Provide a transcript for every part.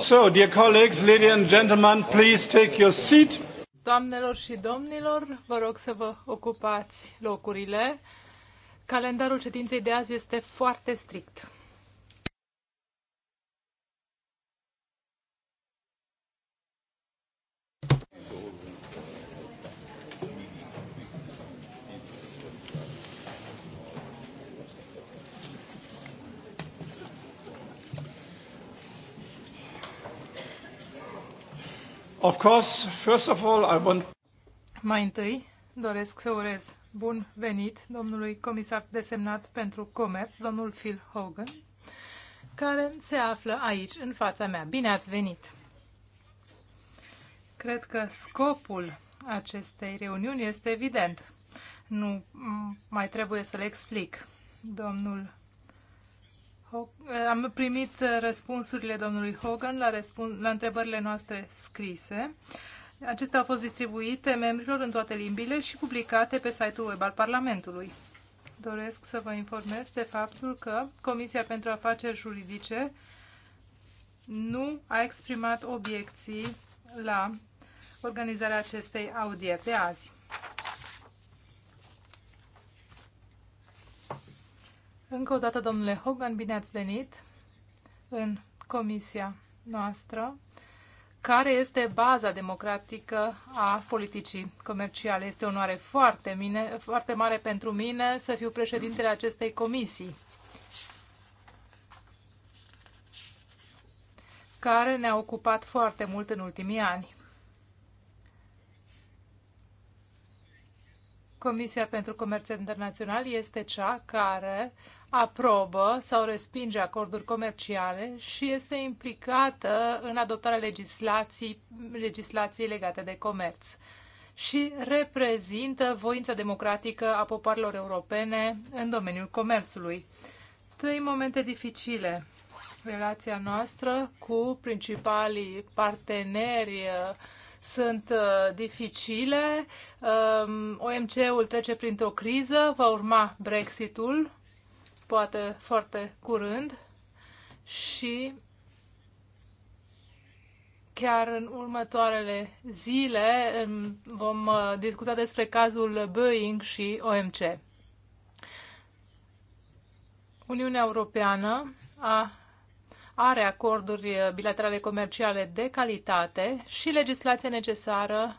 So, dear colleagues, ladies and gentlemen, please take your seat. Doamnelor și domnilor, vă rog să vă ocupați locurile. Calendarul ședinței de azi este foarte strict. Of course, first of all, I want... Mai întâi, doresc să urez bun venit domnului comisar desemnat pentru comerț, domnul Phil Hogan, care se află aici, în fața mea. Bine ați venit! Cred că scopul acestei reuniuni este evident. Nu mai trebuie să le explic. Domnul am primit răspunsurile domnului Hogan la, răspun, la întrebările noastre scrise. Acestea au fost distribuite membrilor în toate limbile și publicate pe site-ul web al Parlamentului. Doresc să vă informez de faptul că Comisia pentru Afaceri Juridice nu a exprimat obiecții la organizarea acestei audieri de azi. Încă o dată, domnule Hogan, bine ați venit în comisia noastră. Care este baza democratică a politicii comerciale? Este o onoare foarte, mine, foarte mare pentru mine să fiu președintele acestei comisii. care ne-a ocupat foarte mult în ultimii ani. Comisia pentru Comerț Internațional este cea care aprobă sau respinge acorduri comerciale și este implicată în adoptarea legislației, legislației legate de comerț și reprezintă voința democratică a popoarelor europene în domeniul comerțului. Trei momente dificile. Relația noastră cu principalii parteneri uh, sunt uh, dificile. Um, OMC-ul trece printr-o criză, va urma Brexitul poate foarte curând și chiar în următoarele zile vom uh, discuta despre cazul Boeing și OMC. Uniunea Europeană a, are acorduri bilaterale comerciale de calitate și legislația necesară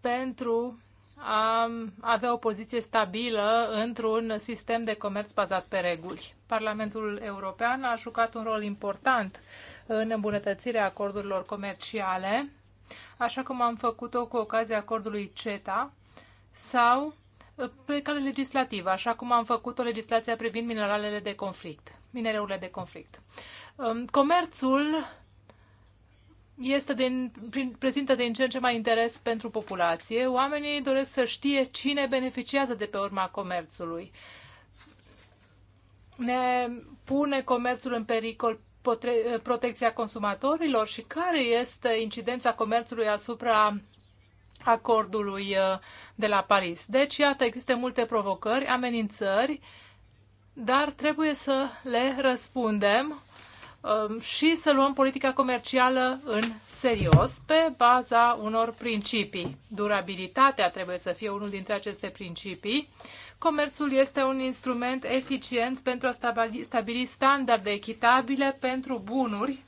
pentru a avea o poziție stabilă într-un sistem de comerț bazat pe reguli. Parlamentul European a jucat un rol important în îmbunătățirea acordurilor comerciale, așa cum am făcut-o cu ocazia acordului CETA sau pe cale legislativă, așa cum am făcut-o legislația privind mineralele de conflict, minereurile de conflict. Comerțul este din, prezintă din ce în ce mai interes pentru populație. Oamenii doresc să știe cine beneficiază de pe urma comerțului. Ne pune comerțul în pericol protecția consumatorilor și care este incidența comerțului asupra acordului uh, de la Paris. Deci, iată, există multe provocări, amenințări, dar trebuie să le răspundem Um, și să luăm politica comercială în serios pe baza unor principii. Durabilitatea trebuie să fie unul dintre aceste principii. Comerțul este un instrument eficient pentru a stabili standarde echitabile pentru bunuri,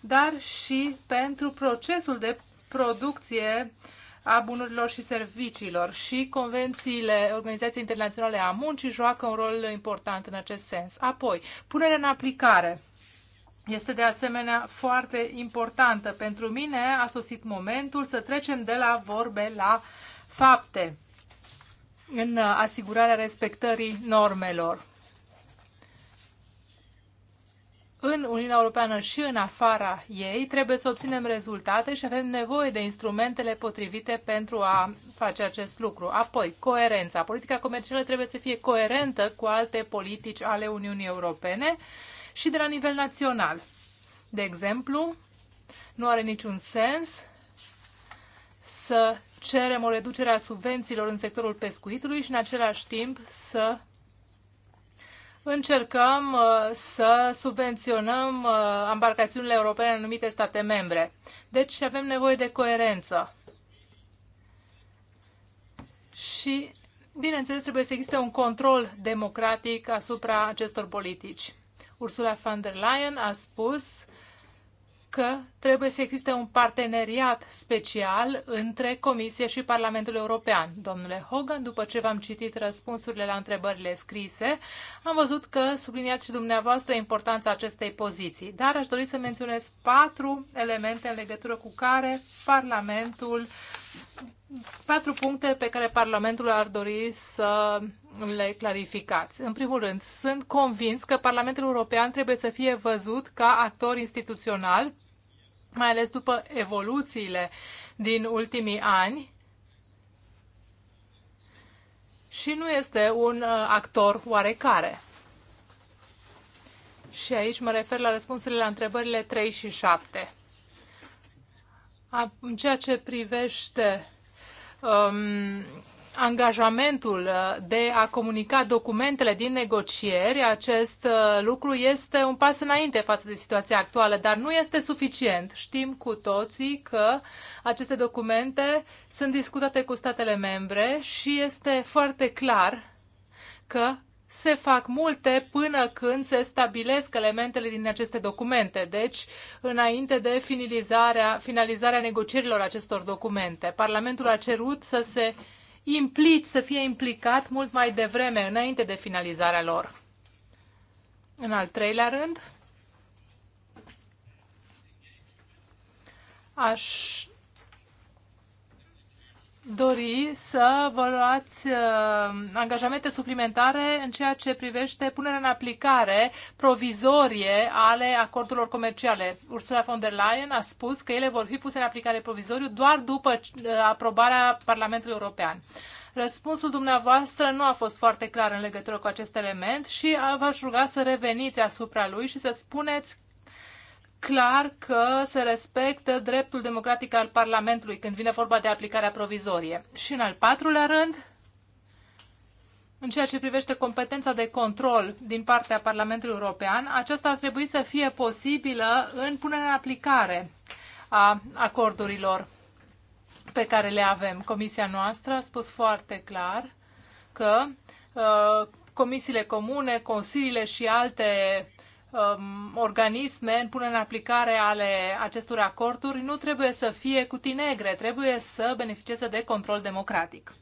dar și pentru procesul de producție a bunurilor și serviciilor și convențiile Organizației Internaționale a Muncii joacă un rol important în acest sens. Apoi, punerea în aplicare este de asemenea foarte importantă. Pentru mine a sosit momentul să trecem de la vorbe la fapte în asigurarea respectării normelor. În Uniunea Europeană și în afara ei trebuie să obținem rezultate și avem nevoie de instrumentele potrivite pentru a face acest lucru. Apoi, coerența. Politica comercială trebuie să fie coerentă cu alte politici ale Uniunii Europene și de la nivel național. De exemplu, nu are niciun sens să cerem o reducere a subvențiilor în sectorul pescuitului și în același timp să încercăm uh, să subvenționăm uh, embarcațiunile europene în anumite state membre. Deci avem nevoie de coerență. Și, bineînțeles, trebuie să existe un control democratic asupra acestor politici. Ursula von der Leyen a spus că trebuie să existe un parteneriat special între Comisie și Parlamentul European. Domnule Hogan, după ce v-am citit răspunsurile la întrebările scrise, am văzut că subliniați și dumneavoastră importanța acestei poziții, dar aș dori să menționez patru elemente în legătură cu care Parlamentul patru puncte pe care Parlamentul ar dori să le clarificați. În primul rând, sunt convins că Parlamentul European trebuie să fie văzut ca actor instituțional, mai ales după evoluțiile din ultimii ani, și nu este un uh, actor oarecare. Și aici mă refer la răspunsurile la întrebările 3 și 7. În ceea ce privește um, angajamentul uh, de a comunica documentele din negocieri, acest uh, lucru este un pas înainte față de situația actuală, dar nu este suficient. Știm cu toții că aceste documente sunt discutate cu statele membre și este foarte clar că se fac multe până când se stabilesc elementele din aceste documente, deci înainte de finalizarea, finalizarea negocierilor acestor documente. Parlamentul a cerut să se implici, să fie implicat mult mai devreme, înainte de finalizarea lor. În al treilea rând, aș dori să vă luați uh, angajamente suplimentare în ceea ce privește punerea în aplicare provizorie ale acordurilor comerciale. Ursula von der Leyen a spus că ele vor fi puse în aplicare provizoriu doar după uh, aprobarea Parlamentului European. Răspunsul dumneavoastră nu a fost foarte clar în legătură cu acest element și uh, v-aș ruga să reveniți asupra lui și să spuneți clar că se respectă dreptul democratic al Parlamentului când vine vorba de aplicarea provizorie. Și în al patrulea rând, în ceea ce privește competența de control din partea Parlamentului European, aceasta ar trebui să fie posibilă în punerea în aplicare a acordurilor pe care le avem. Comisia noastră a spus foarte clar că uh, comisiile comune, consiliile și alte um, organisme pune în aplicare ale acestor acorduri nu trebuie să fie cutii negre, trebuie să beneficieze de control democratic.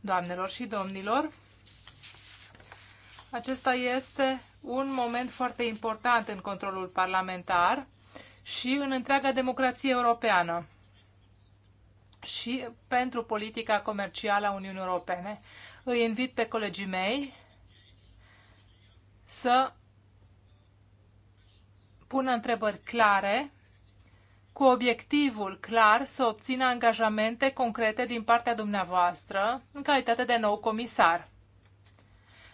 Doamnelor și domnilor, acesta este un moment foarte important în controlul parlamentar și în întreaga democrație europeană și pentru politica comercială a Uniunii Europene. Îi invit pe colegii mei să pună întrebări clare, cu obiectivul clar să obțină angajamente concrete din partea dumneavoastră în calitate de nou comisar.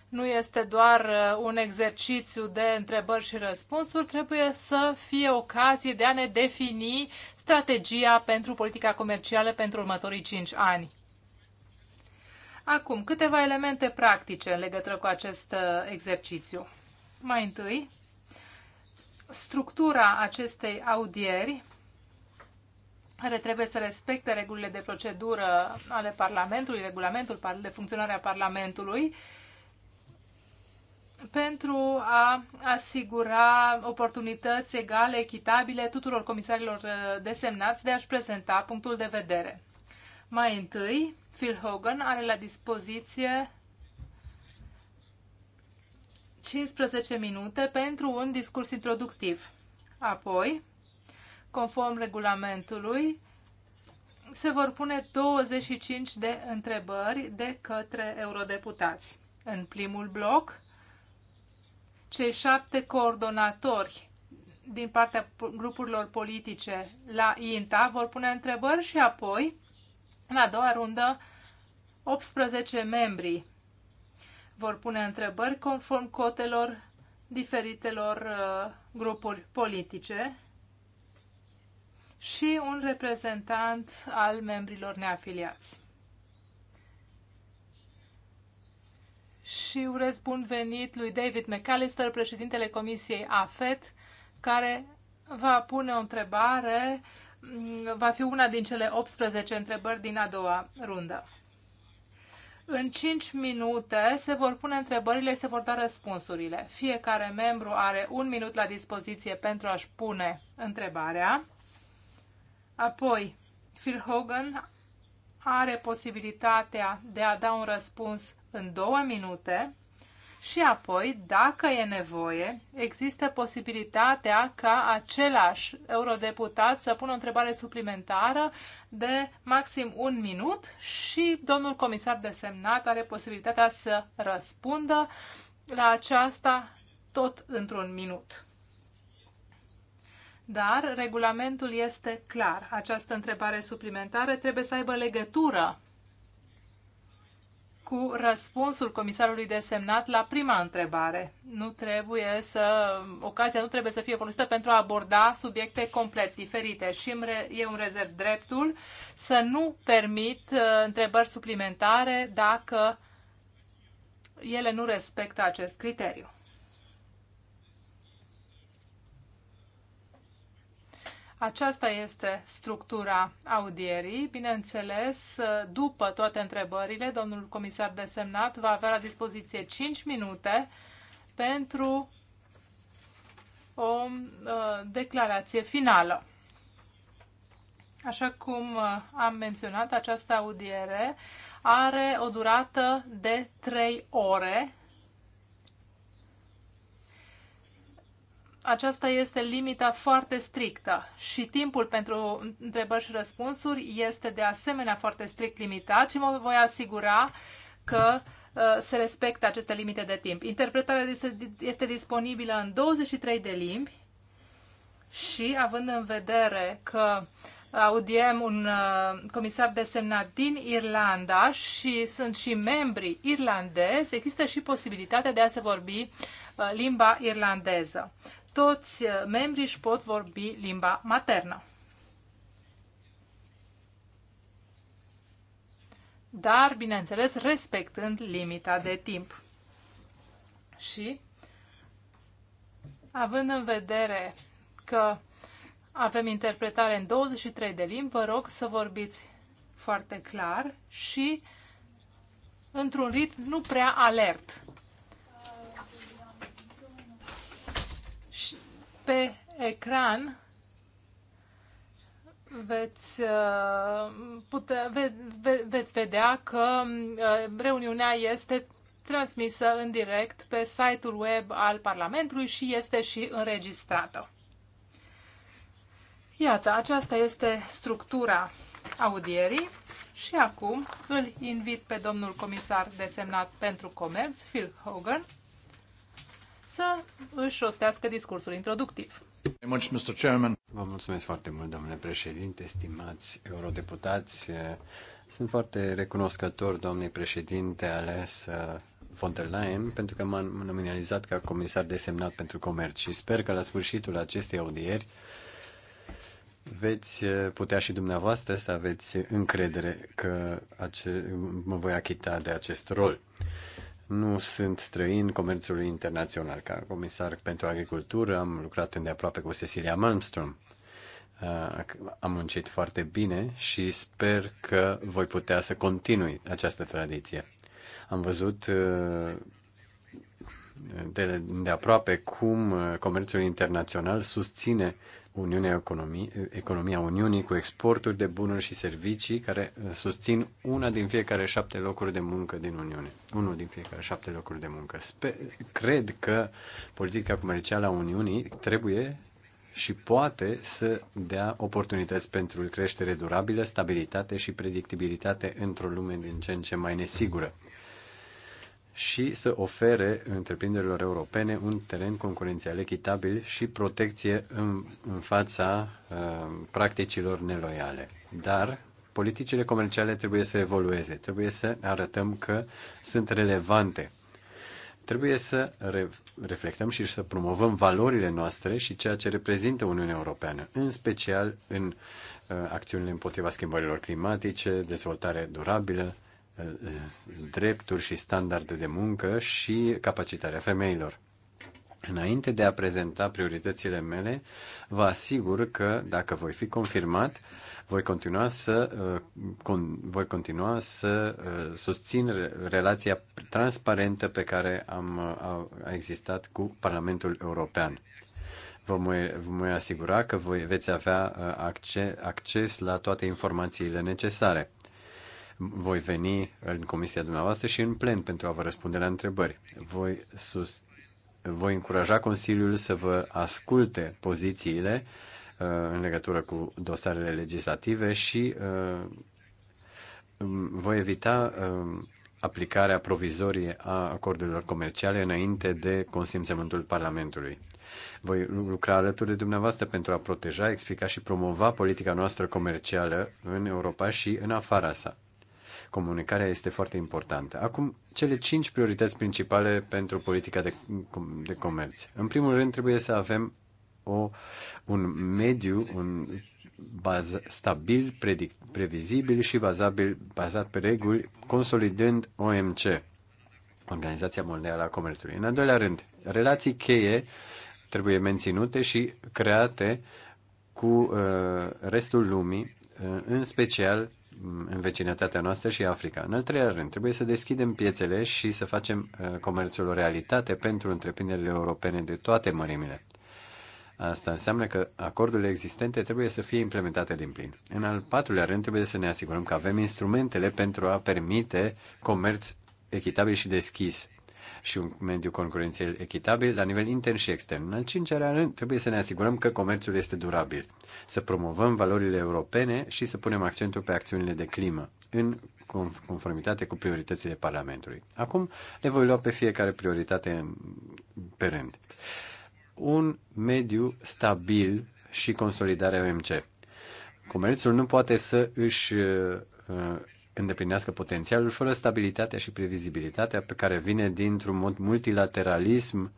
Nu este doar uh, un exercițiu de întrebări și răspunsuri, trebuie să fie ocazie de a ne defini strategia pentru politica comercială pentru următorii 5 ani. Acum, câteva elemente practice în legătură cu acest uh, exercițiu. Mai întâi, structura acestei audieri care trebuie să respecte regulile de procedură ale Parlamentului, regulamentul de funcționare a Parlamentului, pentru a asigura oportunități egale, echitabile tuturor comisarilor uh, desemnați de a-și prezenta punctul de vedere. Mai întâi, Phil Hogan are la dispoziție 15 minute pentru un discurs introductiv. Apoi, conform regulamentului, se vor pune 25 de întrebări de către eurodeputați. În primul bloc, cei șapte coordonatori din partea grupurilor politice la INTA vor pune întrebări și apoi, în a doua rundă, 18 membri vor pune întrebări conform cotelor diferitelor uh, grupuri politice și un reprezentant al membrilor neafiliați. Și urez bun venit lui David McAllister, președintele Comisiei AFET, care va pune o întrebare, mm, va fi una din cele 18 întrebări din a doua rundă. În 5 minute se vor pune întrebările și se vor da răspunsurile. Fiecare membru are un minut la dispoziție pentru a-și pune întrebarea. Apoi, Phil Hogan are posibilitatea de a da un răspuns în două minute și apoi, dacă e nevoie, există posibilitatea ca același eurodeputat să pună o întrebare suplimentară de maxim un minut și domnul comisar desemnat are posibilitatea să răspundă la aceasta tot într-un minut. Dar regulamentul este clar. Această întrebare suplimentară trebuie să aibă legătură cu răspunsul comisarului desemnat la prima întrebare. Nu trebuie să, ocazia nu trebuie să fie folosită pentru a aborda subiecte complet diferite și eu îmi rezerv dreptul să nu permit uh, întrebări suplimentare dacă ele nu respectă acest criteriu. Aceasta este structura audierii. Bineînțeles, după toate întrebările, domnul comisar desemnat va avea la dispoziție 5 minute pentru o uh, declarație finală. Așa cum uh, am menționat, această audiere are o durată de 3 ore aceasta este limita foarte strictă și timpul pentru întrebări și răspunsuri este de asemenea foarte strict limitat și mă voi asigura că uh, se respectă aceste limite de timp. Interpretarea este disponibilă în 23 de limbi și având în vedere că audiem un uh, comisar desemnat din Irlanda și sunt și membri irlandezi, există și posibilitatea de a se vorbi uh, limba irlandeză toți eh, membrii își pot vorbi limba maternă. Dar, bineînțeles, respectând limita de timp. Și, având în vedere că avem interpretare în 23 de limbi, vă rog să vorbiți foarte clar și într-un ritm nu prea alert Pe ecran veți, uh, pute, ve, ve, veți vedea că uh, reuniunea este transmisă în direct pe site-ul web al Parlamentului și este și înregistrată. Iată, aceasta este structura audierii și acum îl invit pe domnul comisar desemnat pentru comerț, Phil Hogan, să își rostească discursul introductiv. Vă mulțumesc foarte mult, domnule președinte, stimați eurodeputați. Sunt foarte recunoscător domnule președinte ales uh, von der Leyen pentru că m-am nominalizat ca comisar desemnat pentru comerț și sper că la sfârșitul acestei audieri veți uh, putea și dumneavoastră să aveți încredere că ace- mă voi achita de acest rol. Nu sunt străin comerțului internațional. Ca comisar pentru agricultură am lucrat îndeaproape cu Cecilia Malmström. Uh, am muncit foarte bine și sper că voi putea să continui această tradiție. Am văzut uh, de, de aproape cum uh, comerțul internațional susține Uniunea economie, Economia Uniunii cu exporturi de bunuri și servicii care uh, susțin una din fiecare șapte locuri de muncă din Uniune. Unul din fiecare șapte locuri de muncă. Spe- cred că politica comercială a Uniunii trebuie și poate să dea oportunități pentru creștere durabilă, stabilitate și predictibilitate într-o lume din ce în ce mai nesigură și să ofere întreprinderilor europene un teren concurențial echitabil și protecție în, în fața uh, practicilor neloiale. Dar politicile comerciale trebuie să evolueze, trebuie să arătăm că sunt relevante. Trebuie să re- reflectăm și să promovăm valorile noastre și ceea ce reprezintă Uniunea Europeană, în special în uh, acțiunile împotriva schimbărilor climatice, dezvoltare durabilă, drepturi și standarde de muncă și capacitarea femeilor. Înainte de a prezenta prioritățile mele, vă asigur că, dacă voi fi confirmat, voi continua să, uh, con, voi continua să uh, susțin relația transparentă pe care am, a, uh, a existat cu Parlamentul European. Vă voi, vă voi asigura că voi veți avea acces, acces la toate informațiile necesare. Voi veni în comisia dumneavoastră și în plen pentru a vă răspunde la întrebări. Voi, sus, voi încuraja Consiliul să vă asculte pozițiile uh, în legătură cu dosarele legislative și uh, um, voi evita um, aplicarea provizorie a acordurilor comerciale înainte de consimțământul Parlamentului. Voi lucra alături de dumneavoastră pentru a proteja, explica și promova politica noastră comercială în Europa și în afara sa. Comunicarea este foarte importantă. Acum, cele cinci priorități principale pentru politica de, de comerț. În primul rând, trebuie să avem o, un mediu un baz, stabil, predic, previzibil și bazabil, bazat pe reguli, consolidând OMC, Organizația Mondială a Comerțului. În al doilea rând, relații cheie trebuie menținute și create cu uh, restul lumii, uh, în special Mm, în vecinătatea noastră și Africa. În al treilea rând, trebuie să deschidem piețele și să facem uh, comerțul o realitate pentru întreprinderile europene de toate mărimile. Asta înseamnă că acordurile existente trebuie să fie implementate din plin. În al patrulea rând, trebuie să ne asigurăm că avem instrumentele pentru a permite comerț echitabil și deschis și un mediu concurențial echitabil la nivel intern și extern. În al cincilea rând, trebuie să ne asigurăm că comerțul este durabil, să promovăm valorile europene și să punem accentul pe acțiunile de climă în conformitate cu prioritățile Parlamentului. Acum le voi lua pe fiecare prioritate pe rând. Un mediu stabil și consolidarea OMC. Comerțul nu poate să își uh, îndeplinească potențialul fără stabilitatea și previzibilitatea pe care vine dintr-un mod multilateralism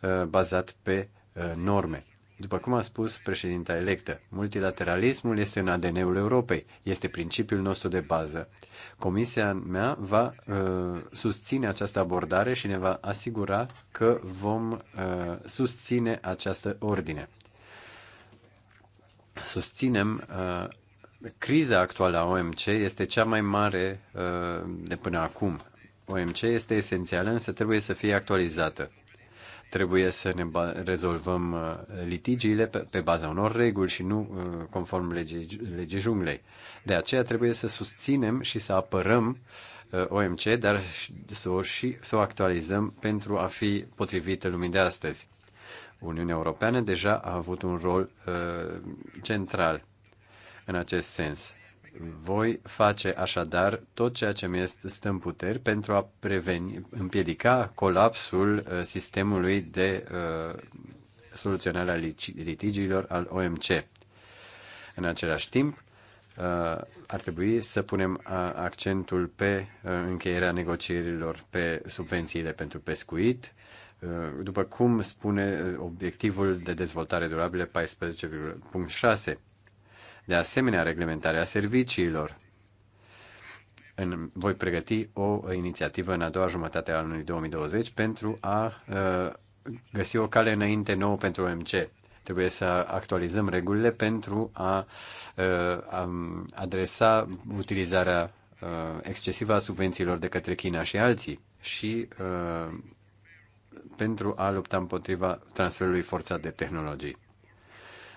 uh, bazat pe uh, norme. După cum a spus președinta electă, multilateralismul este în ADN-ul Europei, este principiul nostru de bază. Comisia mea va uh, susține această abordare și ne va asigura că vom uh, susține această ordine. Susținem uh, criza actuală a OMC este cea mai mare uh, de până acum. OMC este esențială, însă trebuie să fie actualizată. Trebuie să ne rezolvăm uh, litigiile pe, pe baza unor reguli și nu uh, conform legii, legii junglei. De aceea trebuie să susținem și să apărăm OMC, dar să o, și, să o actualizăm pentru a fi potrivită lumii de astăzi. Uniunea Europeană deja a avut un rol uh, central în acest sens. Voi face așadar tot ceea ce mi este stă în puteri pentru a preveni, împiedica colapsul uh, sistemului de uh, soluționare a litigiilor al OMC. În același timp, uh, ar trebui să punem uh, accentul pe încheierea negocierilor pe subvențiile pentru pescuit, după cum spune obiectivul de dezvoltare durabilă 14.6. De asemenea, reglementarea serviciilor. În, voi pregăti o inițiativă în a doua jumătate a anului 2020 pentru a uh, găsi o cale înainte nouă pentru OMC. Trebuie să actualizăm regulile pentru a, uh, a adresa utilizarea uh, excesivă a subvențiilor de către China și alții și uh, pentru a lupta împotriva transferului forțat de tehnologii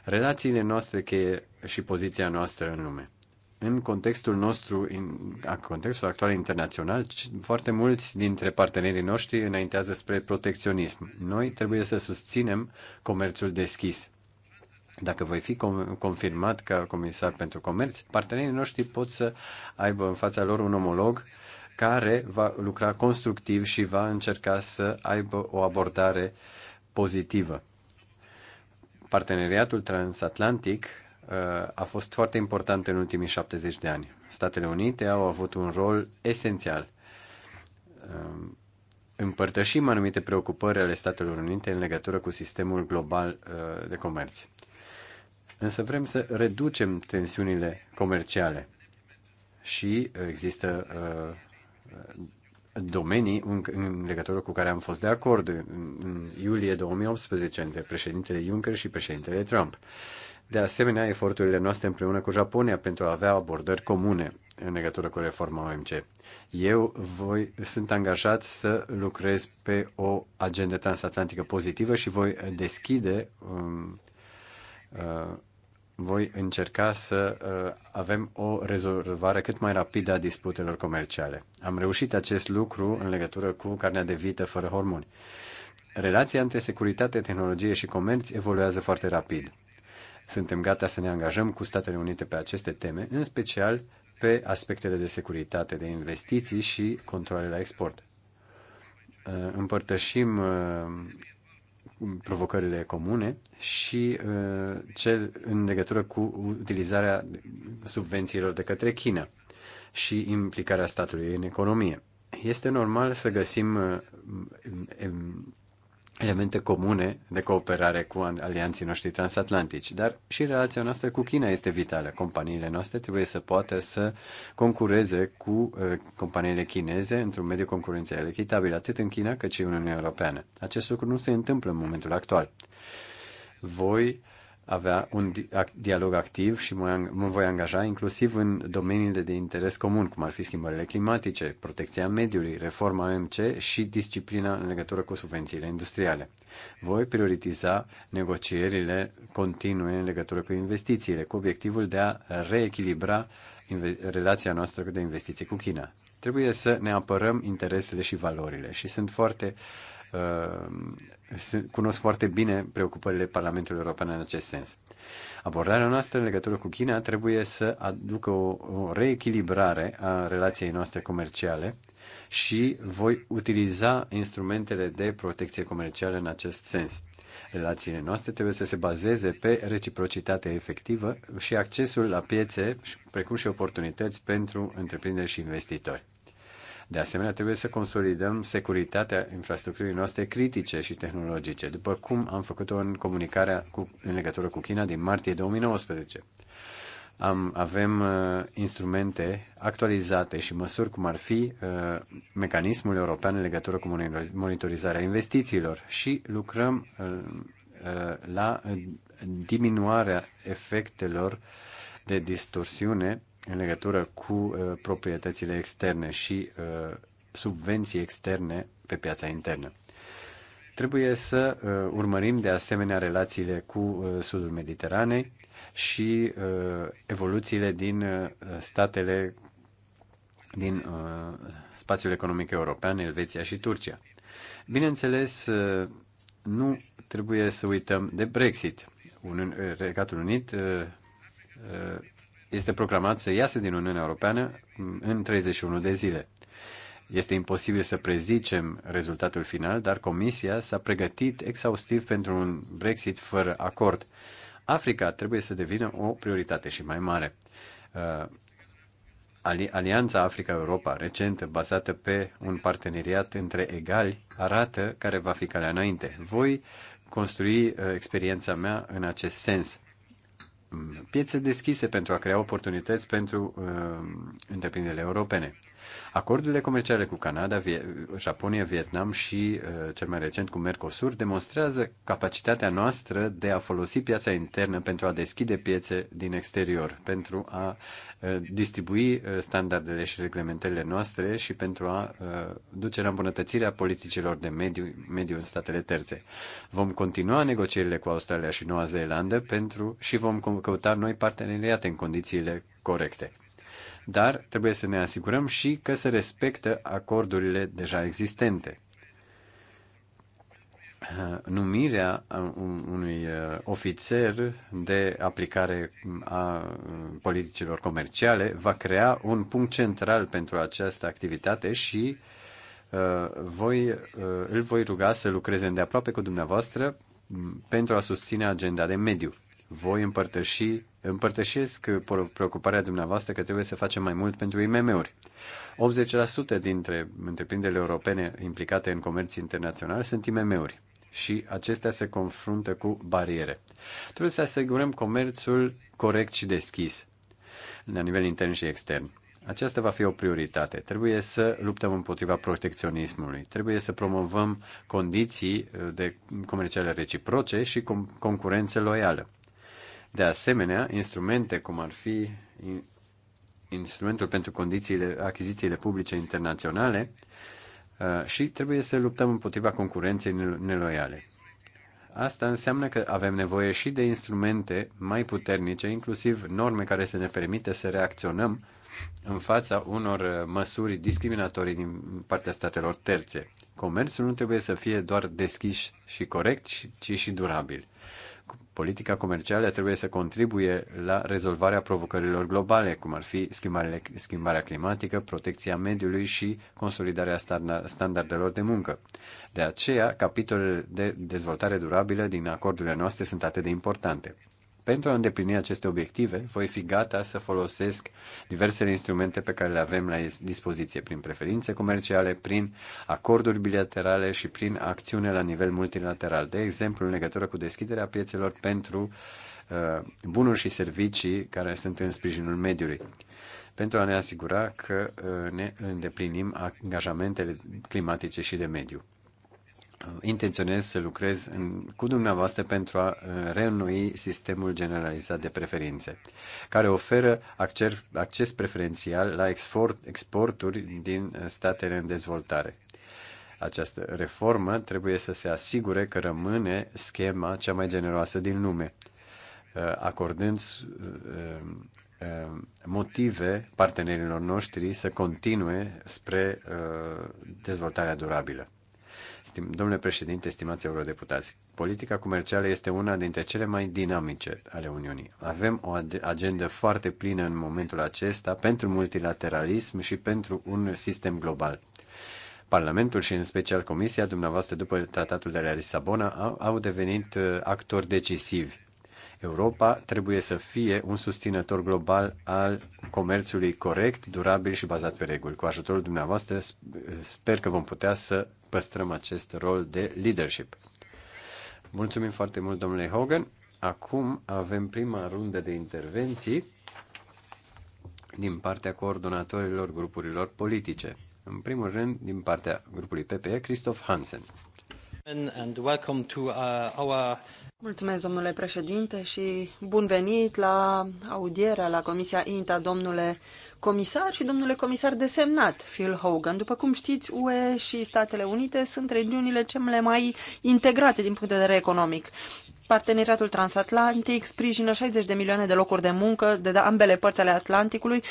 relațiile noastre cheie și poziția noastră în lume. În contextul nostru, în contextul actual internațional, foarte mulți dintre partenerii noștri înaintează spre protecționism. Noi trebuie să susținem comerțul deschis. Dacă voi fi confirmat ca comisar pentru comerț, partenerii noștri pot să aibă în fața lor un omolog care va lucra constructiv și va încerca să aibă o abordare pozitivă. Parteneriatul transatlantic uh, a fost foarte important în ultimii 70 de ani. Statele Unite au avut un rol esențial. Um, împărtășim anumite preocupări ale Statelor Unite în legătură cu sistemul global uh, de comerț. Însă vrem să reducem tensiunile comerciale și există uh, domenii în, în legătură cu care am fost de acord în, în iulie 2018 între președintele Juncker și președintele Trump. De asemenea, eforturile noastre împreună cu Japonia pentru a avea abordări comune în legătură cu reforma OMC. Eu voi, sunt angajat să lucrez pe o agendă transatlantică pozitivă și voi deschide um, uh, voi încerca să uh, avem o rezolvare cât mai rapidă a disputelor comerciale. Am reușit acest lucru în legătură cu carnea de vită fără hormoni. Relația între securitate, tehnologie și comerț evoluează foarte rapid. Suntem gata să ne angajăm cu Statele Unite pe aceste teme, în special pe aspectele de securitate, de investiții și controle la export. Uh, împărtășim uh, provocările comune și uh, cel în legătură cu utilizarea subvențiilor de către China și implicarea statului în economie. Este normal să găsim uh, elemente comune de cooperare cu alianții noștri transatlantici, dar și relația noastră cu China este vitală. Companiile noastre trebuie să poată să concureze cu uh, companiile chineze într-un mediu concurențial echitabil, atât în China cât și în Uniunea Europeană. Acest lucru nu se întâmplă în momentul actual. Voi avea un dialog activ și mă voi angaja inclusiv în domeniile de interes comun, cum ar fi schimbările climatice, protecția mediului, reforma OMC și disciplina în legătură cu subvențiile industriale. Voi prioritiza negocierile continue în legătură cu investițiile, cu obiectivul de a reechilibra relația noastră de investiții cu China. Trebuie să ne apărăm interesele și valorile și sunt foarte uh, cunosc foarte bine preocupările Parlamentului European în acest sens. Abordarea noastră în legătură cu China trebuie să aducă o, o reechilibrare a relației noastre comerciale și voi utiliza instrumentele de protecție comercială în acest sens. Relațiile noastre trebuie să se bazeze pe reciprocitate efectivă și accesul la piețe, precum și oportunități pentru întreprinderi și investitori. De asemenea, trebuie să consolidăm securitatea infrastructurii noastre critice și tehnologice, după cum am făcut-o în comunicarea cu, în legătură cu China din martie 2019. Am, avem uh, instrumente actualizate și măsuri cum ar fi uh, mecanismul european în legătură cu monitorizarea investițiilor și lucrăm uh, uh, la uh, diminuarea efectelor de distorsiune în legătură cu uh, proprietățile externe și uh, subvenții externe pe piața internă. Trebuie să uh, urmărim de asemenea relațiile cu uh, sudul Mediteranei și uh, evoluțiile din uh, statele din uh, spațiul economic european, Elveția și Turcia. Bineînțeles, uh, nu trebuie să uităm de Brexit. Un, Regatul Unit uh, uh, este programat să iasă din Uniunea Europeană în 31 de zile. Este imposibil să prezicem rezultatul final, dar Comisia s-a pregătit exhaustiv pentru un Brexit fără acord. Africa trebuie să devină o prioritate și mai mare. Uh, Alianța Africa-Europa recentă, bazată pe un parteneriat între egali, arată care va fi calea înainte. Voi construi uh, experiența mea în acest sens piețe deschise pentru a crea oportunități pentru uh, întreprinderile europene. Acordurile comerciale cu Canada, Japonia, Vietnam și, uh, cel mai recent, cu Mercosur demonstrează capacitatea noastră de a folosi piața internă pentru a deschide piețe din exterior, pentru a uh, distribui uh, standardele și reglementările noastre și pentru a duce la îmbunătățirea politicilor de mediu, mediu în statele terțe. Vom continua negocierile cu Australia și Noua Zeelandă pentru și vom căuta noi parteneriate în condițiile corecte dar trebuie să ne asigurăm și că se respectă acordurile deja existente. Numirea unui uh, ofițer de aplicare a uh, politicilor comerciale va crea un punct central pentru această activitate și uh, voi, îl voi ruga să lucreze îndeaproape cu dumneavoastră mm, pentru a susține agenda de mediu voi împărtăși, împărtășesc preocuparea dumneavoastră că trebuie să facem mai mult pentru IMM-uri. 80% dintre întreprinderile europene implicate în comerț internațional sunt IMM-uri și acestea se confruntă cu bariere. Trebuie să asigurăm comerțul corect și deschis, la nivel intern și extern. Aceasta va fi o prioritate. Trebuie să luptăm împotriva protecționismului. Trebuie să promovăm condiții uh, de comerciale reciproce și concurență loială. De asemenea, instrumente cum ar fi instrumentul pentru condițiile achizițiile publice internaționale uh, și trebuie să luptăm împotriva concurenței neloiale. Asta înseamnă că avem nevoie și de instrumente mai puternice, inclusiv norme care să ne permite să reacționăm în fața unor uh, măsuri discriminatorii din partea statelor terțe. Comerțul nu trebuie să fie doar deschis și corect, ci și durabil politica comercială trebuie să contribuie la rezolvarea provocărilor globale, cum ar fi schimbarea climatică, protecția mediului și consolidarea standardelor de muncă. De aceea, capitolele de dezvoltare durabilă din acordurile noastre sunt atât de importante. Pentru a îndeplini aceste obiective, voi fi gata să folosesc diversele instrumente pe care le avem la dispoziție, prin preferințe comerciale, prin acorduri bilaterale și prin acțiune la nivel multilateral, de exemplu în legătură cu deschiderea piețelor pentru uh, bunuri și servicii care sunt în sprijinul mediului pentru a ne asigura că uh, ne îndeplinim angajamentele climatice și de mediu intenționez să lucrez în, cu dumneavoastră pentru a uh, reînnoi sistemul generalizat de preferințe, care oferă acces, acces preferențial la export, exporturi din uh, statele în dezvoltare. Această reformă trebuie să se asigure că rămâne schema cea mai generoasă din lume, uh, acordând motive partenerilor noștri să continue spre dezvoltarea durabilă. Stim, domnule președinte, stimați eurodeputați, politica comercială este una dintre cele mai dinamice ale Uniunii. Avem o agendă foarte plină în momentul acesta pentru multilateralism și pentru un sistem global. Parlamentul și în special Comisia dumneavoastră după tratatul de la Lisabona au, au devenit uh, actori decisivi. Europa trebuie să fie un susținător global al comerțului corect, durabil și bazat pe reguli. Cu ajutorul dumneavoastră sper că vom putea să păstrăm acest rol de leadership. Mulțumim foarte mult, domnule Hogan. Acum avem prima rundă de intervenții din partea coordonatorilor grupurilor politice. În primul rând, din partea grupului PPE, Christoph Hansen. And welcome to uh, our... Mulțumesc, domnule președinte, și bun venit la audierea la Comisia INTA, domnule comisar și domnule comisar desemnat, Phil Hogan. După cum știți, UE și Statele Unite sunt regiunile cele mai integrate din punct de vedere economic. Parteneriatul transatlantic sprijină 60 de milioane de locuri de muncă de da, ambele părți ale Atlanticului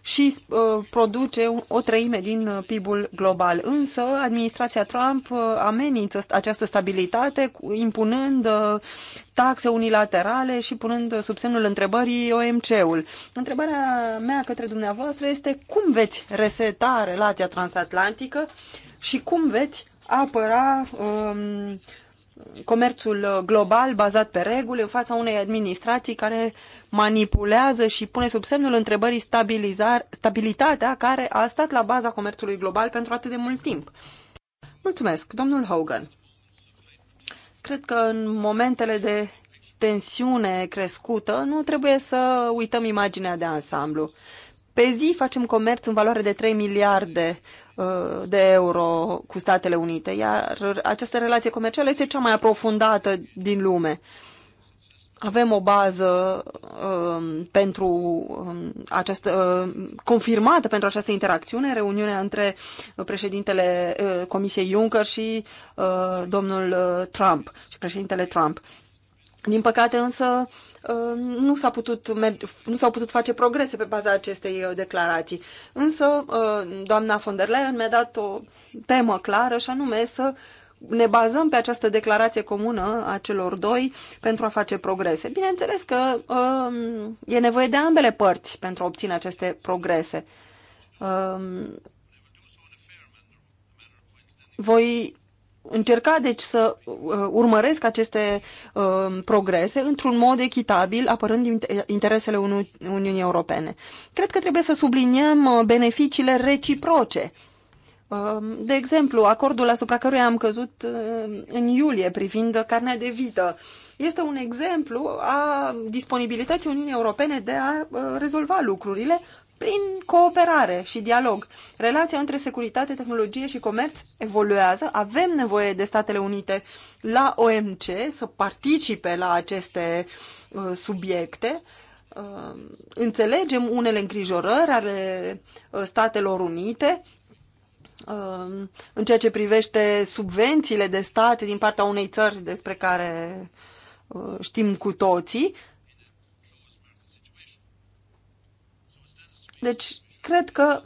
și uh, produce o treime din uh, PIB-ul global. Însă, administrația Trump uh, amenință această stabilitate impunând uh, taxe unilaterale și punând uh, sub semnul întrebării OMC-ul. Întrebarea mea către dumneavoastră este cum veți reseta relația transatlantică și cum veți apăra uh, comerțul uh, global bazat pe reguli în fața unei administrații care manipulează și pune sub semnul întrebării stabilitatea care a stat la baza comerțului global pentru atât de mult timp. Mulțumesc, domnul Hogan. Cred că în momentele de tensiune crescută nu trebuie să uităm imaginea de ansamblu. Pe zi facem comerț în valoare de 3 miliarde uh, de euro cu Statele Unite, iar această relație comercială este cea mai aprofundată din lume. Avem o bază um, pentru um, această, uh, confirmată pentru această interacțiune, reuniunea între uh, președintele uh, Comisiei Juncker și uh, domnul uh, Trump și președintele Trump. Din păcate însă uh, Ehm, nu, s-a putut nu s-au putut face progrese pe baza acestei uh, declarații. Însă, uh, doamna von der Leyen mi-a dat o temă clară și anume să ne bazăm pe această declarație comună a celor doi pentru a face progrese. Bineînțeles că ehm, e nevoie de ambele părți pentru a obține aceste progrese. Ehm, voi încerca deci să uh, urmăresc aceste uh, progrese într-un mod echitabil, apărând interesele Uni Uniunii Europene. Cred că trebuie să subliniem uh, beneficiile reciproce. De exemplu, acordul asupra căruia am căzut în iulie privind carnea de vită este un exemplu a disponibilității Uniunii Europene de a rezolva lucrurile prin cooperare și dialog. Relația între securitate, tehnologie și comerț evoluează. Avem nevoie de Statele Unite la OMC să participe la aceste uh, subiecte. Uh, înțelegem unele îngrijorări ale uh, Statelor Unite uh, în ceea ce privește subvențiile de stat din partea unei țări despre care uh, știm cu toții, Deci, cred că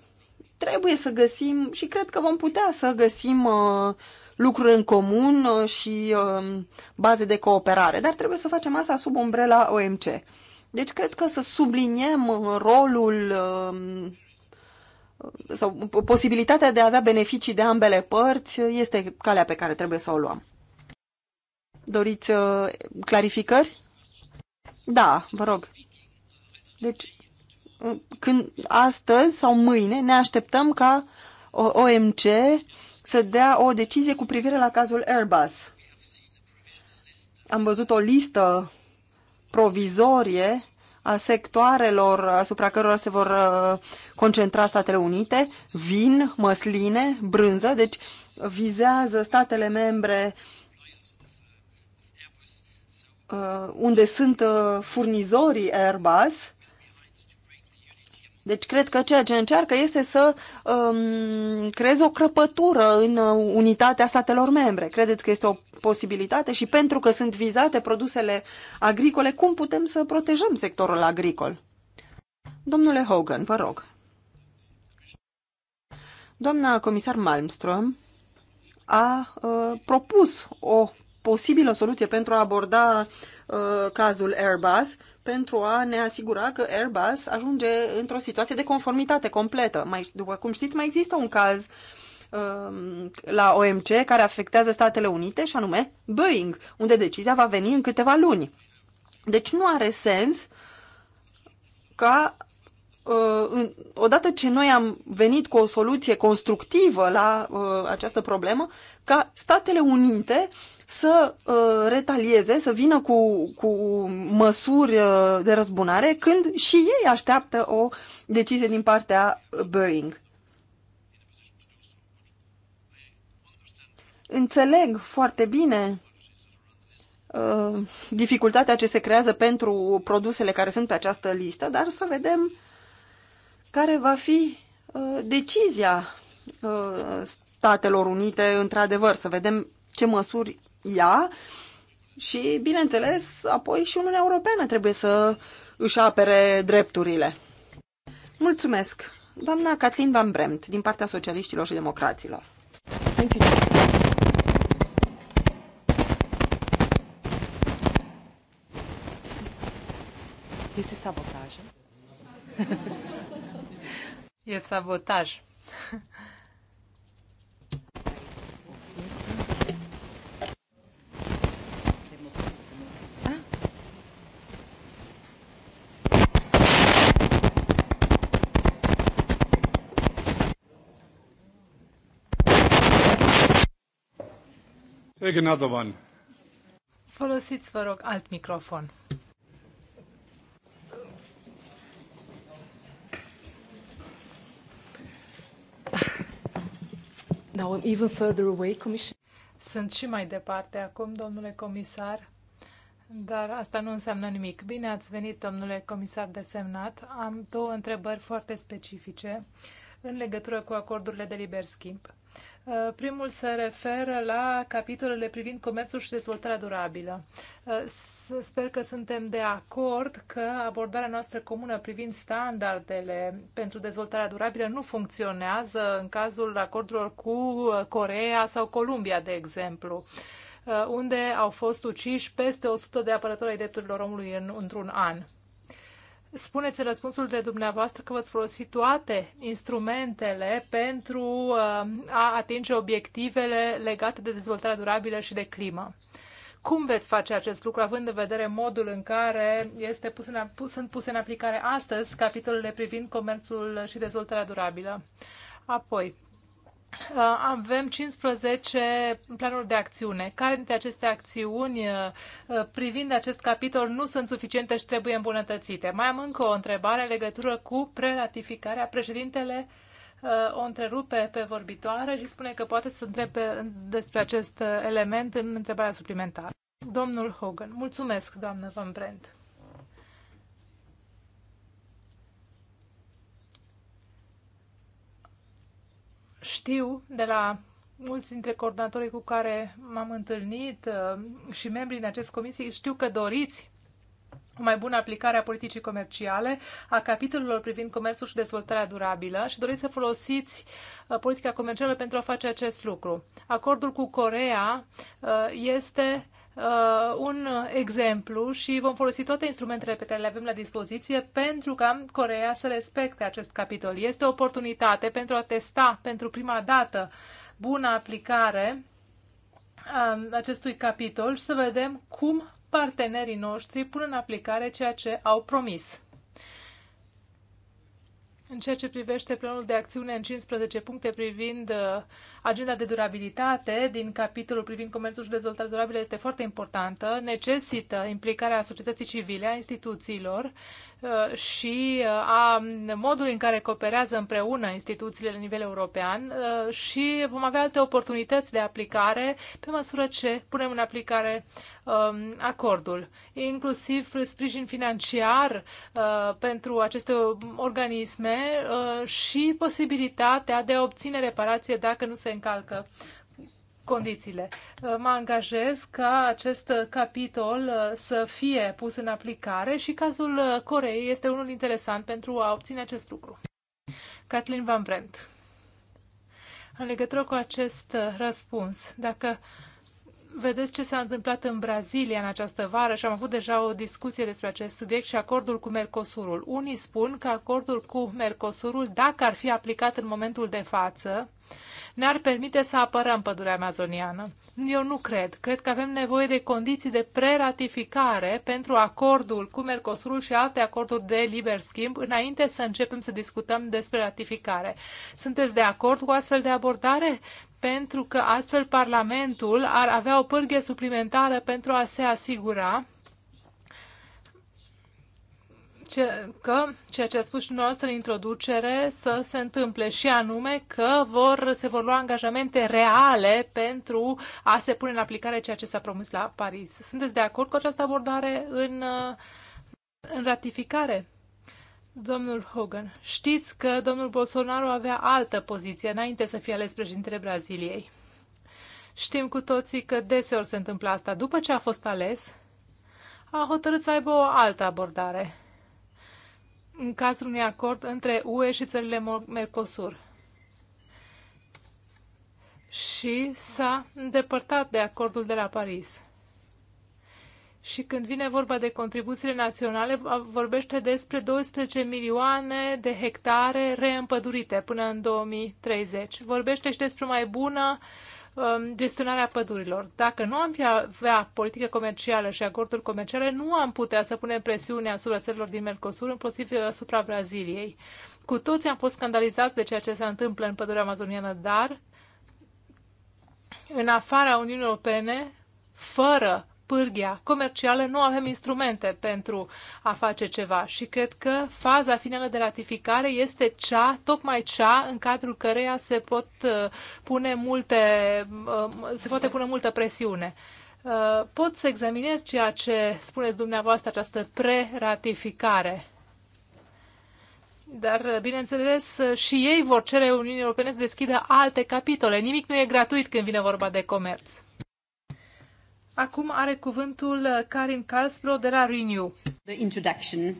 trebuie să găsim și cred că vom putea să găsim uh, lucruri în comun uh, și uh, baze de cooperare, dar trebuie să facem asta sub umbrela OMC. Deci cred că să subliniem uh, rolul um, sau posibilitatea de a avea beneficii de ambele părți uh, este calea pe care trebuie să o luăm. Doriți uh, clarificări? Da, vă rog. Deci, când astăzi sau mâine ne așteptăm ca OMC să dea o decizie cu privire la cazul Airbus. Am văzut o listă provizorie a sectoarelor asupra cărora se vor uh, concentra Statele Unite, vin, măsline, brânză, deci vizează statele membre uh, unde sunt uh, furnizorii Airbus deci cred că ceea ce încearcă este să um, creeze o crăpătură în uh, unitatea statelor membre. Credeți că este o posibilitate și pentru că sunt vizate produsele agricole, cum putem să protejăm sectorul agricol? Domnule Hogan, vă rog. Doamna comisar Malmström a uh, propus o posibilă soluție pentru a aborda uh, cazul Airbus pentru a ne asigura că Airbus ajunge într-o situație de conformitate completă. Mai, după cum știți, mai există un caz um, la OMC care afectează Statele Unite și anume Boeing, unde decizia va veni în câteva luni. Deci nu are sens ca Uh, odată ce noi am venit cu o soluție constructivă la uh, această problemă, ca Statele Unite să uh, retalieze, să vină cu, cu măsuri de răzbunare când și ei așteaptă o decizie din partea Boeing. Înțeleg foarte bine dificultatea ce se creează pentru produsele care sunt pe această listă, dar să vedem uh, care va fi uh, decizia uh, Statelor Unite, într-adevăr, să vedem ce măsuri ia și, bineînțeles, apoi și Uniunea Europeană trebuie să își apere drepturile. Mulțumesc! Doamna Kathleen Van Bremt, din partea socialiștilor și democraților. Thank you. This is sabotage. E sabotaj. Take another one. Folosiți, vă rog, alt microfon. Now I'm even further away, Commissioner. Sunt și mai departe acum, domnule comisar, dar asta nu înseamnă nimic. Bine ați venit, domnule comisar desemnat. Am două întrebări foarte specifice în legătură cu acordurile de liber schimb. Uh, primul se referă la capitolele privind comerțul și dezvoltarea durabilă. Uh, sper că suntem de acord că abordarea noastră comună privind standardele pentru dezvoltarea durabilă nu funcționează în cazul acordurilor cu uh, Coreea sau Columbia, de exemplu unde au fost uciși peste 100 de apărători ai drepturilor omului în, într-un an spuneți în răspunsul de dumneavoastră că v-ați folosit toate instrumentele pentru uh, a atinge obiectivele legate de dezvoltarea durabilă și de climă. Cum veți face acest lucru, având în vedere modul în care este pus în, pus, sunt puse în aplicare astăzi capitolele privind comerțul și dezvoltarea durabilă? Apoi, Uh, avem 15 planuri de acțiune. Care dintre aceste acțiuni uh, uh, privind acest capitol nu sunt suficiente și trebuie îmbunătățite? Mai am încă o întrebare în legătură cu preratificarea. Președintele o întrerupe pe vorbitoare și spune că poate să întrebe despre acest element în întrebarea suplimentară. Domnul Hogan, mulțumesc, doamnă Van Brent. Știu de la mulți dintre coordonatorii cu care m-am întâlnit uh, și membrii din acest comisie, știu că doriți o mai bună aplicare a politicii comerciale, a capitolelor privind comerțul și dezvoltarea durabilă și doriți să folosiți uh, politica comercială pentru a face acest lucru. Acordul cu Corea uh, este uh, un exemplu și vom folosi toate instrumentele pe care le avem la dispoziție pentru ca Corea să respecte acest capitol. Este o oportunitate pentru a testa pentru prima dată bună aplicare a um, acestui capitol și să vedem cum partenerii noștri pun în aplicare ceea ce au promis. În ceea ce privește planul de acțiune în 15 puncte privind uh, agenda de durabilitate din capitolul privind comerțul și dezvoltarea durabilă este foarte importantă, necesită implicarea societății civile, a instituțiilor Uh, și uh, a modului în care cooperează împreună instituțiile la nivel european uh, și vom avea alte oportunități de aplicare pe măsură ce punem în aplicare um, acordul, inclusiv sprijin financiar pentru aceste organisme și posibilitatea de a obține reparație dacă nu se încalcă condițiile. Uh, mă angajez ca acest capitol uh, să fie pus în aplicare și cazul uh, Coreei este unul interesant pentru a obține acest lucru. Kathleen Van Brent. În legătură cu acest răspuns, dacă vedeți ce s-a întâmplat în Brazilia în această vară și am avut deja o discuție despre acest subiect și acordul cu Mercosurul. Unii spun că acordul cu Mercosurul, dacă ar fi aplicat în momentul de față, ne-ar permite să apărăm pădurea amazoniană. Eu nu cred. Cred că avem nevoie de condiții de preratificare pentru acordul cu Mercosurul și alte acorduri de liber schimb înainte să începem să discutăm despre ratificare. Sunteți de acord cu astfel de abordare? Pentru că astfel Parlamentul ar avea o pârghie suplimentară pentru a se asigura ce, că ceea ce a spus și dumneavoastră în introducere să se întâmple și anume că vor, se vor lua angajamente reale pentru a se pune în aplicare ceea ce s-a promis la Paris. Sunteți de acord cu această abordare în, în ratificare? Domnul Hogan, știți că domnul Bolsonaro avea altă poziție înainte să fie ales președintele Braziliei. Știm cu toții că deseori se întâmplă asta. După ce a fost ales, a hotărât să aibă o altă abordare în cazul unui acord între UE și țările Mercosur. Și s-a îndepărtat de acordul de la Paris. Și când vine vorba de contribuțiile naționale, vorbește despre 12 milioane de hectare reîmpădurite până în 2030. Vorbește și despre mai bună uh, Um, gestionarea pădurilor. Dacă nu am fi avea politică comercială și acorduri comerciale, nu am putea să punem presiune asupra țărilor din Mercosur, inclusiv asupra Braziliei. Cu toți am fost scandalizați de ceea ce se întâmplă în pădurea amazoniană, dar în afara Uniunii Europene, fără pârghia comercială, nu avem instrumente pentru a face ceva și cred că faza finală de ratificare este cea, tocmai cea în cadrul căreia se pot uh, pune multe, um, se poate pune multă presiune. Uh, pot să examinez ceea ce spuneți dumneavoastră, această preratificare. Dar, uh, bineînțeles, și ei vor cere Uniunii Europene să deschidă alte capitole. Nimic nu e gratuit când vine vorba de comerț. Acum are cuvântul uh, Karin Kalsbro de la Renew. The introduction.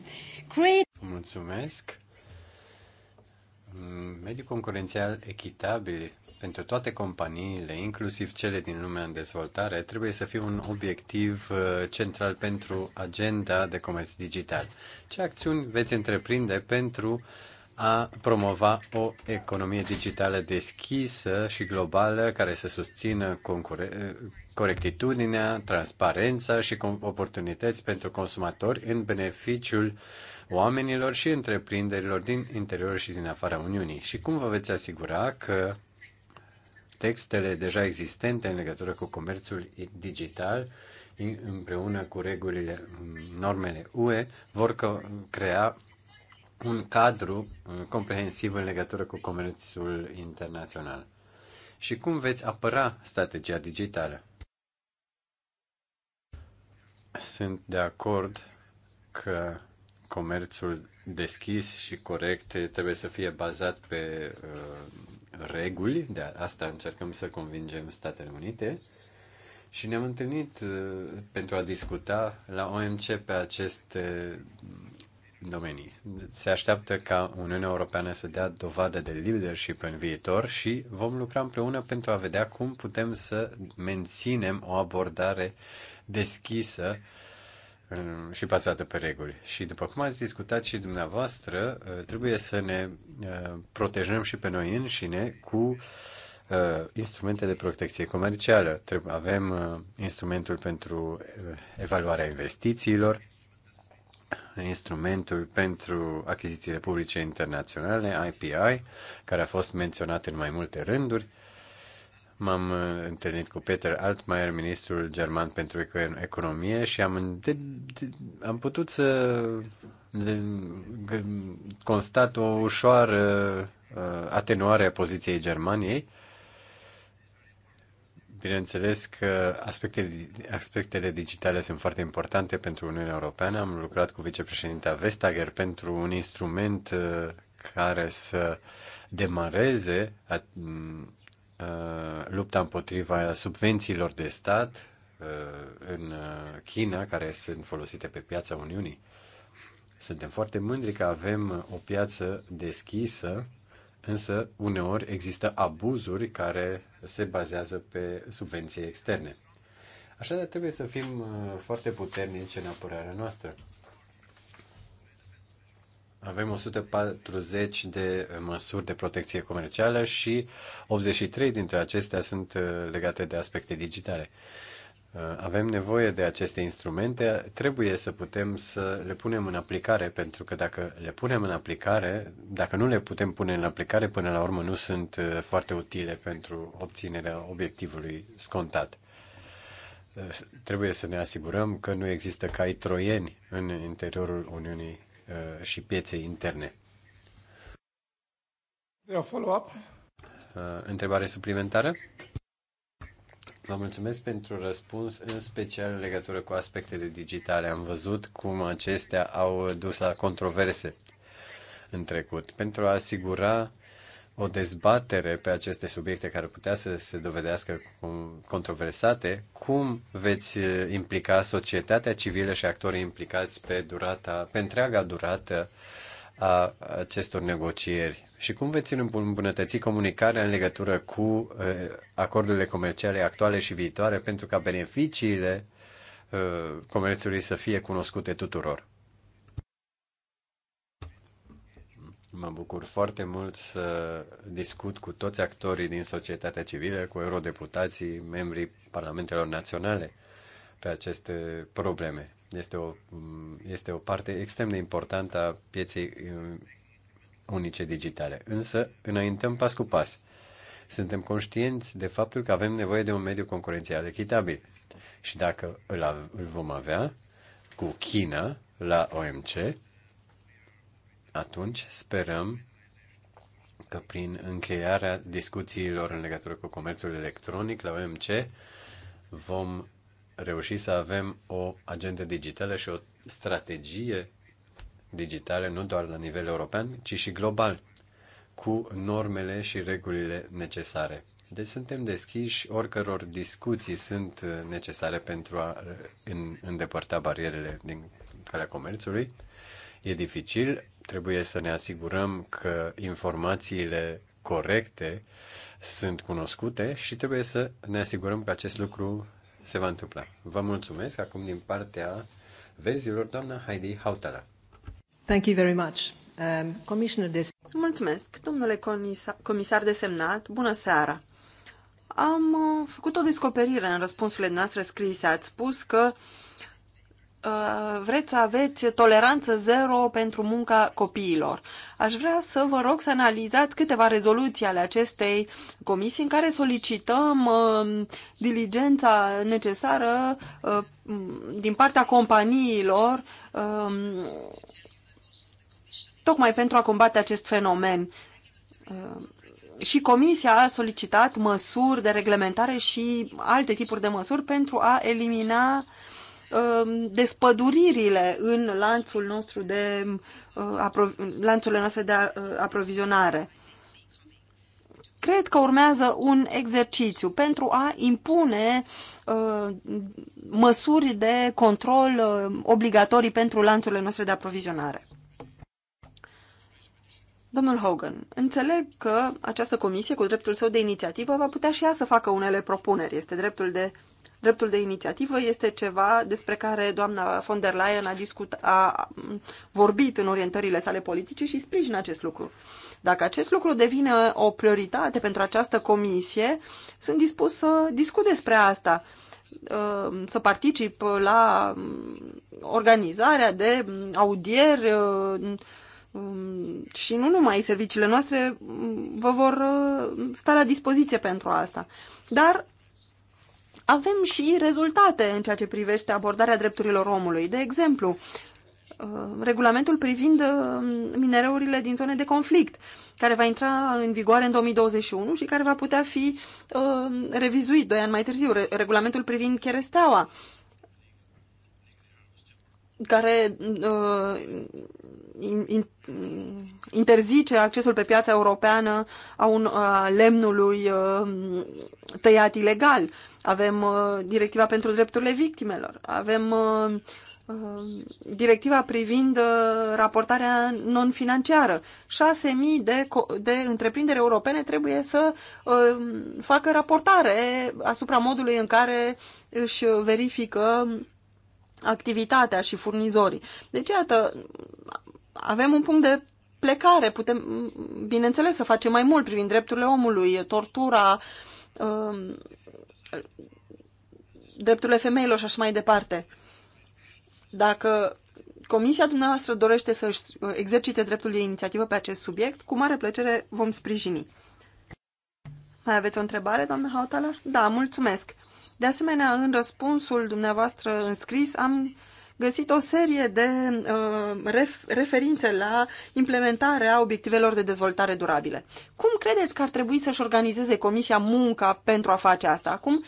Create... Mulțumesc. Mm, mediul concurențial echitabil pentru toate companiile, inclusiv cele din lumea în dezvoltare, trebuie să fie un obiectiv uh, central pentru agenda de comerț digital. Ce acțiuni veți întreprinde pentru a promova o economie digitală deschisă și globală care să susțină concure- corectitudinea, transparența și oportunități pentru consumatori în beneficiul oamenilor și întreprinderilor din interior și din afara Uniunii. Și cum vă veți asigura că textele deja existente în legătură cu comerțul digital împreună cu regulile, normele UE, vor crea un cadru uh, comprehensiv în legătură cu comerțul internațional. Și cum veți apăra strategia digitală? Sunt de acord că comerțul deschis și corect trebuie să fie bazat pe uh, reguli, de asta încercăm să convingem Statele Unite și ne-am întâlnit uh, pentru a discuta la OMC pe aceste domenii. Se așteaptă ca Uniunea Europeană să dea dovadă de leadership în viitor și vom lucra împreună pentru a vedea cum putem să menținem o abordare uh, deschisă și bazată pe reguli. Și după cum ați discutat și dumneavoastră, uh, trebuie să ne uh, protejăm și pe noi înșine cu uh, instrumente de protecție comercială. Avem instrumentul pentru evaluarea investițiilor, instrumentul pentru achizițiile publice internaționale, IPI, care a fost menționat în mai multe rânduri, M-am uh, întâlnit cu Peter Altmaier, ministrul german pentru economie și am, de, de, am putut să de, constat o ușoară uh, atenuare a poziției Germaniei. Bineînțeles că aspectele, aspectele digitale sunt foarte importante pentru Uniunea Europeană. Am lucrat cu vicepreședinta Vestager pentru un instrument uh, care să demareze Uh, lupta împotriva subvențiilor de stat uh, în uh, China, care sunt folosite pe piața Uniunii. Suntem foarte mândri că avem o piață deschisă, însă uneori există abuzuri care se bazează pe subvenții externe. Așadar trebuie să fim foarte puternici în apărarea noastră. Avem 140 de măsuri de protecție comercială și 83 dintre acestea sunt uh, legate de aspecte digitale. Uh, avem nevoie de aceste instrumente, trebuie să putem să le punem în aplicare, pentru că dacă le punem în aplicare, dacă nu le putem pune în aplicare, până la urmă nu sunt uh, foarte utile pentru obținerea obiectivului scontat trebuie să ne asigurăm că nu există cai troieni în interiorul Uniunii Uh, și pieței interne. Eu follow-up. Uh, întrebare suplimentară? Vă mulțumesc pentru răspuns, în special în legătură cu aspectele digitale. Am văzut cum acestea au dus la controverse în trecut. Pentru a asigura o dezbatere pe aceste subiecte care putea să se dovedească controversate, cum veți eh, implica societatea civilă și actorii implicați pe durata, pe întreaga durată a acestor negocieri și cum veți îmbunătăți comunicarea în legătură cu eh, acordurile comerciale actuale și viitoare pentru ca beneficiile eh, comerțului să fie cunoscute tuturor. Mă bucur foarte mult să discut cu toți actorii din societatea civilă, cu eurodeputații, membrii parlamentelor naționale pe aceste probleme. Este o, este o parte extrem de importantă a pieței uh, unice digitale. Însă, înaintăm pas cu pas. Suntem conștienți de faptul că avem nevoie de un mediu concurențial echitabil. Și dacă îl, av- îl vom avea cu China la OMC, atunci sperăm că prin încheierea discuțiilor în legătură cu comerțul electronic la OMC vom reuși să avem o agendă digitală și o strategie digitală nu doar la nivel european, ci și global, cu normele și regulile necesare. Deci suntem deschiși oricăror discuții sunt necesare pentru a îndepărta barierele din calea comerțului. E dificil, Trebuie să ne asigurăm că informațiile corecte sunt cunoscute și trebuie să ne asigurăm că acest lucru se va întâmpla. Vă mulțumesc acum din partea verzilor, doamna Heidi Hautala. Thank you very much. Um, de Mulțumesc, domnule comisar desemnat, bună seara. Am uh, făcut o descoperire în răspunsurile noastre scrise. Ați spus că uh, Uh, vreți să aveți toleranță zero pentru munca copiilor. Aș vrea să vă rog să analizați câteva rezoluții ale acestei comisii în care solicităm um, diligența necesară uh, din partea companiilor um, tocmai pentru a combate acest fenomen. Uh, și Comisia a solicitat măsuri de reglementare și alte tipuri de măsuri pentru a elimina uh, Um, despăduririle în lanțul nostru de, uh, lanțurile noastre de uh, aprovizionare. Cred că urmează un exercițiu pentru a impune uh, măsuri de control obligatorii pentru lanțurile noastre de aprovizionare. Domnul Hogan, înțeleg că această comisie, cu dreptul său de inițiativă, va putea și ea să facă unele propuneri. Este dreptul de Dreptul de inițiativă este ceva despre care doamna von der Leyen a, discut, a vorbit în orientările sale politice și sprijină acest lucru. Dacă acest lucru devine o prioritate pentru această comisie, sunt dispus să discut despre asta, ă, să particip la organizarea de audieri ă, și nu numai serviciile noastre vă vor ă, sta la dispoziție pentru asta. Dar avem și rezultate în ceea ce privește abordarea drepturilor omului. De exemplu, uh, regulamentul privind uh, minereurile din zone de conflict, care va intra în vigoare în 2021 și care va putea fi uh, revizuit doi ani mai târziu, regulamentul privind cheresteaua, care interzice accesul pe piața europeană a, un, a lemnului tăiat ilegal. Avem uh, directiva pentru drepturile victimelor, avem uh, uh, directiva privind raportarea non-financiară. 6.000 de, de întreprinderi europene trebuie să facă raportare asupra modului în care își verifică activitatea și furnizorii. Deci, iată, avem un punct de plecare. Putem, bineînțeles, să facem mai mult privind drepturile omului, tortura, drepturile femeilor și așa mai departe. Dacă comisia dumneavoastră dorește să exercite dreptul de inițiativă pe acest subiect, cu mare plăcere vom sprijini. Mai aveți o întrebare, doamnă Hautala? Da, mulțumesc. De asemenea, în răspunsul dumneavoastră înscris am găsit o serie de uh, referințe la implementarea obiectivelor de dezvoltare durabile. Cum credeți că ar trebui să-și organizeze Comisia munca pentru a face asta? Acum,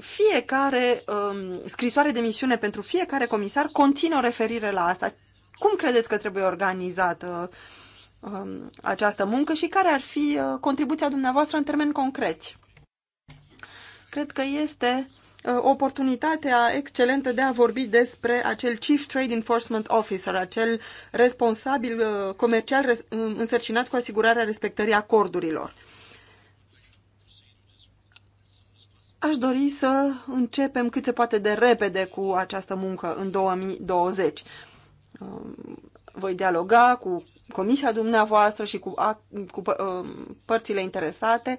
fiecare um, scrisoare de misiune pentru fiecare comisar conține o referire la asta. Cum credeți că trebuie organizată um, această muncă și care ar fi uh, contribuția dumneavoastră în termeni concreți? Cred că este Uh, oportunitatea excelentă de a vorbi despre acel Chief Trade Enforcement Officer, acel responsabil uh, comercial uh, însărcinat cu asigurarea respectării acordurilor. Aș dori să începem cât se poate de repede cu această muncă în 2020. Voi dialoga cu comisia dumneavoastră și cu, cu părțile interesate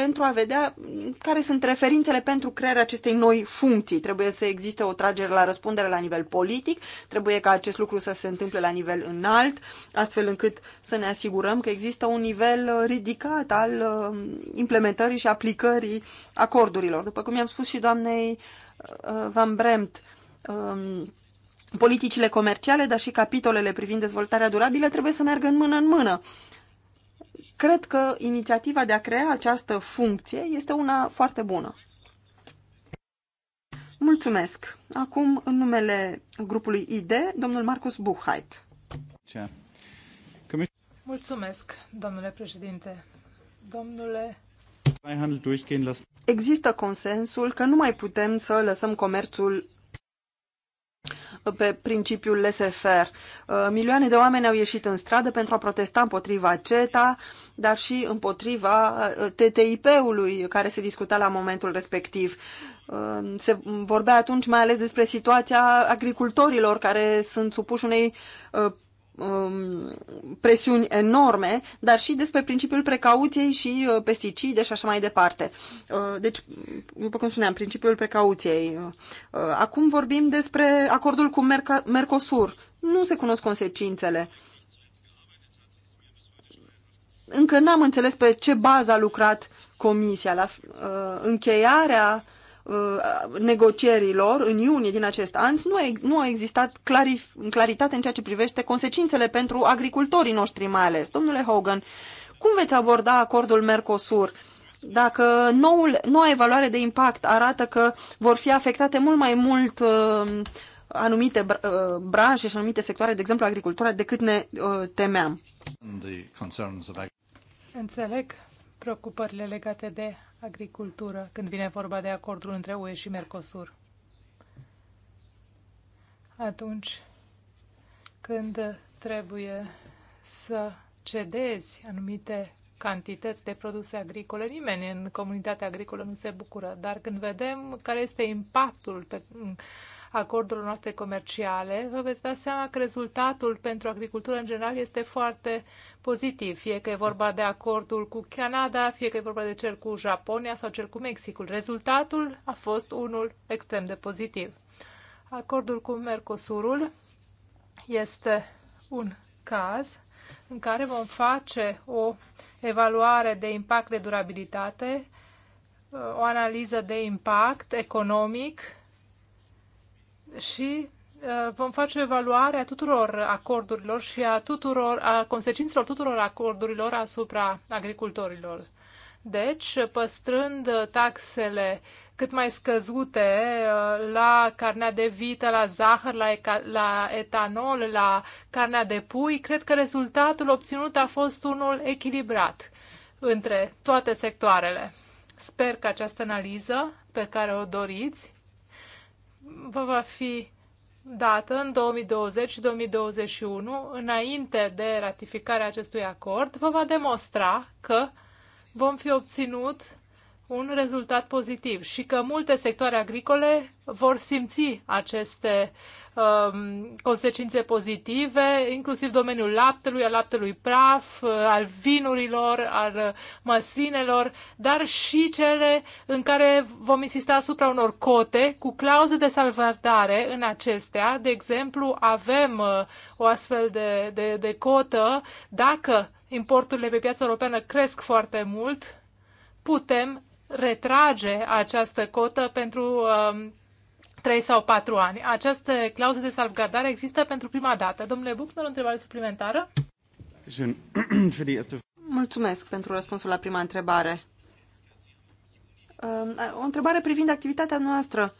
pentru a vedea care sunt referințele pentru crearea acestei noi funcții. Trebuie să existe o tragere la răspundere la nivel politic, trebuie ca acest lucru să se întâmple la nivel înalt, astfel încât să ne asigurăm că există un nivel uh, ridicat al uh, implementării și aplicării acordurilor. După cum i-am spus și doamnei uh, Van Bremt, um, politicile comerciale, dar și capitolele privind dezvoltarea durabilă trebuie să meargă în mână în mână. Cred că inițiativa de a crea această funcție este una foarte bună. Mulțumesc. Acum, în numele grupului ID, domnul Marcus Buchheit. Mulțumesc, domnule președinte. Domnule Există consensul că nu mai putem să lăsăm comerțul pe principiul laissez-faire. Uh, milioane de oameni au ieșit în stradă pentru a protesta împotriva CETA, dar și împotriva uh, TTIP-ului care se discuta la momentul respectiv. Uh, se vorbea atunci mai ales despre situația agricultorilor care sunt supuși unei uh, um, presiuni enorme, dar și despre principiul precauției și pesticide și așa mai departe. Deci, după cum spuneam, principiul precauției. Acum vorbim despre acordul cu Mercosur. Nu se cunosc consecințele încă n-am înțeles pe ce bază a lucrat comisia. La uh, încheierea uh, negocierilor în iunie din acest an nu a, nu a existat clarif- claritate în ceea ce privește consecințele pentru agricultorii noștri mai ales. Domnule Hogan, cum veți aborda acordul Mercosur? Dacă noul, noua evaluare de impact arată că vor fi afectate mult mai mult uh, anumite branșe uh, și anumite sectoare, de exemplu agricultura, decât ne uh, temeam. Înțeleg preocupările legate de agricultură când vine vorba de acordul între UE și Mercosur. Atunci când trebuie să cedezi anumite cantități de produse agricole. Nimeni în comunitatea agricolă nu se bucură, dar când vedem care este impactul pe acordurilor noastre comerciale, vă veți da seama că rezultatul pentru agricultură în general este foarte pozitiv, fie că e vorba de acordul cu Canada, fie că e vorba de cel cu Japonia sau cel cu Mexicul. Rezultatul a fost unul extrem de pozitiv. Acordul cu Mercosurul este un caz în care vom face o evaluare de impact de durabilitate, o analiză de impact economic și uh, vom face evaluarea tuturor acordurilor și a, tuturor, a consecințelor tuturor acordurilor asupra agricultorilor. Deci, păstrând taxele cât mai scăzute uh, la carnea de vită, la zahăr, la, eca- la etanol, la carnea de pui, cred că rezultatul obținut a fost unul echilibrat între toate sectoarele. Sper că această analiză pe care o doriți vă va fi dată în 2020 și 2021, înainte de ratificarea acestui acord, vă va demonstra că vom fi obținut un rezultat pozitiv și că multe sectoare agricole vor simți aceste um, consecințe pozitive, inclusiv domeniul laptelui, al laptelui praf, al vinurilor, al măslinelor, dar și cele în care vom insista asupra unor cote cu clauze de salvardare în acestea. De exemplu, avem uh, o astfel de, de, de cotă dacă importurile pe piața europeană cresc foarte mult, putem retrage această cotă pentru um, 3 sau 4 ani. Această clauză de salvgardare există pentru prima dată. Domnule Buchner, o întrebare suplimentară? Mulțumesc pentru răspunsul la prima întrebare. Um, o întrebare privind activitatea noastră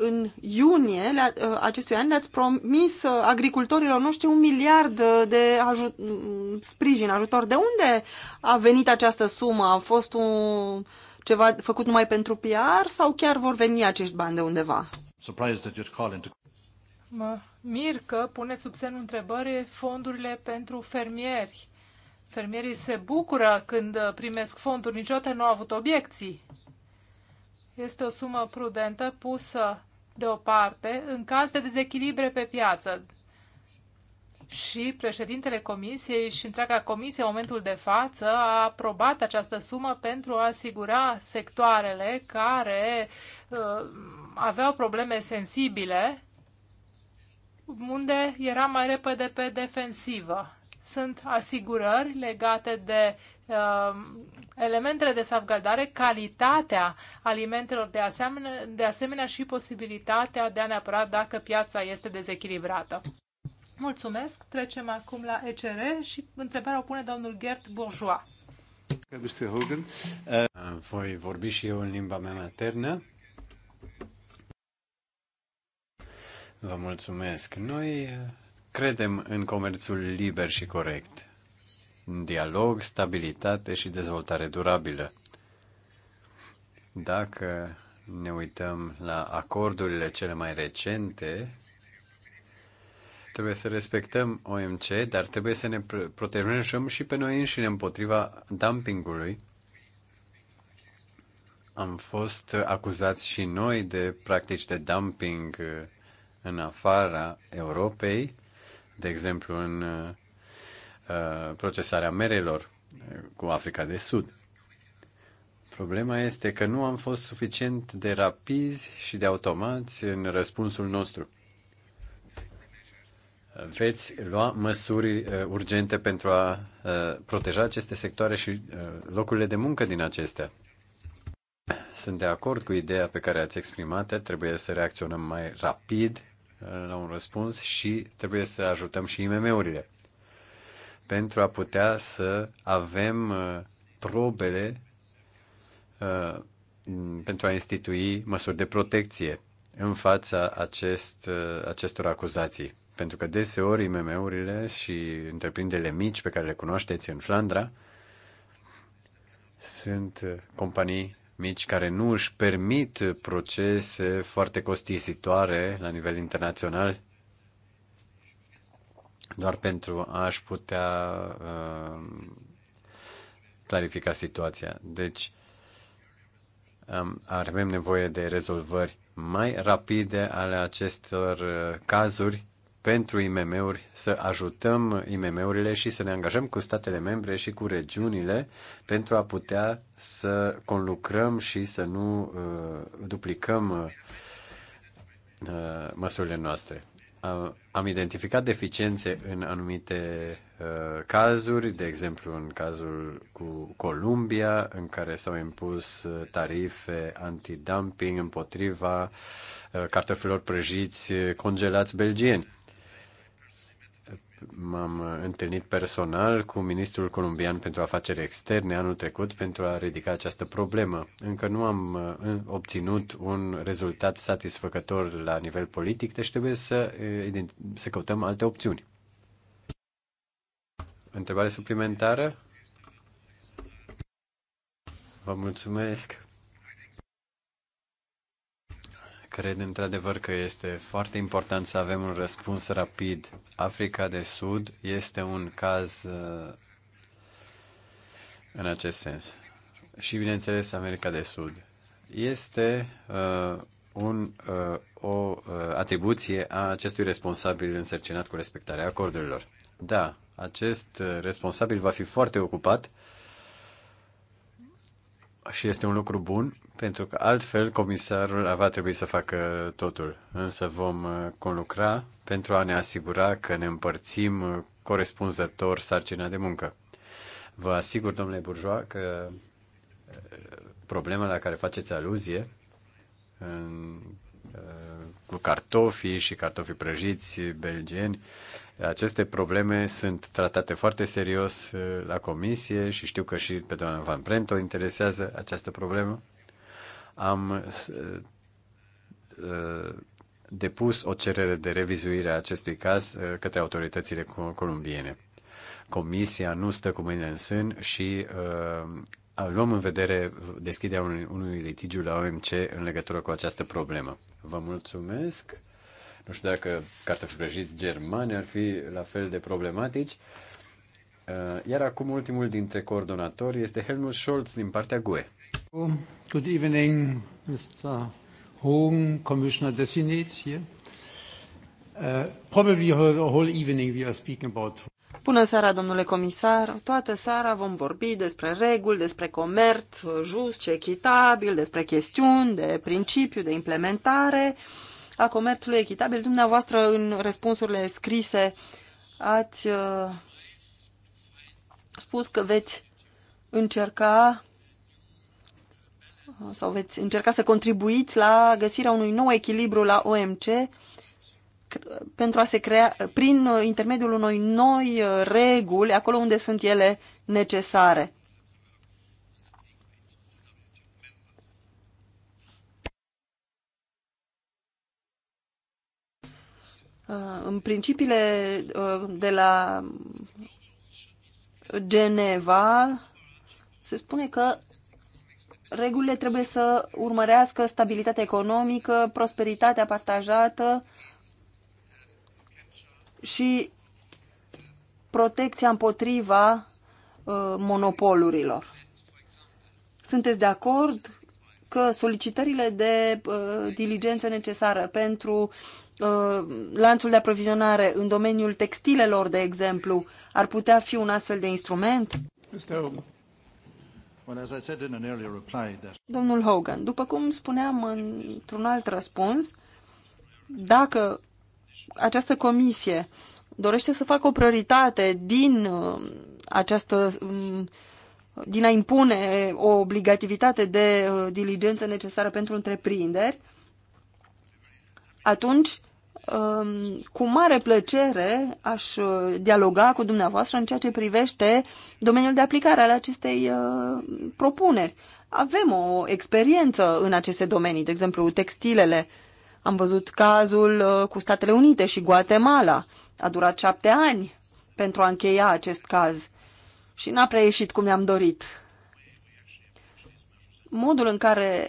în iunie ă, acestui an le-ați promis ă, agricultorilor noștri un miliard ă, de ajut, sprijin, ajutor. De unde a venit această sumă? A fost un, ceva făcut numai pentru PR sau chiar vor veni acești bani de undeva? Mă mir că puneți sub semnul întrebări fondurile pentru fermieri. Fermierii se bucură când primesc fonduri, niciodată nu au avut obiecții. Este o sumă prudentă pusă de o parte, în caz de dezechilibre pe piață. Și președintele Comisiei și întreaga Comisie, în momentul de față, a aprobat această sumă pentru a asigura sectoarele care uh, aveau probleme sensibile, unde era mai repede pe defensivă. Sunt asigurări legate de Um, elementele de salvgardare, calitatea alimentelor de asemenea, de asemenea și posibilitatea de a ne apăra dacă piața este dezechilibrată. Mulțumesc. Trecem acum la ECR și întrebarea o pune domnul Gert Bourgeois. Voi vorbi și eu în limba mea maternă. Vă mulțumesc. Noi uh, credem în comerțul liber și corect dialog, stabilitate și dezvoltare durabilă. Dacă ne uităm la acordurile cele mai recente, trebuie să respectăm OMC, dar trebuie să ne protejăm și pe noi înșine împotriva dumpingului. Am fost acuzați și noi de practici de dumping în afara Europei, de exemplu în Uh, procesarea merelor uh, cu Africa de Sud. Problema este că nu am fost suficient de rapizi și de automați în răspunsul nostru. Veți lua măsuri uh, urgente pentru a proteja aceste sectoare și locurile de muncă din acestea. Sunt de acord cu ideea pe care ați exprimat-o, trebuie să reacționăm mai rapid la un răspuns și trebuie să ajutăm și IMM-urile pentru a putea să avem uh, probele uh, pentru a institui măsuri de protecție în fața acest, uh, acestor acuzații. Pentru că deseori IMM-urile și întreprinderile mici pe care le cunoașteți în Flandra sunt companii mici care nu își permit procese foarte costisitoare la nivel internațional doar pentru a-și putea uh, clarifica situația. Deci, um, avem nevoie de rezolvări mai rapide ale acestor uh, cazuri pentru IMM-uri, să ajutăm IMM-urile și să ne angajăm cu statele membre și cu regiunile pentru a putea să conlucrăm și să nu uh, duplicăm uh, uh măsurile noastre. Am identificat deficiențe în anumite uh, cazuri, de exemplu în cazul cu Columbia, în care s-au impus uh, tarife antidumping împotriva uh, cartofilor prăjiți uh, congelați belgieni m-am întâlnit personal cu ministrul colombian pentru afaceri externe anul trecut pentru a ridica această problemă. Încă nu am uh, obținut un rezultat satisfăcător la nivel politic, deci trebuie să, uh, să căutăm alte opțiuni. Întrebare suplimentară? Vă mulțumesc. Cred într-adevăr că este foarte important să avem un răspuns rapid. Africa de Sud este un caz uh, în acest sens. Și, bineînțeles, America de Sud. Este uh, un, uh, o uh, atribuție a acestui responsabil însărcinat cu respectarea acordurilor. Da, acest uh, responsabil va fi foarte ocupat uh, și este un lucru bun, pentru că altfel comisarul va trebui să facă totul. Însă vom uh, conlucra pentru a ne asigura că ne împărțim uh, corespunzător sarcina de muncă. Vă asigur, domnule Burjoa, că uh, problema la care faceți aluzie în, cu cartofii și cartofii prăjiți belgeni aceste probleme sunt tratate foarte serios uh, la comisie și știu că și pe doamna Van Brent o interesează această problemă. Am uh, uh, depus o cerere de revizuire a acestui caz către autoritățile columbiene. Comisia nu stă cu mâinile în sân și uh, luăm în vedere deschiderea unui, unui litigiu la OMC în legătură cu această problemă. Vă mulțumesc. Nu știu dacă cartofii germani ar fi la fel de problematici. Uh, iar acum ultimul dintre coordonatori este Helmut Scholz din partea GUE. Good evening, Mr. Hogan, Commissioner Designate here. Uh, probably the whole evening we are speaking about Bună seara, domnule comisar! Toată seara vom vorbi despre reguli, despre comerț uh, just și echitabil, despre chestiuni, de principiu, de implementare. Uh, a comerțului echitabil. Dumneavoastră, în răspunsurile scrise, ați uh, spus că veți încerca uh, sau veți încerca să contribuiți la găsirea unui nou echilibru la OMC pentru a se crea prin uh, intermediul unor noi uh, reguli acolo unde sunt ele necesare. în principiile uh, de la Geneva se spune că regulile trebuie să urmărească stabilitatea economică, prosperitatea partajată și protecția împotriva uh, monopolurilor. Sunteți de acord că solicitările de uh, diligență necesară pentru Uh, lanțul de aprovizionare în domeniul textilelor, de exemplu, ar putea fi un astfel de instrument? Domnul Hogan, după cum spuneam într-un alt răspuns, dacă această comisie dorește să facă o prioritate din uh, această um, din a impune o obligativitate de uh, diligență necesară pentru întreprinderi, atunci Um, cu mare plăcere aș uh, dialoga cu dumneavoastră în ceea ce privește domeniul de aplicare al acestei uh, propuneri. Avem o experiență în aceste domenii, de exemplu textilele. Am văzut cazul uh, cu Statele Unite și Guatemala. A durat șapte ani pentru a încheia acest caz și n-a prea ieșit cum ne-am dorit. Modul în care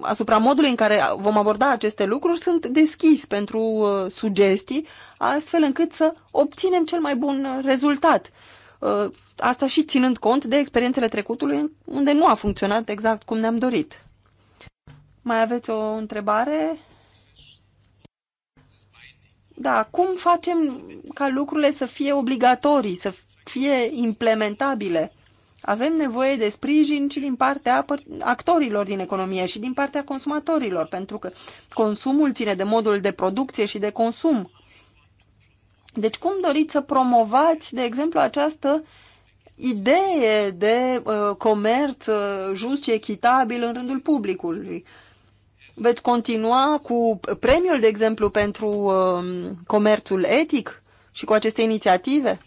asupra modului în care vom aborda aceste lucruri, sunt deschis pentru uh, sugestii, astfel încât să obținem cel mai bun rezultat. Uh, asta și ținând cont de experiențele trecutului, unde nu a funcționat exact cum ne-am dorit. Mai aveți o întrebare? Da, cum facem ca lucrurile să fie obligatorii, să fie implementabile? Avem nevoie de sprijin și din partea actorilor din economie și din partea consumatorilor, pentru că consumul ține de modul de producție și de consum. Deci cum doriți să promovați, de exemplu, această idee de uh, comerț uh, just și echitabil în rândul publicului? Veți continua cu premiul, de exemplu, pentru uh, comerțul etic și cu aceste inițiative?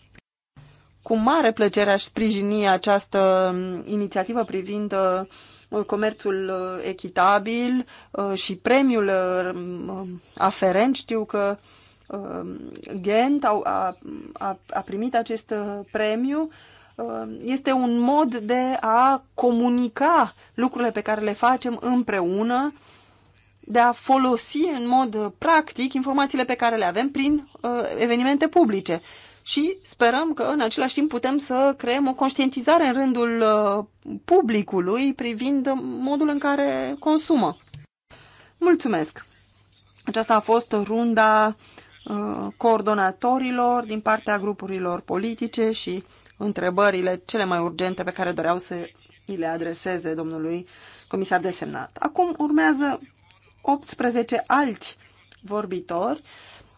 Cu mare plăcere aș sprijini această um, inițiativă privind uh, comerțul uh, echitabil uh, și premiul um, um, aferent. Știu că Ghent a, a, a primit acest premiu. Este un mod de a comunica lucrurile pe care le facem împreună, de a folosi în mod practic informațiile pe care le avem prin evenimente publice și sperăm că în același timp putem să creăm o conștientizare în rândul uh, publicului privind modul în care consumă. Mulțumesc! Aceasta a fost runda uh, coordonatorilor din partea grupurilor politice și întrebările cele mai urgente pe care doreau să îi le adreseze domnului comisar desemnat. Acum urmează 18 alți vorbitori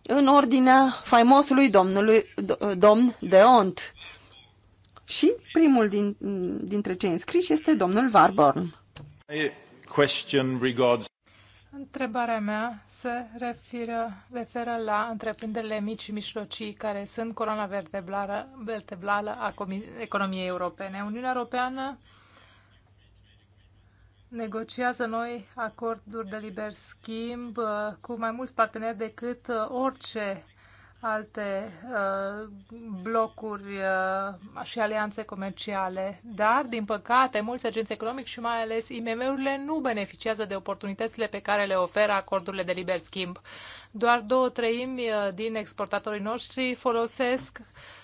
în ordinea faimosului domnului, domn Deont. Și primul din, dintre cei înscriși este domnul Warborn. Întrebarea mea se referă, referă la întreprinderile mici și mijlocii care sunt coloana vertebrală, vertebrală a economiei europene. Uniunea Europeană negociază noi acorduri de liber schimb uh, cu mai mulți parteneri decât uh, orice alte uh, blocuri și alianțe comerciale. Dar, din păcate, mulți agenți economici și mai ales IMM-urile nu beneficiază de oportunitățile pe care le oferă acordurile de liber schimb. Doar două treimi din exportatorii noștri folosesc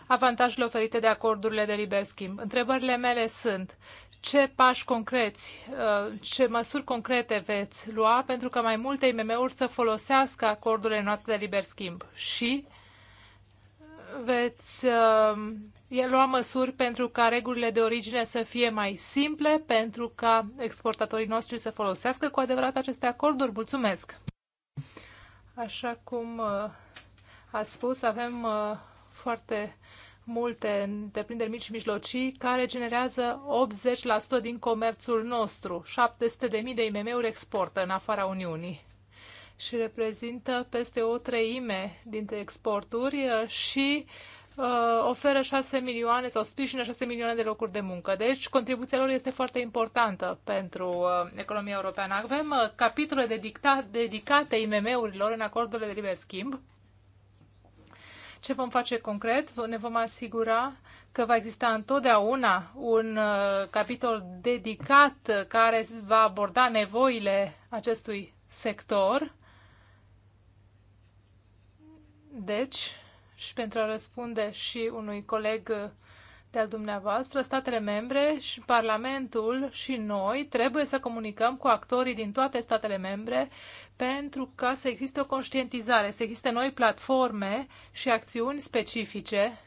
avantajele oferite de acordurile de liber schimb. Întrebările mele sunt ce pași concreți, uh, ce măsuri concrete veți lua pentru că mai multe IMM-uri să folosească acordurile noastre de liber schimb și veți uh, lua măsuri pentru ca regulile de origine să fie mai simple, pentru ca exportatorii noștri să folosească cu adevărat aceste acorduri. Mulțumesc! Așa cum uh, a spus, avem foarte multe întreprinderi mici și mijlocii care generează 80% din comerțul nostru. 700.000 de IMM-uri exportă în afara Uniunii și reprezintă peste o treime dintre exporturi uh, și uh, oferă 6 milioane sau sprijină 6 milioane de locuri de muncă. Deci contribuția lor este foarte importantă pentru uh, economia europeană. Avem uh, capitole dedica- dedicate IMM-urilor în acordurile de liber schimb ce vom face concret? Ne vom asigura că va exista întotdeauna un uh, capitol dedicat care va aborda nevoile acestui sector. Deci, și pentru a răspunde și unui coleg uh, de al dumneavoastră, statele membre și Parlamentul și noi trebuie să comunicăm cu actorii din toate statele membre pentru ca să existe o conștientizare, să existe noi platforme și acțiuni specifice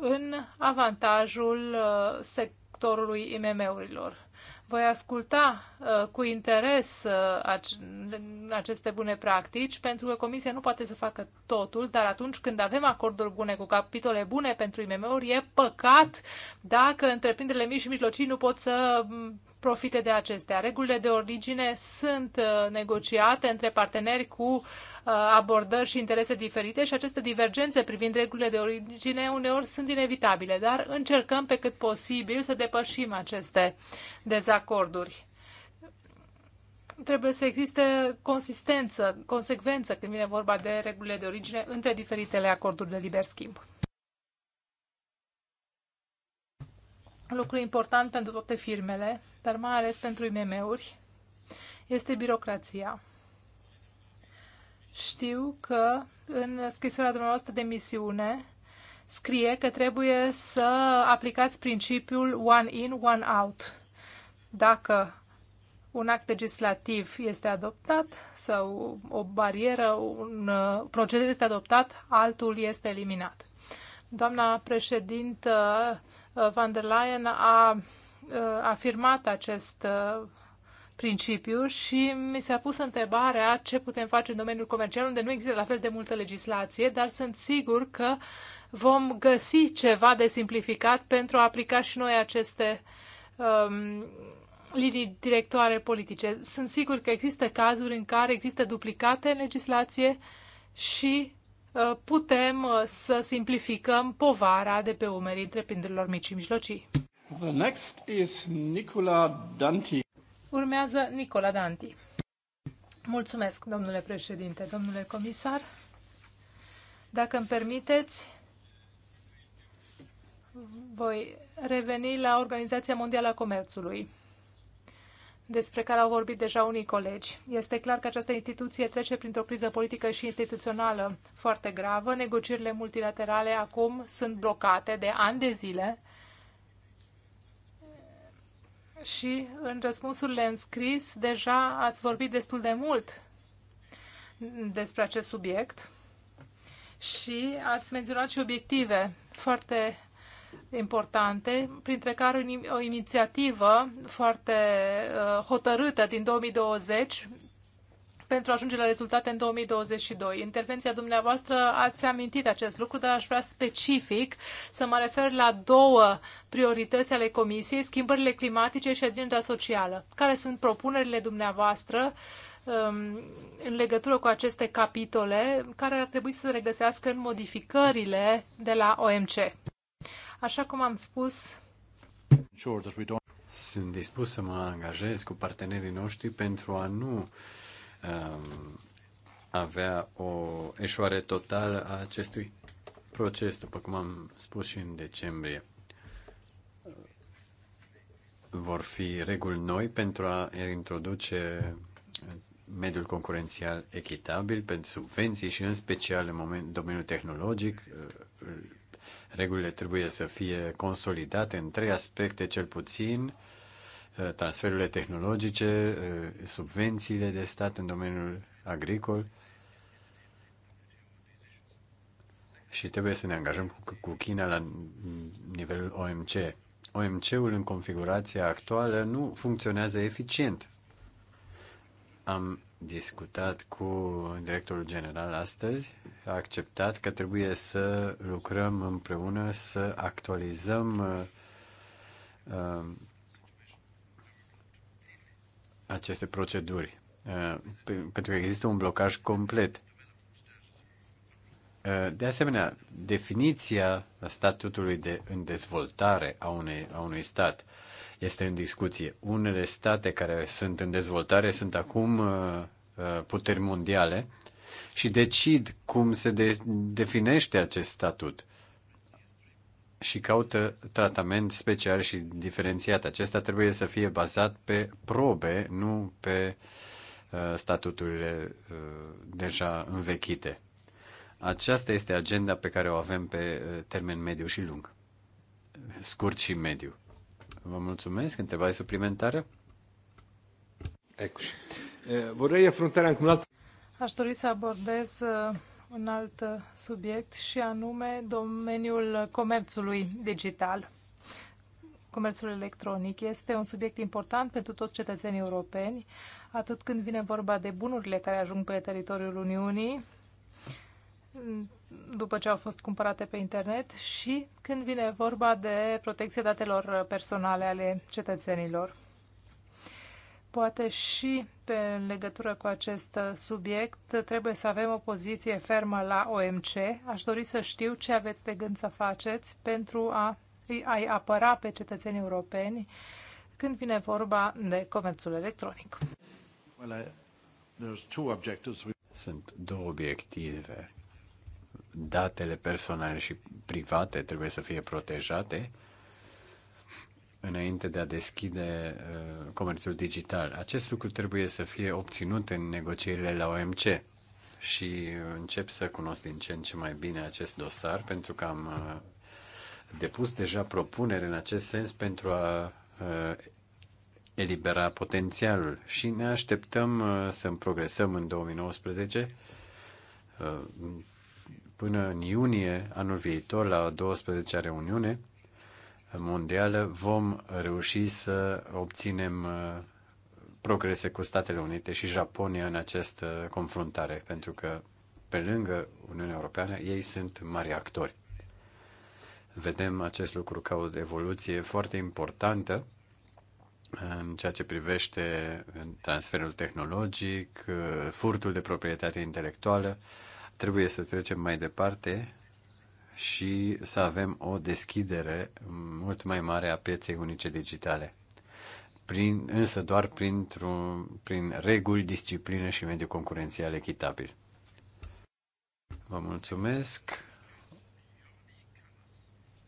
în avantajul uh, sectorului IMM-urilor. Voi asculta uh, cu interes uh, aceste bune practici, pentru că Comisia nu poate să facă totul, dar atunci când avem acorduri bune cu capitole bune pentru IMM-uri, e păcat dacă întreprinderile mici și mijlocii nu pot să profite de acestea. Regulile de origine sunt uh, negociate între parteneri cu uh, abordări și interese diferite și aceste divergențe privind regulile de origine uneori sunt inevitabile, dar încercăm pe cât posibil să depășim aceste dezacorduri trebuie să existe consistență, consecvență când vine vorba de regulile de origine între diferitele acorduri de liber schimb. lucru important pentru toate firmele dar mai ales pentru IMM-uri, este birocrația. Știu că în scrisoarea dumneavoastră de misiune scrie că trebuie să aplicați principiul one in, one out. Dacă un act legislativ este adoptat sau o barieră, un uh, procedeu este adoptat, altul este eliminat. Doamna președintă uh, van der Leyen a Uh, afirmat acest uh, principiu și mi s-a pus întrebarea ce putem face în domeniul comercial unde nu există la fel de multă legislație, dar sunt sigur că vom găsi ceva de simplificat pentru a aplica și noi aceste um, linii directoare politice. Sunt sigur că există cazuri în care există duplicate în legislație și uh, putem uh, să simplificăm povara de pe umerii întreprinderilor mici și mijlocii. The next is Nicola Danti. Urmează Nicola Danti. Mulțumesc, domnule președinte, domnule comisar. Dacă îmi permiteți, voi reveni la Organizația Mondială a Comerțului, despre care au vorbit deja unii colegi. Este clar că această instituție trece printr-o criză politică și instituțională foarte gravă. Negocierile multilaterale acum sunt blocate de ani de zile și în răspunsurile scris deja ați vorbit destul de mult despre acest subiect și ați menționat și obiective foarte importante, printre care o inițiativă foarte uh, hotărâtă din 2020 pentru a ajunge la rezultate în 2022. Intervenția dumneavoastră ați amintit acest lucru, dar aș vrea specific să mă refer la două priorități ale Comisiei, schimbările climatice și agenda socială. Care sunt propunerile dumneavoastră um, în legătură cu aceste capitole care ar trebui să se regăsească în modificările de la OMC. Așa cum am spus, sunt dispus să mă angajez cu partenerii noștri pentru a nu um, avea o eșoare totală a acestui proces, după cum am spus și în decembrie. Vor fi reguli noi pentru a introduce mediul concurențial echitabil pentru subvenții și în special în moment, domeniul tehnologic. Regulile trebuie să fie consolidate în trei aspecte cel puțin Uh, transferurile tehnologice, uh, subvențiile de stat în domeniul agricol și trebuie să ne angajăm cu China la nivelul OMC. OMC-ul în configurația actuală nu funcționează eficient. Am discutat cu directorul general astăzi, a acceptat că trebuie să lucrăm împreună, să actualizăm uh, aceste proceduri, uh, pentru că există un blocaj complet. Uh, de asemenea, definiția statutului de în dezvoltare a, unei, a unui stat este în discuție. Unele state care sunt în dezvoltare sunt acum uh, puteri mondiale și decid cum se de- definește acest statut și caută tratament special și diferențiat. Acesta trebuie să fie bazat pe probe, nu pe uh, statuturile uh, deja învechite. Aceasta este agenda pe care o avem pe uh, termen mediu și lung, scurt și mediu. Vă mulțumesc. Întrebare suplimentară? Ecco. Eh, vorrei afruntare anche un alt. Aș dori să abordez un alt subiect și anume domeniul comerțului digital. Comerțul electronic este un subiect important pentru toți cetățenii europeni, atât când vine vorba de bunurile care ajung pe teritoriul Uniunii, după ce au fost cumpărate pe internet și când vine vorba de protecția datelor personale ale cetățenilor. Poate și pe legătură cu acest subiect trebuie să avem o poziție fermă la OMC. Aș dori să știu ce aveți de gând să faceți pentru a ai apăra pe cetățenii europeni când vine vorba de comerțul electronic. Well, I, Sunt două obiective. Datele personale și private trebuie să fie protejate înainte de a deschide uh, comerțul digital. Acest lucru trebuie să fie obținut în negocierile la OMC și încep să cunosc din ce în ce mai bine acest dosar pentru că am uh, depus deja propunere în acest sens pentru a uh, elibera potențialul și ne așteptăm uh, să progresăm în 2019 uh, până în iunie anul viitor la 12-a reuniune mondială vom reuși să obținem uh, progrese cu Statele Unite și Japonia în această confruntare, pentru că pe lângă Uniunea Europeană ei sunt mari actori. Vedem acest lucru ca o evoluție foarte importantă uh, în ceea ce privește uh, transferul tehnologic, furtul de proprietate intelectuală. Trebuie să trecem mai departe și să avem o deschidere mult mai mare a pieței unice digitale. Prin, însă doar prin reguli, disciplină și mediu concurențial echitabil. Vă mulțumesc.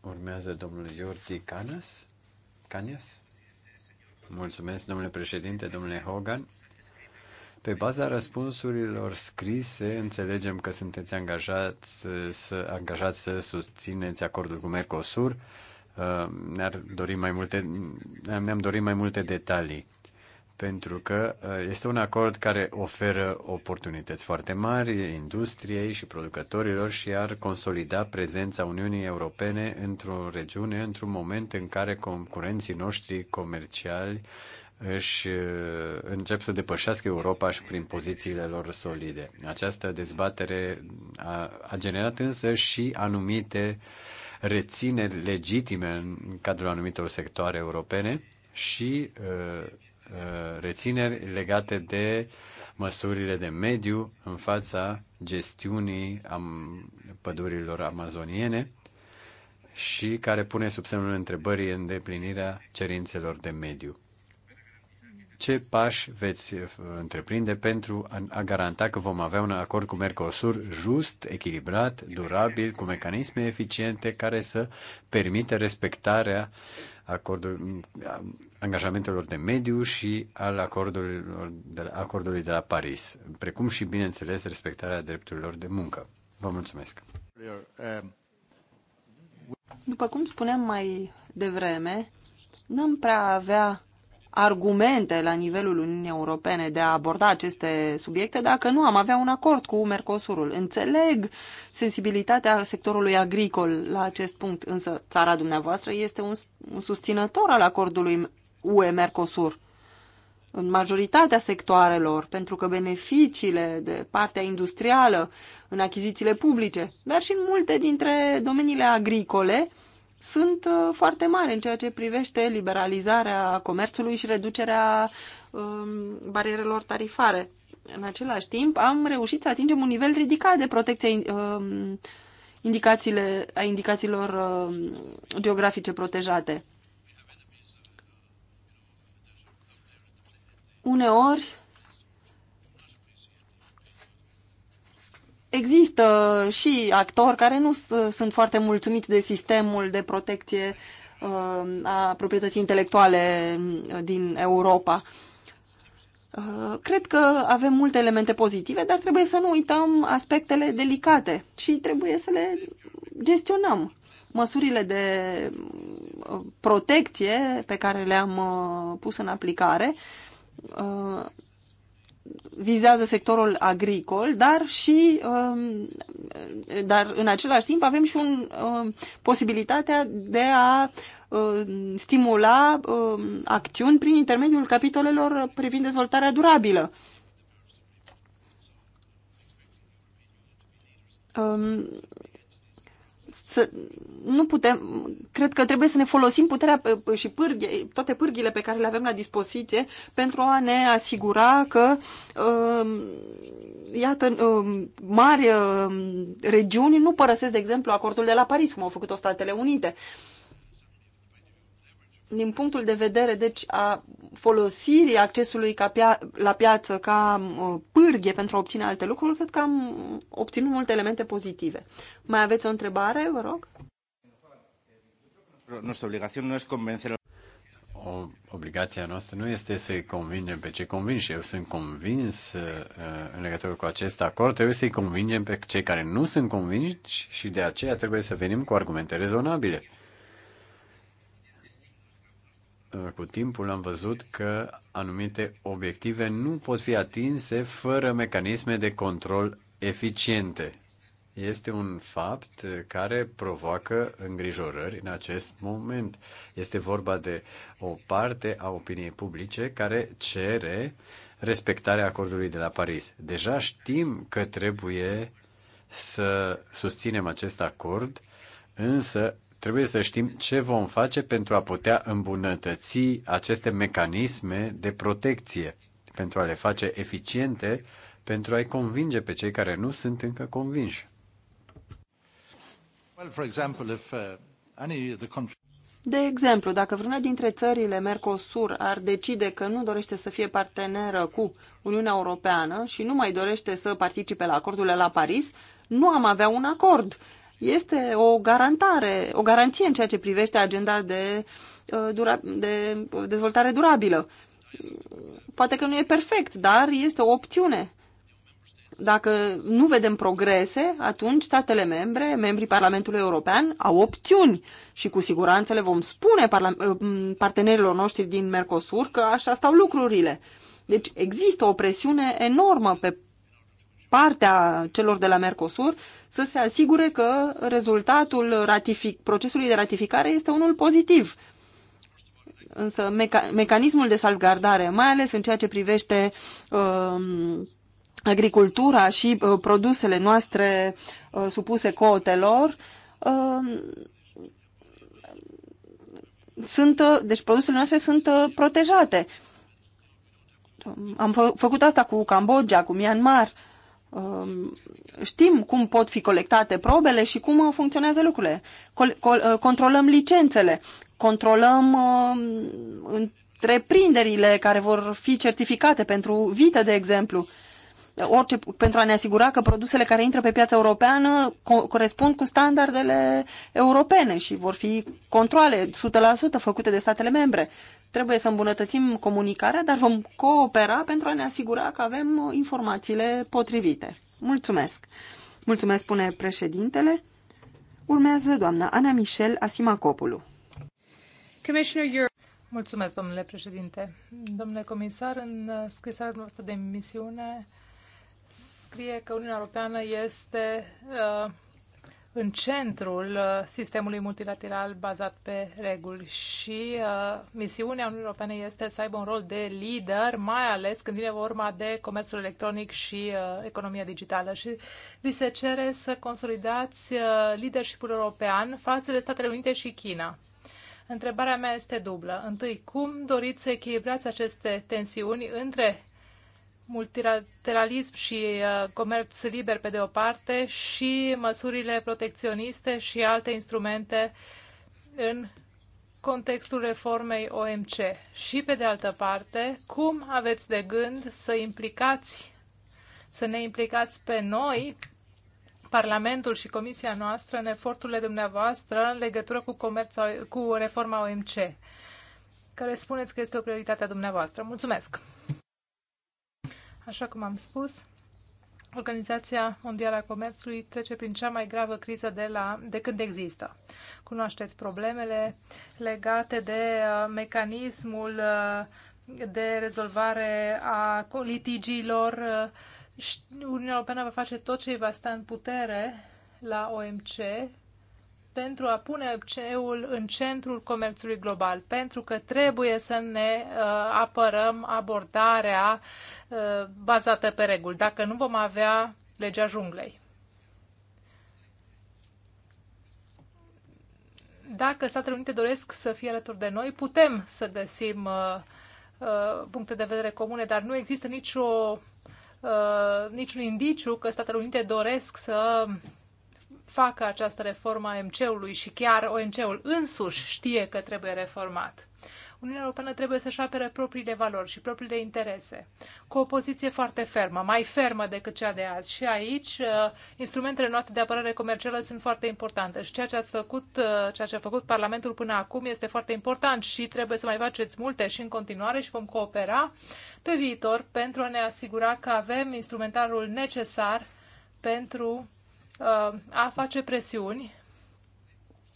Urmează domnul Iordi Canas. Canas? Mulțumesc, domnule președinte, domnule Hogan. Pe baza răspunsurilor scrise, înțelegem că sunteți angajați să, angajați să susțineți acordul cu Mercosur. Uh, ne-ar dori mai multe, ne-am dorit mai multe detalii, pentru că uh, este un acord care oferă oportunități foarte mari industriei și producătorilor și ar consolida prezența Uniunii Europene într-o regiune, într-un moment în care concurenții noștri comerciali își uh, încep să depășească Europa și prin pozițiile lor solide. Această dezbatere a, a generat însă și anumite rețineri legitime în cadrul anumitor sectoare europene și uh, uh, rețineri legate de măsurile de mediu în fața gestiunii am, pădurilor amazoniene și care pune sub semnul întrebării îndeplinirea cerințelor de mediu ce pași veți eh, întreprinde pentru a garanta că vom avea un acord cu Mercosur just, echilibrat, durabil, cu mecanisme eficiente care să permită respectarea acordul, mm, angajamentelor de mediu și al acordului de, la, acordului de la Paris, precum și, bineînțeles, respectarea drepturilor de muncă. Vă mulțumesc! După cum spuneam mai devreme, n-am prea avea argumente la nivelul Uniunii Europene de a aborda aceste subiecte dacă nu am avea un acord cu Mercosurul. Înțeleg sensibilitatea sectorului agricol la acest punct, însă țara dumneavoastră este un, un susținător al acordului UE-Mercosur în majoritatea sectoarelor, pentru că beneficiile de partea industrială în achizițiile publice, dar și în multe dintre domeniile agricole, sunt uh, foarte mari în ceea ce privește liberalizarea comerțului și reducerea um, barierelor tarifare. În același timp, am reușit să atingem un nivel ridicat de protecție um, indicațiile, a indicațiilor um, geografice protejate. Uneori, există și actori care nu sunt foarte mulțumiți de sistemul de protecție uh, a proprietății intelectuale mm, din Europa. Uh, cred că avem multe elemente pozitive, dar trebuie să nu uităm aspectele delicate și trebuie să le gestionăm. Măsurile de uh, protecție pe care le-am pus în aplicare vizează sectorul agricol, dar și um, dar în același timp avem și un, um, posibilitatea de a um, stimula acțiuni prin intermediul capitolelor privind dezvoltarea durabilă să nu putem, cred că trebuie să ne folosim puterea și pârghe, toate pârghile pe care le avem la dispoziție pentru a ne asigura că uh, iată, uh, mari uh, regiuni nu părăsesc, de exemplu, acordul de la Paris, cum au făcut-o Statele Unite. Uh, din punctul de vedere deci, a folosirii accesului ca pia- la piață ca uh, pârghie pentru a obține alte lucruri, cred că am obținut multe elemente pozitive. Mai aveți o întrebare, vă rog? Nuestra obligación no es convencer o, obligația noastră nu este să-i convingem pe cei convinși. Eu sunt convins uh, uh, în legătură cu acest acord, trebuie să-i convingem pe cei care nu sunt convinși și de aceea trebuie să venim cu argumente rezonabile. Uh, cu timpul am văzut că anumite obiective nu pot fi atinse fără mecanisme de control eficiente. Este un fapt care provoacă îngrijorări în acest moment. Este vorba de o parte a opiniei publice care cere respectarea acordului de la Paris. Deja știm că trebuie să susținem acest acord, însă Trebuie să știm ce vom face pentru a putea îmbunătăți aceste mecanisme de protecție, pentru a le face eficiente, pentru a-i convinge pe cei care nu sunt încă convinși. Uh, de exemplu, dacă vreuna dintre țările Mercosur ar decide că nu dorește să fie parteneră cu Uniunea Europeană și nu mai dorește să participe la acordurile la Paris, nu am avea un acord este o garantare, o garanție în ceea ce privește agenda de, uh, de dezvoltare durabilă. Poate că nu e perfect, dar este o opțiune. Dacă nu vedem progrese, atunci statele membre, membrii Parlamentului European, au opțiuni și cu siguranță le vom spune uh, partenerilor noștri din Mercosur că așa stau lucrurile. Deci există o presiune enormă pe partea celor de la Mercosur să se asigure că rezultatul ratific, procesului de ratificare este unul pozitiv. Însă meca mecanismul de salvgardare, mai ales în ceea ce privește uh, agricultura și uh, produsele noastre uh, supuse cotelor, um, uh, sunt, deci produsele noastre sunt uh, protejate. Am fă făcut asta cu Cambodgia, cu Myanmar. Uh, Um, știm cum pot fi colectate probele și cum uh, funcționează lucrurile. Col col uh, controlăm licențele, controlăm um, întreprinderile care vor fi certificate pentru vită, de exemplu, orice, pentru a ne asigura că produsele care intră pe piața europeană co corespund cu standardele europene și vor fi controle 100% făcute de statele membre. Trebuie să îmbunătățim comunicarea, dar vom coopera pentru a ne asigura că avem informațiile potrivite. Mulțumesc! Mulțumesc, spune președintele. Urmează doamna Ana Michel Asimacopulu. Mulțumesc, domnule președinte. Domnule comisar, în scrisarea noastră de misiune scrie că Uniunea Europeană este uh, în centrul uh, sistemului multilateral bazat pe reguli și uh, misiunea Uniunii Europene este să aibă un rol de lider, mai ales când vine vorba de comerțul electronic și uh, economia digitală. Și vi se cere să consolidați uh, leadership-ul european față de Statele Unite și China. Întrebarea mea este dublă. Întâi, cum doriți să echilibrați aceste tensiuni între multilateralism și uh, comerț liber pe de o parte și măsurile protecționiste și alte instrumente în contextul reformei OMC. Și pe de altă parte, cum aveți de gând să implicați, să ne implicați pe noi, Parlamentul și Comisia noastră, în eforturile dumneavoastră în legătură cu, comerț, cu reforma OMC, care spuneți că este o prioritate a dumneavoastră. Mulțumesc! Așa cum am spus, Organizația Mondială a Comerțului trece prin cea mai gravă criză de, la, de când există. Cunoașteți problemele legate de uh, mecanismul uh, de rezolvare a litigiilor. Uh, Uniunea Europeană va face tot ce îi va sta în putere la OMC pentru a pune ceul în centrul comerțului global, pentru că trebuie să ne uh, apărăm abordarea uh, bazată pe reguli, dacă nu vom avea legea junglei. Dacă Statele Unite doresc să fie alături de noi, putem să găsim uh, puncte de vedere comune, dar nu există nicio, niciun indiciu că Statele Unite doresc să facă această reformă a MC-ului și chiar onc ul însuși știe că trebuie reformat. Uniunea Europeană trebuie să-și apere propriile valori și propriile interese, cu o poziție foarte fermă, mai fermă decât cea de azi. Și aici, uh, instrumentele noastre de apărare comercială sunt foarte importante și ceea ce, ați făcut, uh, ceea ce a făcut Parlamentul până acum este foarte important și trebuie să mai faceți multe și în continuare și vom coopera pe viitor pentru a ne asigura că avem instrumentarul necesar pentru a face presiuni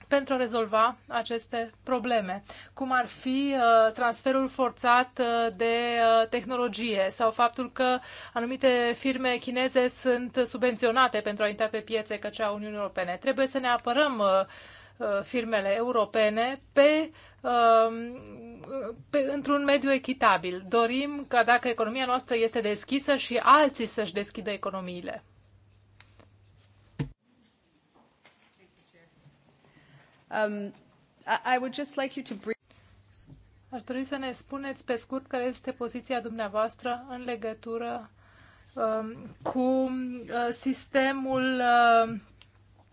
pentru a rezolva aceste probleme, cum ar fi uh, transferul forțat uh, de uh, tehnologie sau faptul că anumite firme chineze sunt subvenționate pentru a intra pe piețe ca cea a Uniunii Europene. Trebuie să ne apărăm firmele europene pe, um, pe, într-un mediu echitabil. Dorim ca dacă economia noastră este deschisă și alții să-și deschidă economiile. Um, Aș dori să ne spuneți pe scurt care este poziția dumneavoastră în legătură um, cu uh, sistemul uh,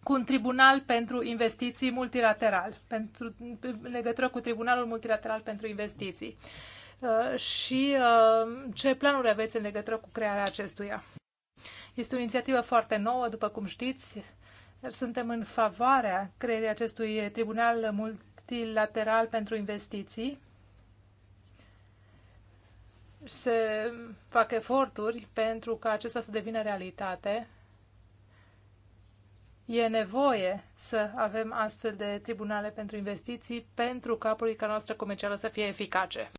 cu un tribunal pentru investiții multilateral, pentru, în legătură cu Tribunalul Multilateral pentru Investiții. Uh, și uh, ce planuri aveți în legătură cu crearea acestuia? Este o inițiativă foarte nouă, după cum știți. Suntem în favoarea creierii acestui tribunal multilateral pentru investiții. Se fac eforturi pentru ca acesta să devină realitate. E nevoie să avem astfel de tribunale pentru investiții pentru ca politica noastră comercială să fie eficace.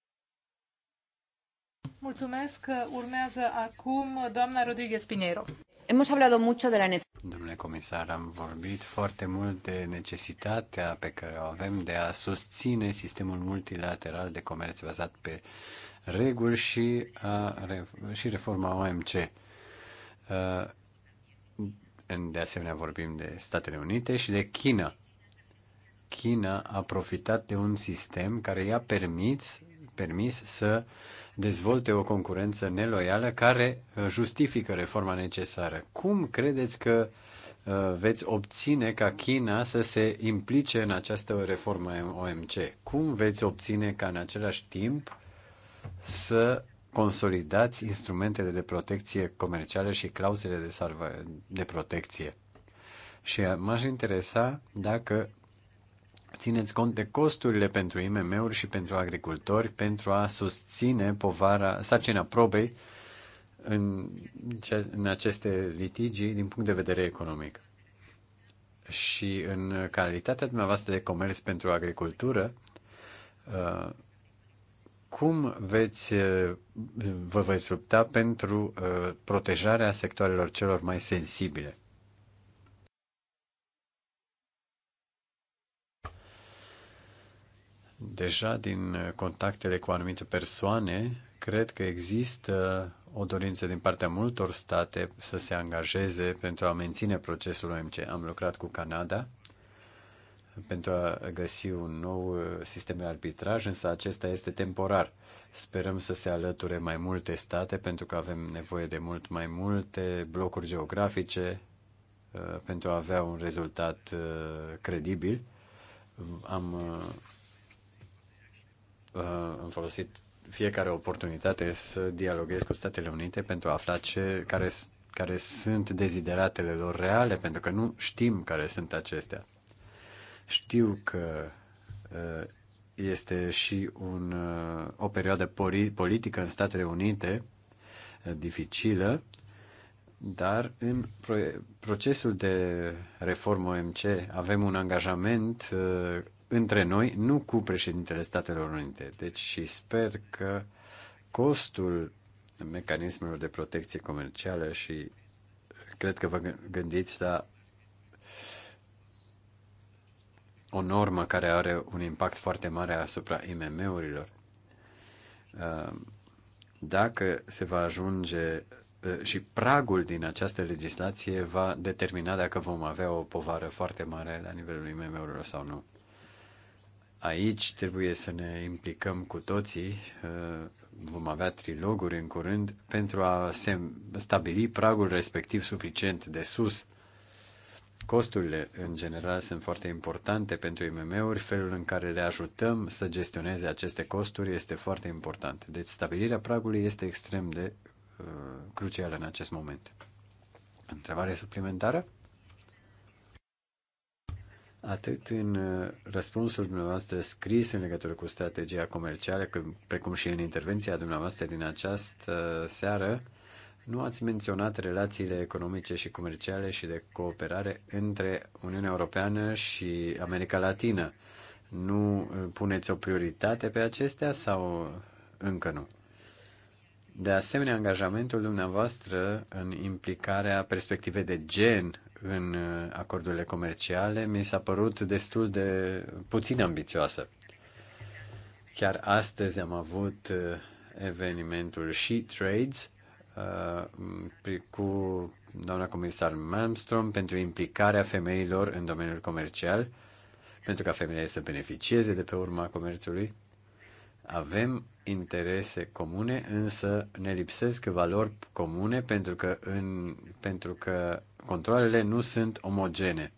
Mulțumesc. Urmează acum doamna Rodriguez Pinheiro. Hemos hablado mucho de la Domnule comisar, am vorbit foarte mult de necesitatea pe care o avem de a susține sistemul multilateral de comerț bazat pe reguli și, a, și reforma OMC. De asemenea, vorbim de Statele Unite și de China. China a profitat de un sistem care i-a permis, permis să uh, dezvolte o concurență neloială care uh, justifică reforma necesară. Cum credeți că uh, veți obține ca China să se implice în această reformă OMC? Cum veți obține ca în același timp să consolidați instrumentele de protecție comercială și clauzele de, salva- de protecție? Și m-aș interesa dacă țineți cont de costurile pentru IMM-uri și pentru agricultori pentru a susține povara, sacina probei în, ce, în aceste litigii din punct de vedere economic. Și în calitatea dumneavoastră de comerț pentru agricultură, uh, cum veți, uh, vă veți lupta pentru uh, protejarea sectoarelor celor mai sensibile? Deja din uh, contactele cu anumite persoane, cred că există o dorință din partea multor state să se angajeze pentru a menține procesul OMC. Am lucrat cu Canada pentru a găsi un nou uh, sistem de arbitraj, însă acesta este temporar. Sperăm să se alăture mai multe state pentru că avem nevoie de mult mai multe blocuri geografice uh, pentru a avea un rezultat credibil. Am Uh, am folosit fiecare oportunitate să dialoghez cu Statele Unite pentru a afla ce, care, care sunt dezideratele lor reale, pentru că nu știm care sunt acestea. Știu că uh, este și un, uh, o perioadă politică în Statele Unite dificilă, dar în procesul de reformă OMC avem un angajament între noi, nu cu președintele Statelor Unite. Deci și sper că costul mecanismelor de protecție comercială și cred că vă gândiți la o normă care are un impact foarte mare asupra IMM-urilor. Uh, dacă se va ajunge uh, și pragul din această legislație va determina dacă vom avea o povară foarte mare la nivelul IMM-urilor sau nu. Aici trebuie să ne implicăm cu toții, uh, vom avea triloguri în curând, pentru a se stabili pragul respectiv suficient de sus. Costurile, în general, sunt foarte importante pentru IMM-uri. Felul în care le ajutăm să gestioneze aceste costuri este foarte important. Deci, stabilirea pragului este extrem de uh, crucială în acest moment. Întrebare suplimentară? atât în uh, răspunsul dumneavoastră scris în legătură cu strategia comercială, cât, precum și în intervenția dumneavoastră din această seară, nu ați menționat relațiile economice și comerciale și de cooperare între Uniunea Europeană și America Latină. Nu uh, puneți o prioritate pe acestea sau încă nu? De asemenea, angajamentul dumneavoastră în implicarea perspectivei de gen în uh, acordurile comerciale mi s-a părut destul de puțin ambițioasă. Chiar astăzi am avut uh, evenimentul She Trades uh, cu doamna comisar Malmström pentru implicarea femeilor în domeniul comercial, pentru ca femeile să beneficieze de pe urma comerțului avem interese comune, însă ne lipsesc valori comune pentru că, în, pentru că controlele nu sunt omogene.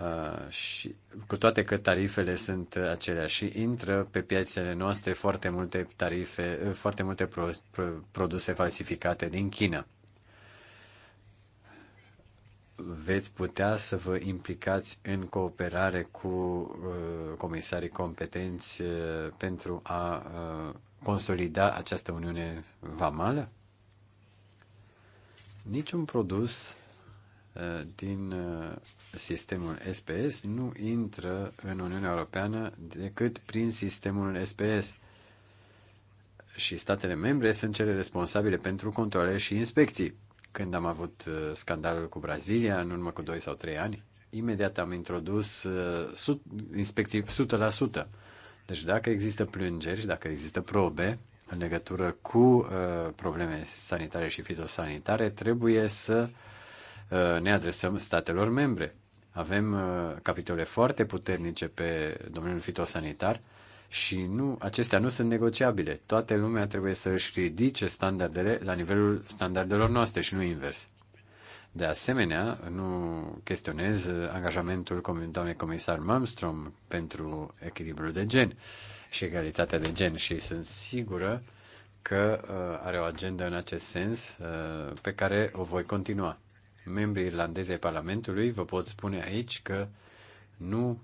Uh, și cu toate că tarifele sunt aceleași și intră pe piațele noastre foarte multe tarife, foarte multe pro, pro, produse falsificate din China veți putea să vă implicați în cooperare cu uh, comisarii competenți uh, pentru a uh, consolida această uniune vamală? Niciun produs uh, din uh, sistemul SPS nu intră în Uniunea Europeană decât prin sistemul SPS. Și statele membre sunt cele responsabile pentru controle și inspecții când am avut uh, scandalul cu Brazilia, în urmă cu 2 sau 3 ani, imediat am introdus uh, inspecții 100%. Deci dacă există plângeri, dacă există probe în legătură cu uh, probleme sanitare și fitosanitare, trebuie să uh, ne adresăm statelor membre. Avem uh, capitole foarte puternice pe domeniul fitosanitar și nu, acestea nu sunt negociabile. Toată lumea trebuie să își ridice standardele la nivelul standardelor noastre și nu invers. De asemenea, nu chestionez angajamentul doamnei comisar Malmström pentru echilibrul de gen și egalitatea de gen și sunt sigură că uh, are o agendă în acest sens uh, pe care o voi continua. Membrii irlandezei Parlamentului vă pot spune aici că nu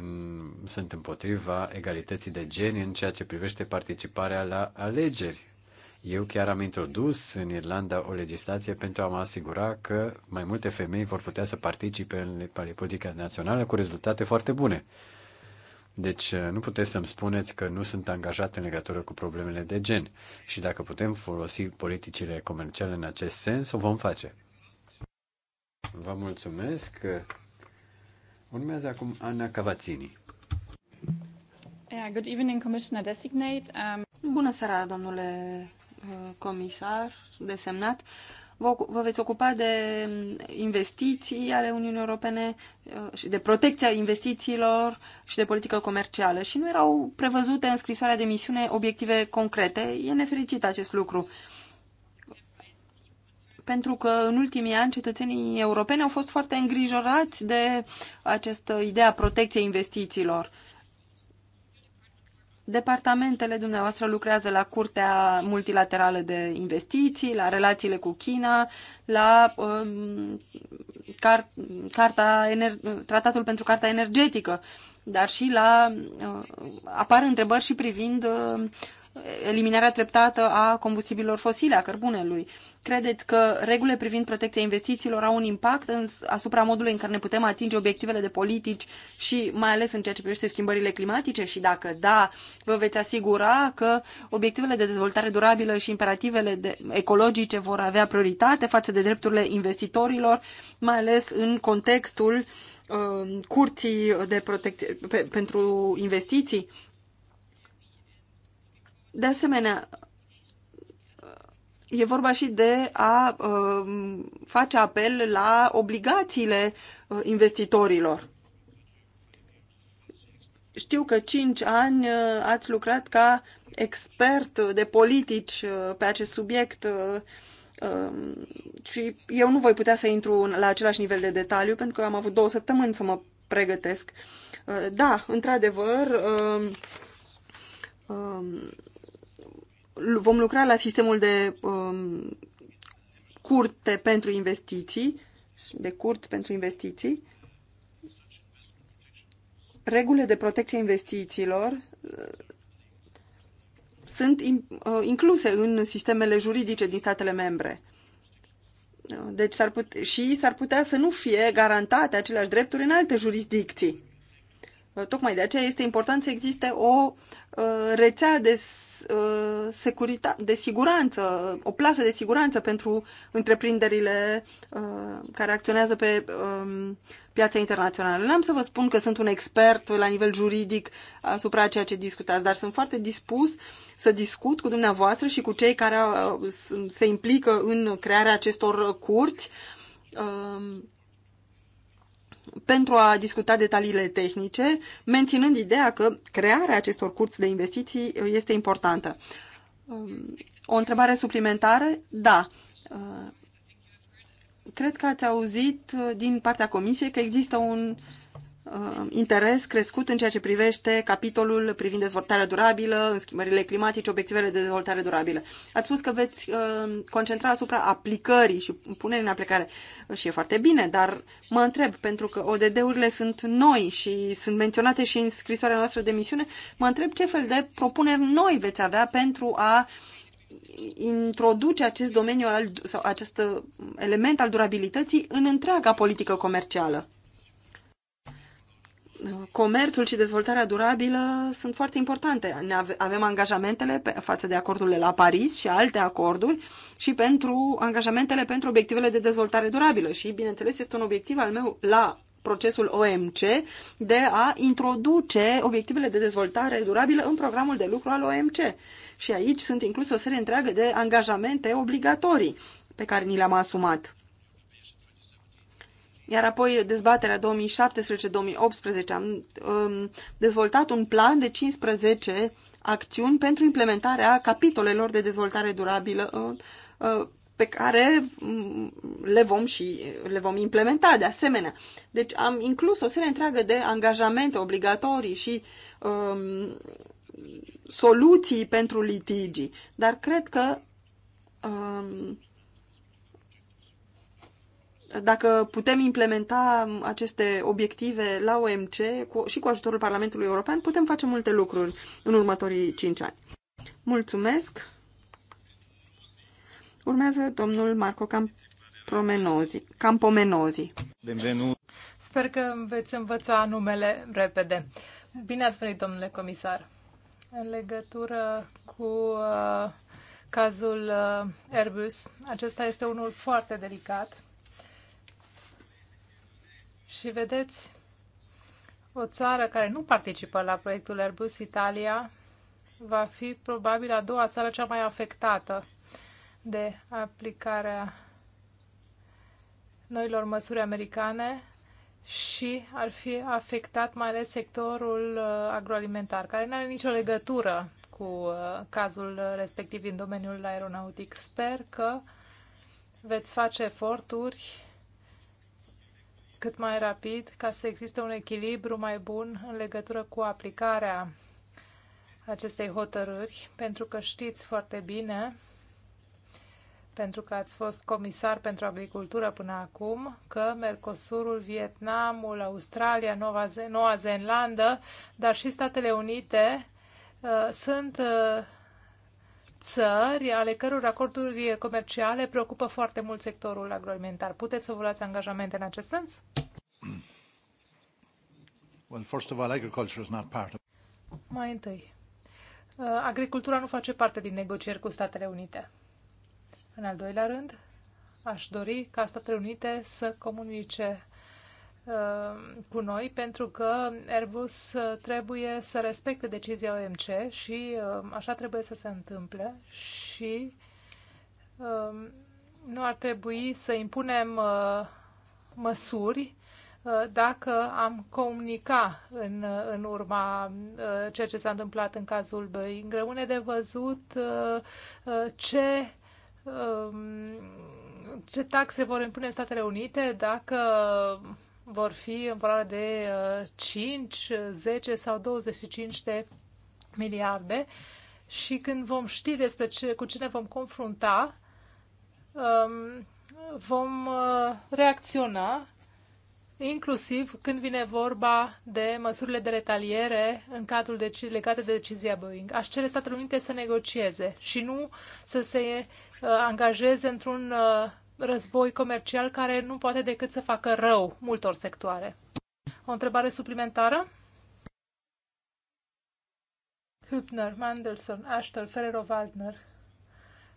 Mm, sunt împotriva egalității de gen în ceea ce privește participarea la alegeri. Eu chiar am introdus în Irlanda o legislație pentru a mă asigura că mai multe femei vor putea să participe în politica națională cu rezultate foarte bune. Deci uh, nu puteți să-mi spuneți că nu sunt angajat în legătură cu problemele de gen și dacă putem folosi politicile comerciale în acest sens, o vom face. Vă mulțumesc. Urmează acum Ana Cavazzini. Yeah, good evening, Commissioner Designate. Um... Bună seara, domnule uh, comisar desemnat. Vă, vă veți ocupa de um, investiții ale Uniunii Europene uh, și de protecția investițiilor și de politică comercială. Și nu erau prevăzute în scrisoarea de misiune obiective concrete. E nefericit acest lucru pentru că în ultimii ani cetățenii europeni au fost foarte îngrijorați de această idee a protecției investițiilor. Departamentele dumneavoastră lucrează la Curtea Multilaterală de Investiții, la relațiile cu China, la um, car, carta, ener, Tratatul pentru Carta Energetică, dar și la. Uh, apar întrebări și privind uh, eliminarea treptată a combustibilor fosile, a cărbunelui. Credeți că regulile privind protecția investițiilor au un impact în, asupra modului în care ne putem atinge obiectivele de politici și mai ales în ceea ce privește schimbările climatice? Și dacă da, vă veți asigura că obiectivele de dezvoltare durabilă și imperativele de, ecologice vor avea prioritate față de drepturile investitorilor, mai ales în contextul uh, curții de protecție pe, pentru investiții? De asemenea, e vorba și de a um, face apel la obligațiile uh, investitorilor. Știu că cinci ani uh, ați lucrat ca expert de politici uh, pe acest subiect um, și eu nu voi putea să intru la același nivel de detaliu pentru că am avut două săptămâni să mă pregătesc. Da, într-adevăr, um, vom lucra la sistemul de um, curte pentru investiții, de curt pentru investiții, regulile de protecție investițiilor uh, sunt uh, incluse în sistemele juridice din statele membre. Uh, deci s-ar put- și s-ar putea să nu fie garantate aceleași drepturi în alte jurisdicții. Tocmai de aceea este important să existe o rețea de Uh, securita- de siguranță, o plasă de siguranță pentru întreprinderile uh, care acționează pe um, piața internațională. N-am să vă spun că sunt un expert la nivel juridic asupra ceea ce discutați, dar sunt foarte dispus să discut cu dumneavoastră și cu cei care uh, se implică în crearea acestor curți um, pentru a discuta detaliile tehnice, menținând ideea că crearea acestor curți de investiții este importantă. Um, o întrebare suplimentară? Da. Uh, cred că ați auzit uh, din partea Comisiei că există un Uh, interes crescut în ceea ce privește capitolul privind dezvoltarea durabilă, schimbările climatice, obiectivele de dezvoltare durabilă. Ați spus că veți uh, concentra asupra aplicării și punerii în aplicare și e foarte bine, dar mă întreb, pentru că ODD-urile sunt noi și sunt menționate și în scrisoarea noastră de misiune, mă întreb ce fel de propuneri noi veți avea pentru a introduce acest domeniu al, sau acest element al durabilității în întreaga politică comercială comerțul și dezvoltarea durabilă sunt foarte importante. Ne avem angajamentele pe, față de acordurile la Paris și alte acorduri și pentru angajamentele pentru obiectivele de dezvoltare durabilă. Și, bineînțeles, este un obiectiv al meu la procesul OMC de a introduce obiectivele de dezvoltare durabilă în programul de lucru al OMC. Și aici sunt incluse o serie întreagă de angajamente obligatorii pe care ni le-am asumat. Iar apoi dezbaterea 2017-2018 am um, dezvoltat un plan de 15 acțiuni pentru implementarea capitolelor de dezvoltare durabilă uh, uh, pe care mm, le vom și le vom implementa de asemenea. Deci am inclus o serie întreagă de angajamente obligatorii și um, soluții pentru litigii, dar cred că um, dacă putem implementa um, aceste obiective la OMC cu, și cu ajutorul Parlamentului European, putem face multe lucruri în următorii cinci ani. Mulțumesc! Urmează domnul Marco Campomenozi. Campomenozi. Sper că veți învăța numele repede. Bine ați venit, domnule comisar. În legătură cu uh, cazul uh, Airbus, acesta este unul foarte delicat și vedeți o țară care nu participă la proiectul Airbus Italia va fi probabil a doua țară cea mai afectată de aplicarea noilor măsuri americane și ar fi afectat mai ales sectorul uh, agroalimentar, care nu are nicio legătură cu uh, cazul respectiv în domeniul aeronautic. Sper că veți face eforturi cât mai rapid ca să existe un echilibru mai bun în legătură cu aplicarea acestei hotărâri, pentru că știți foarte bine, pentru că ați fost comisar pentru agricultură până acum, că Mercosurul, Vietnamul, Australia, Noua, Ze- Noua Zeelandă, dar și Statele Unite uh, sunt uh, țări ale căror acorduri comerciale preocupă foarte mult sectorul agroalimentar. Puteți să vă luați angajamente în acest sens? Well, first of all, agriculture is not part of... Mai întâi, uh, agricultura nu face parte din negocieri cu Statele Unite. În al doilea rând, aș dori ca Statele Unite să comunice Uh, cu noi pentru că Airbus uh, trebuie să respecte decizia OMC și uh, așa trebuie să se întâmple și nu ar trebui să impunem măsuri dacă am comunica în, în urma ceea ce s-a întâmplat în cazul Băi. Rămâne de văzut ce um, ce taxe vor impune Statele Unite dacă vor fi în valoare de 5, uh, 10 sau 25 de miliarde și când vom ști despre ce, cu cine vom confrunta, um, vom uh, reacționa inclusiv când vine vorba de măsurile de retaliere în cadrul deci- legate de decizia Boeing. Aș cere Statele Unite să negocieze și nu să se uh, angajeze într-un uh, război comercial care nu poate decât să facă rău multor sectoare. O întrebare suplimentară? Hübner, Mandelson, Ashton, Ferrero, Waldner,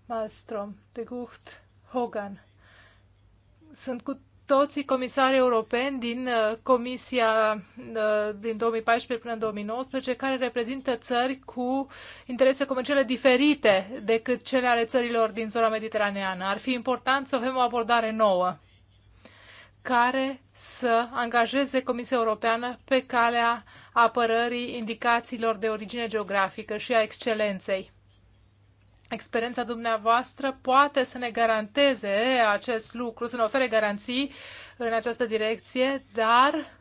Malmström, De Gucht, Hogan. Sunt cu toți comisarii europeni din uh, Comisia uh, din 2014 până în 2019, care reprezintă țări cu interese comerciale diferite decât cele ale țărilor din zona mediteraneană. Ar fi important să avem o abordare nouă care să angajeze Comisia Europeană pe calea apărării indicațiilor de origine geografică și a excelenței experiența dumneavoastră poate să ne garanteze acest lucru, să ne ofere garanții în această direcție, dar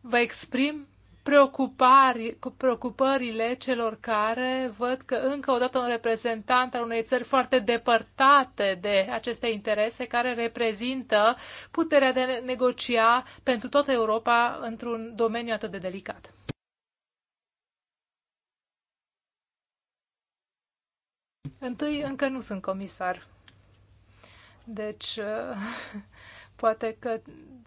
vă exprim preocupari, preocupările celor care văd că încă o dată un reprezentant al unei țări foarte depărtate de aceste interese care reprezintă puterea de a negocia pentru toată Europa într-un domeniu atât de delicat. Întâi, încă nu sunt comisar. Deci, poate că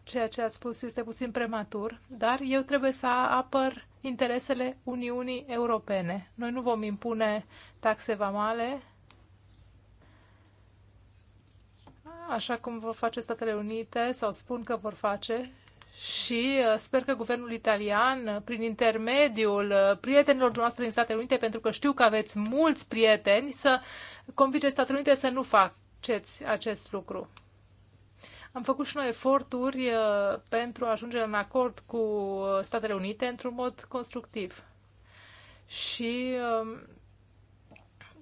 ceea ce ați spus este puțin prematur, dar eu trebuie să apăr interesele Uniunii Europene. Noi nu vom impune taxe vamale, așa cum vor face Statele Unite sau spun că vor face și uh, sper că guvernul italian, uh, prin intermediul uh, prietenilor dumneavoastră din Statele Unite, pentru că știu că aveți mulți prieteni, să convingeți Statele Unite să nu faceți acest lucru. Am făcut și noi eforturi pentru a ajunge în acord cu Statele Unite într-un mod constructiv. Și um,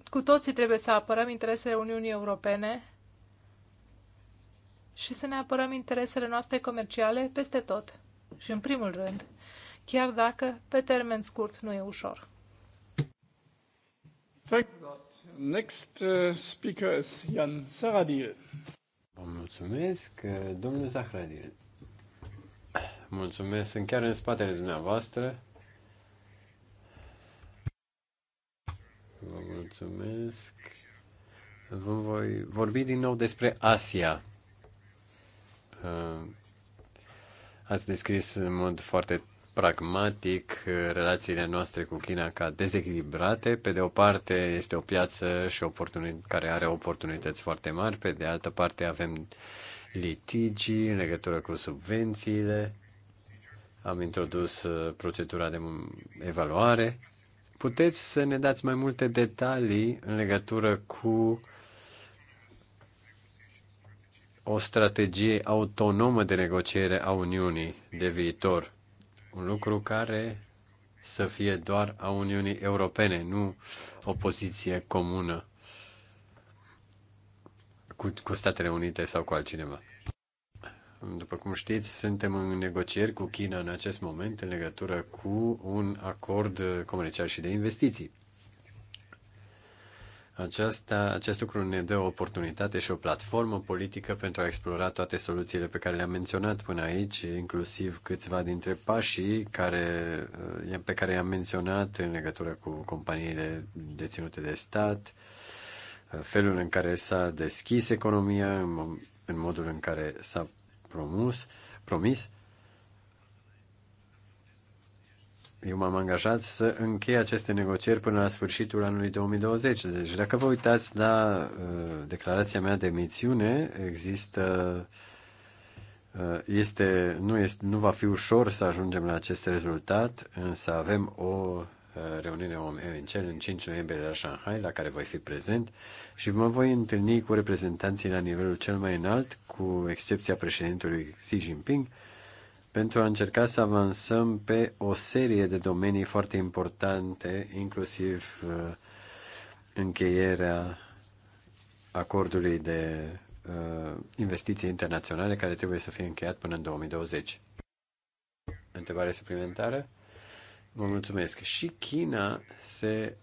cu toții trebuie să apărăm interesele Uniunii Europene și să ne apărăm interesele noastre comerciale peste tot și în primul rând, chiar dacă pe termen scurt nu e ușor. Next uh, speaker is Jan Saradil. Vă mulțumesc, uh, domnul Zahradil. Mulțumesc, sunt chiar în spatele dumneavoastră. Vă mulțumesc. Vă voi vorbi din nou despre Asia Uh, ați descris în mod foarte pragmatic uh, relațiile noastre cu China ca dezechilibrate. Pe de o parte este o piață și oportunit care are oportunități foarte mari, pe de altă parte avem litigii în legătură cu subvențiile, am introdus uh, procedura de evaluare. Puteți să ne dați mai multe detalii în legătură cu o strategie autonomă de negociere a Uniunii de viitor. Un lucru care să fie doar a Uniunii Europene, nu o poziție comună cu, cu Statele Unite sau cu altcineva. După cum știți, suntem în negocieri cu China în acest moment în legătură cu un acord comercial și de investiții. Aceasta, acest lucru ne dă o oportunitate și o platformă politică pentru a explora toate soluțiile pe care le-am menționat până aici, inclusiv câțiva dintre pașii care, eh, pe care i-am menționat în legătură cu companiile deținute de stat, eh, felul în care s-a deschis economia, în modul în care s-a promus, promis eu m-am angajat să închei aceste negocieri până la sfârșitul anului 2020. Deci, dacă vă uitați la uh, declarația mea de misiune, există. Uh, este, nu, este, nu va fi ușor să ajungem la acest rezultat, însă avem o uh, reuniune OMC eh, în 5 noiembrie la Shanghai, la care voi fi prezent și mă voi întâlni cu reprezentanții la nivelul cel mai înalt, cu excepția președintelui Xi Jinping, uh, pentru a încerca să avansăm pe o serie de domenii foarte importante, inclusiv uh, încheierea acordului de uh, investiții internaționale care trebuie să fie încheiat până în 2020. Întrebare suplimentară? Vă mulțumesc. Și China se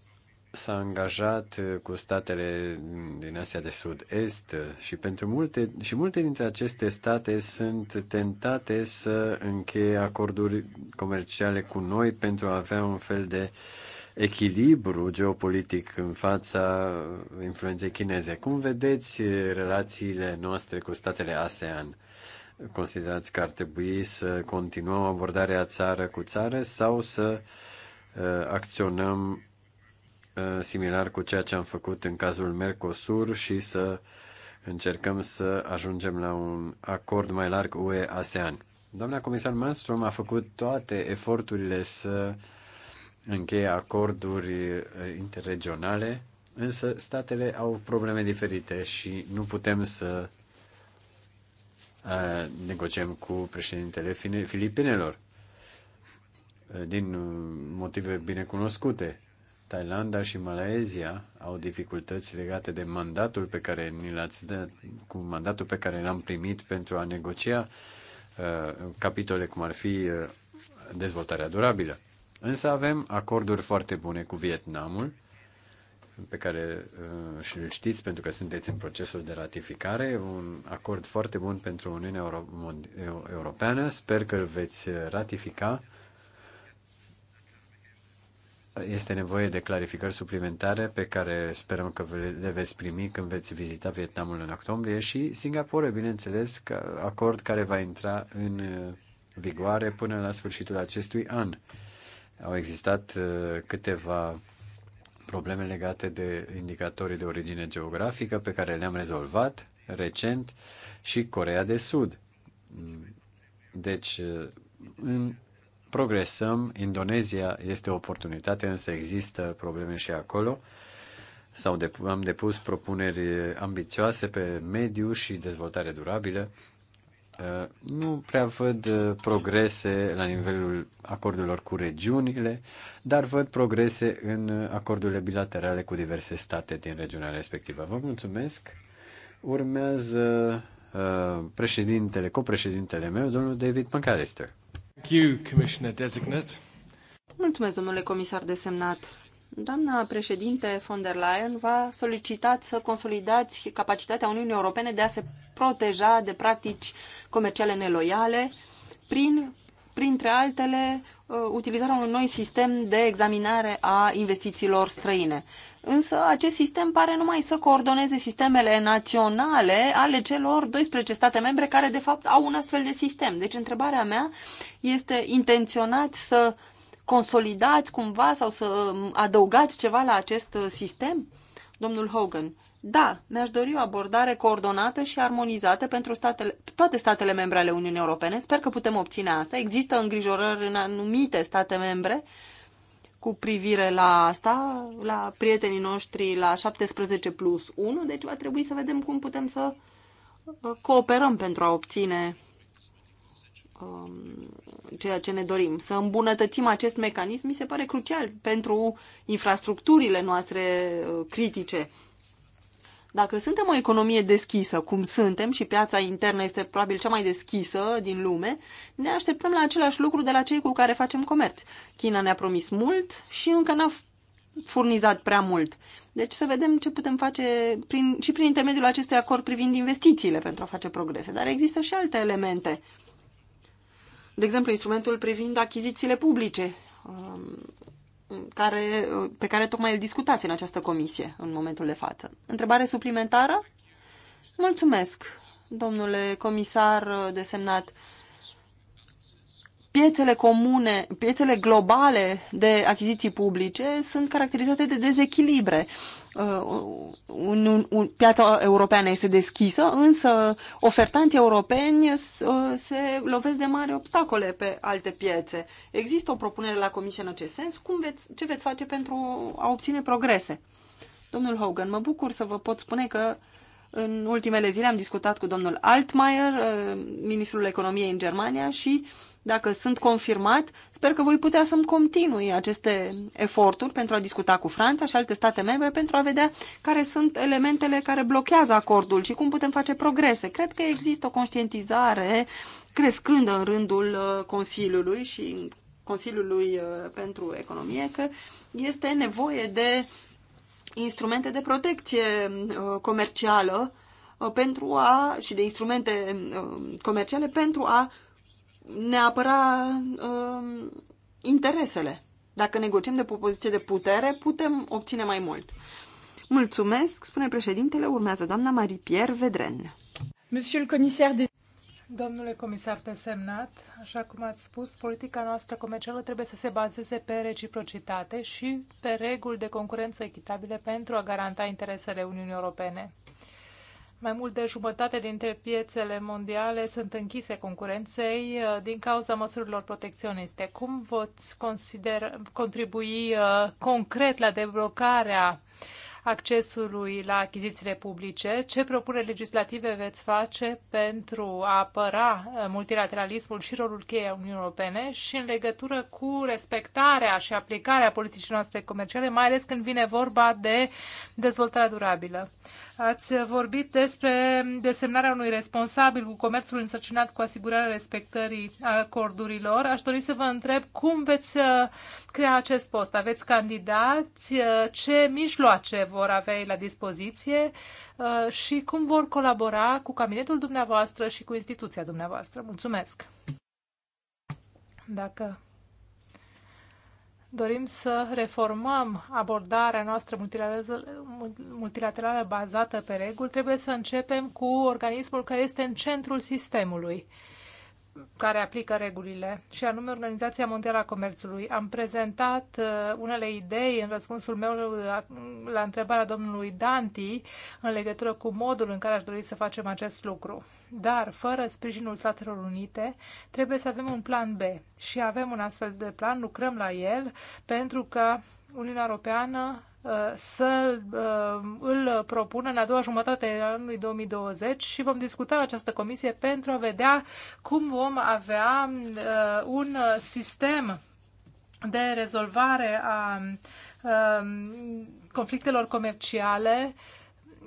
s-a angajat uh, cu statele din Asia de Sud-Est uh, și pentru multe și multe dintre aceste state sunt tentate să încheie acorduri comerciale cu noi pentru a avea un fel de echilibru geopolitic în fața influenței chineze. Cum vedeți uh, relațiile noastre cu statele ASEAN? Considerați că ar trebui să continuăm abordarea țară cu țară sau să acționăm Uh, similar cu ceea ce am făcut în cazul Mercosur și să încercăm să ajungem la un acord mai larg UE-ASEAN. Doamna comisar Malmström a făcut toate eforturile să încheie acorduri uh, interregionale, însă statele au probleme diferite și nu putem să uh, negociem cu președintele Filipinelor din motive binecunoscute Thailanda și Malaezia au dificultăți legate de mandatul pe care ni l-ați dat, cu mandatul pe care l-am primit pentru a negocia uh, capitole cum ar fi uh, dezvoltarea durabilă. Însă avem acorduri foarte bune cu Vietnamul, pe care uh, și îl știți pentru că sunteți în procesul de ratificare, un acord foarte bun pentru Uniunea Euro- Europeană. Sper că îl veți uh, ratifica este nevoie de clarificări suplimentare pe care sperăm că le veți primi când veți vizita Vietnamul în octombrie și Singapore, bineînțeles, acord care va intra în uh, vigoare până la sfârșitul acestui an. Au existat uh, câteva probleme legate de indicatorii de origine geografică pe care le-am rezolvat recent și Corea de Sud. Deci, uh, în progresăm. Indonezia este o oportunitate, însă există probleme și acolo. Sau de, am depus propuneri ambițioase pe mediu și dezvoltare durabilă. Uh, nu prea văd uh, progrese la nivelul acordurilor cu regiunile, dar văd progrese în acordurile bilaterale cu diverse state din regiunea respectivă. Vă mulțumesc! Urmează uh, președintele, copreședintele meu, domnul David McAllister. Thank you, Commissioner Designate. Mulțumesc, domnule comisar desemnat. Doamna președinte von der Leyen va solicita să consolidați capacitatea Uniunii Europene de a se proteja de practici comerciale neloiale prin printre altele, uh, utilizarea unui noi sistem de examinare a investițiilor străine. Însă acest sistem pare numai să coordoneze sistemele naționale ale celor 12 state membre care de fapt au un astfel de sistem. Deci întrebarea mea este intenționat să consolidați cumva sau să um, adăugați ceva la acest uh, sistem? Domnul Hogan. Da, mi-aș dori o abordare coordonată și armonizată pentru statele, toate statele membre ale Uniunii Europene. Sper că putem obține asta. Există îngrijorări în anumite state membre cu privire la asta, la prietenii noștri la 17 plus 1, deci va trebui să vedem cum putem să uh, cooperăm pentru a obține um, ceea ce ne dorim. Să îmbunătățim acest mecanism mi se pare crucial pentru infrastructurile noastre uh, critice dacă suntem o economie deschisă, cum suntem, și piața internă este probabil cea mai deschisă din lume, ne așteptăm la același lucru de la cei cu care facem comerț. China ne-a promis mult și încă n-a furnizat prea mult. Deci să vedem ce putem face prin, și prin intermediul acestui acord privind investițiile pentru a face progrese. Dar există și alte elemente. De exemplu, instrumentul privind achizițiile publice. Um, care, pe care tocmai îl discutați în această comisie în momentul de față. Întrebare suplimentară? Mulțumesc, domnule comisar desemnat. Piețele comune, piețele globale de achiziții publice sunt caracterizate de dezechilibre Uh, un, un, un, piața europeană este deschisă, însă ofertanții europeni uh, se lovesc de mari obstacole pe alte piețe. Există o propunere la Comisie în acest sens? Cum veți, ce veți face pentru a obține progrese? Domnul Hogan, mă bucur să vă pot spune că în ultimele zile am discutat cu domnul Altmaier, uh, ministrul economiei în Germania, și dacă sunt confirmat, sper că voi putea să-mi continui aceste eforturi pentru a discuta cu Franța și alte state membre pentru a vedea care sunt elementele care blochează acordul și cum putem face progrese. Cred că există o conștientizare crescândă în rândul uh, Consiliului și Consiliului uh, pentru Economie că este nevoie de instrumente de protecție uh, comercială pentru a, și de instrumente comerciale pentru a ne apăra uh, um, interesele. Dacă negociem de poziție de putere, putem obține mai mult. Mulțumesc, spune președintele, urmează doamna Marie-Pierre Vedren. Monsieur le comisar de... Domnule comisar desemnat, așa cum ați spus, politica noastră comercială trebuie să se bazeze pe reciprocitate și pe reguli de concurență echitabile pentru a garanta interesele Uniunii Europene. Mai mult de jumătate dintre piețele mondiale sunt închise concurenței uh, din cauza măsurilor protecționiste. Cum voți consider, contribui uh, concret la deblocarea accesului la achizițiile publice? Ce propuneri legislative veți face pentru a apăra eh, multilateralismul și rolul cheie a Uniunii Europene și în legătură cu respectarea și aplicarea politicii noastre comerciale, mai ales când vine vorba de dezvoltarea durabilă? Ați vorbit despre desemnarea unui responsabil cu comerțul însărcinat cu asigurarea respectării acordurilor. Aș dori să vă întreb cum veți eh, crea acest post. Aveți candidați? Eh, ce mijloace vor avea la dispoziție uh, și cum vor colabora cu cabinetul dumneavoastră și cu instituția dumneavoastră. Mulțumesc! Dacă dorim să reformăm abordarea noastră multilaterală bazată pe reguli, trebuie să începem cu organismul care este în centrul sistemului care aplică regulile, și anume Organizația Mondială a Comerțului. Am prezentat uh, unele idei în răspunsul meu uh, la întrebarea domnului Danti în legătură cu modul în care aș dori să facem acest lucru. Dar, fără sprijinul Statelor Unite, trebuie să avem un plan B. Și avem un astfel de plan, lucrăm la el, pentru că Uniunea Europeană să uh, îl propună în a doua jumătate a anului 2020 și vom discuta în această comisie pentru a vedea cum vom avea uh, un sistem de rezolvare a um, conflictelor comerciale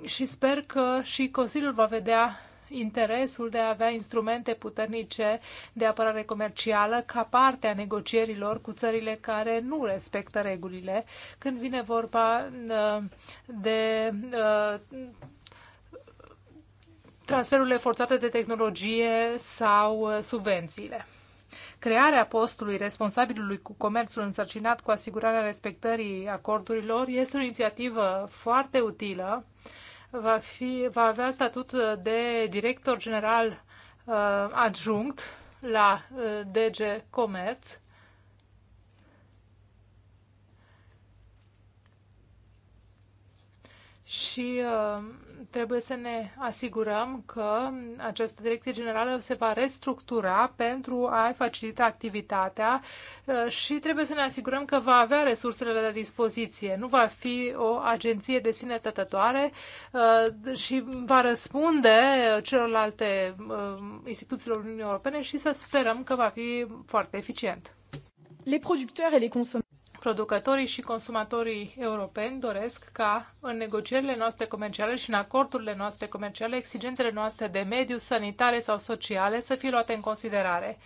și sper că și Consiliul va vedea interesul de a avea instrumente puternice de apărare comercială ca parte a negocierilor cu țările care nu respectă regulile când vine vorba uh, de uh, transferurile forțate de tehnologie sau uh, subvențiile. Crearea postului responsabilului cu comerțul însărcinat cu asigurarea respectării acordurilor este o inițiativă foarte utilă va, fi, va avea statut de director general uh, adjunct la uh, DG Comerț și uh, trebuie să ne asigurăm că această direcție generală se va restructura pentru a facilita activitatea uh, și trebuie să ne asigurăm că va avea resursele la dispoziție. Nu va fi o agenție de sine stătătoare uh, și va răspunde celorlalte uh, instituțiilor Uniunii Europene și să sperăm că va fi foarte eficient. Les producteurs et les consommateurs producătorii și consumatorii europeni doresc ca în negocierile noastre comerciale și în acordurile noastre comerciale exigențele noastre de mediu, sanitare sau sociale să fie luate în considerare.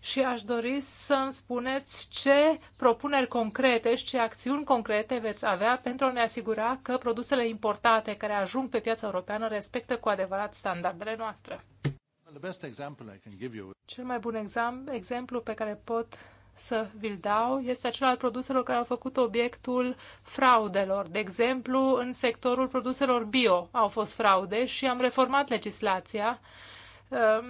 Și aș dori să îmi spuneți ce propuneri concrete și ce acțiuni concrete veți avea pentru a ne asigura că produsele importate care ajung pe piața europeană respectă cu adevărat standardele noastre. Cel mai bun exemplu pe care pot să vi-l dau este acela al produselor care au făcut obiectul fraudelor. De exemplu, în sectorul produselor bio au fost fraude și am reformat legislația Ehm,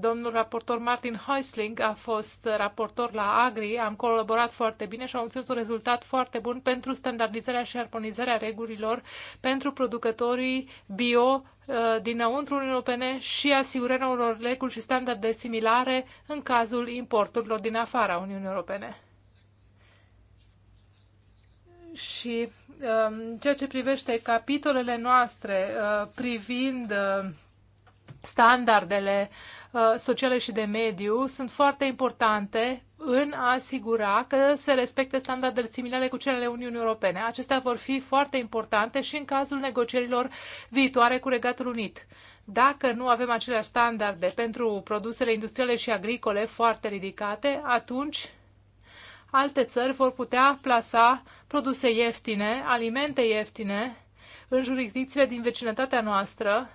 domnul raportor Martin Heusling a fost raportor la Agri, am colaborat foarte bine și am obținut un rezultat foarte bun pentru standardizarea și armonizarea regulilor pentru producătorii bio eh, dinăuntru Uniunii Europene și asigurarea unor reguli și standarde similare în cazul importurilor din afara Uniunii Europene. Și ehm, în ceea ce privește capitolele noastre eh, privind eh, standardele uh, sociale și de mediu sunt foarte importante în a asigura că se respecte standarde similare cu cele ale Uniunii Europene. Acestea vor fi foarte importante și în cazul negocierilor viitoare cu Regatul Unit. Dacă nu avem aceleași standarde pentru produsele industriale și agricole foarte ridicate, atunci alte țări vor putea plasa produse ieftine, alimente ieftine, în jurisdicțiile din vecinătatea noastră,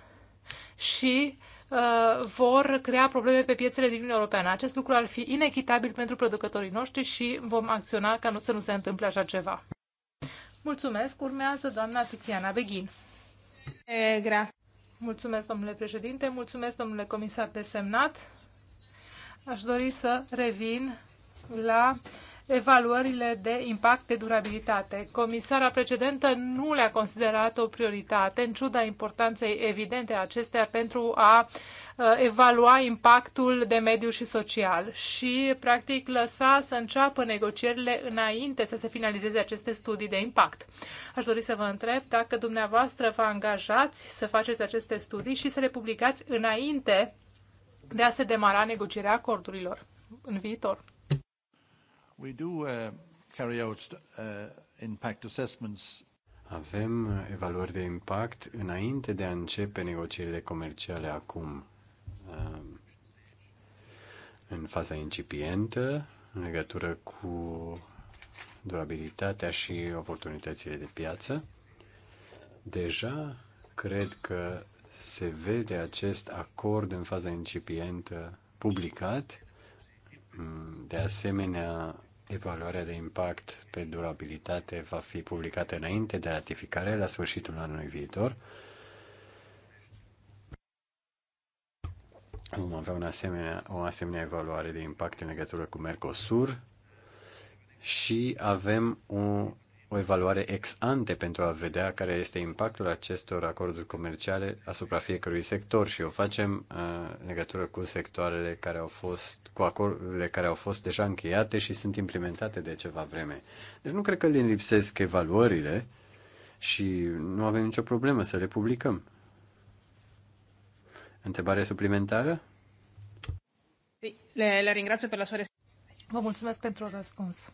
și uh, vor crea probleme pe piețele din Uniunea Europeană. Acest lucru ar fi inechitabil pentru producătorii noștri și vom acționa ca nu, să nu se întâmple așa ceva. Mulțumesc. Urmează doamna Tiziana Beghin. E, gra. Mulțumesc, domnule președinte. Mulțumesc, domnule comisar desemnat. Aș dori să revin la uh, evaluările de impact de durabilitate. Comisara precedentă nu le-a considerat o prioritate, în ciuda importanței evidente a acestea pentru a uh, evalua impactul de mediu și social și, practic, lăsa să înceapă negocierile înainte să se finalizeze aceste studii de impact. Aș dori să vă întreb dacă dumneavoastră vă angajați să faceți aceste studii și să le publicați înainte de a se demara negocierea acordurilor în viitor. We do uh, carry out uh, impact assessments. Avem uh, evaluări de impact înainte de a începe negocierile comerciale acum. Um, în faza incipientă, în legătură cu durabilitatea și oportunitățile de piață. Deja cred că se vede acest acord în faza incipientă publicat. Mm, de asemenea, Evaluarea de impact pe durabilitate va fi publicată înainte de ratificare la sfârșitul anului viitor. Vom avea un asemenea, o asemenea evaluare de impact în legătură cu Mercosur și avem un o evaluare ex ante pentru a vedea care este impactul acestor acorduri comerciale asupra fiecărui sector și o facem uh, în legătură cu sectoarele care au fost, cu acordurile care au fost deja încheiate și sunt implementate de ceva vreme. Deci nu cred că le lipsesc evaluările și nu avem nicio problemă să le publicăm. Întrebare suplimentară? Le, le ringrazio per la sua Vă mulțumesc pentru răspuns.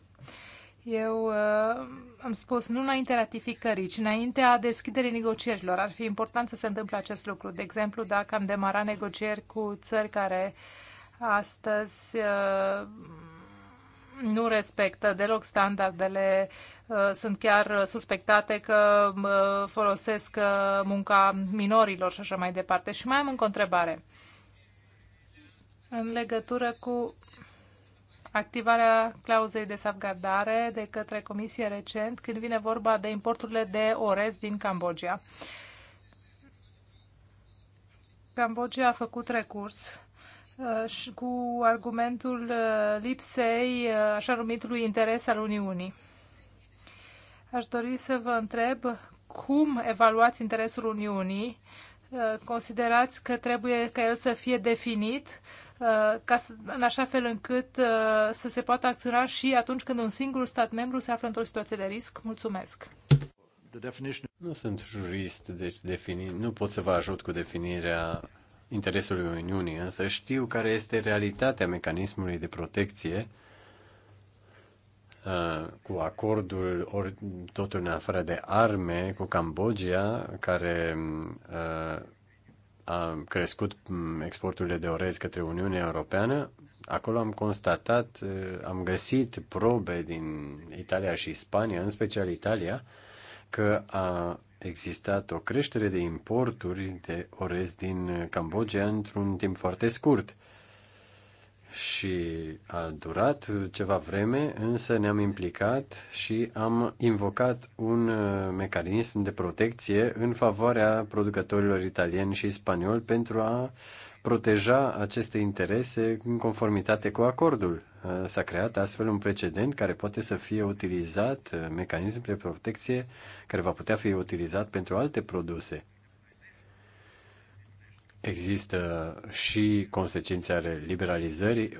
Eu uh, am spus nu înainte ratificării, ci înaintea deschiderii negocierilor. Ar fi important să se întâmple acest lucru. De exemplu, dacă am demarat negocieri cu țări care astăzi uh, nu respectă deloc standardele, uh, sunt chiar suspectate că uh, folosesc uh, munca minorilor și așa mai departe. Și mai am încă o întrebare. În legătură cu activarea clauzei de salvgardare de către Comisie recent când vine vorba de importurile de orez din Cambodgia. Cambodgia a făcut recurs uh, cu argumentul uh, lipsei uh, așa numitului interes al Uniunii. Aș dori să vă întreb cum evaluați interesul Uniunii? Uh, considerați că trebuie ca el să fie definit Uh, ca să, în așa fel încât uh, să se poată acționa și atunci când un singur stat membru se află într-o situație de risc. Mulțumesc! Nu sunt jurist, deci defini, nu pot să vă ajut cu definirea interesului Uniunii, însă știu care este realitatea mecanismului de protecție uh, cu acordul ori, totul în afară de arme cu Cambodgia, care uh, a crescut mm, exporturile de orez către Uniunea Europeană, acolo am constatat, eh, am găsit probe din Italia și Spania, în special Italia, că a existat o creștere de importuri de orez din Cambodgia într-un timp foarte scurt și a durat ceva vreme, însă ne-am implicat și am invocat un uh, mecanism de protecție în favoarea producătorilor italieni și spanioli pentru a proteja aceste interese în conformitate cu acordul. Uh, s-a creat astfel un precedent care poate să fie utilizat, uh, mecanism de protecție care va putea fi utilizat pentru alte produse există și consecințe ale liberalizării,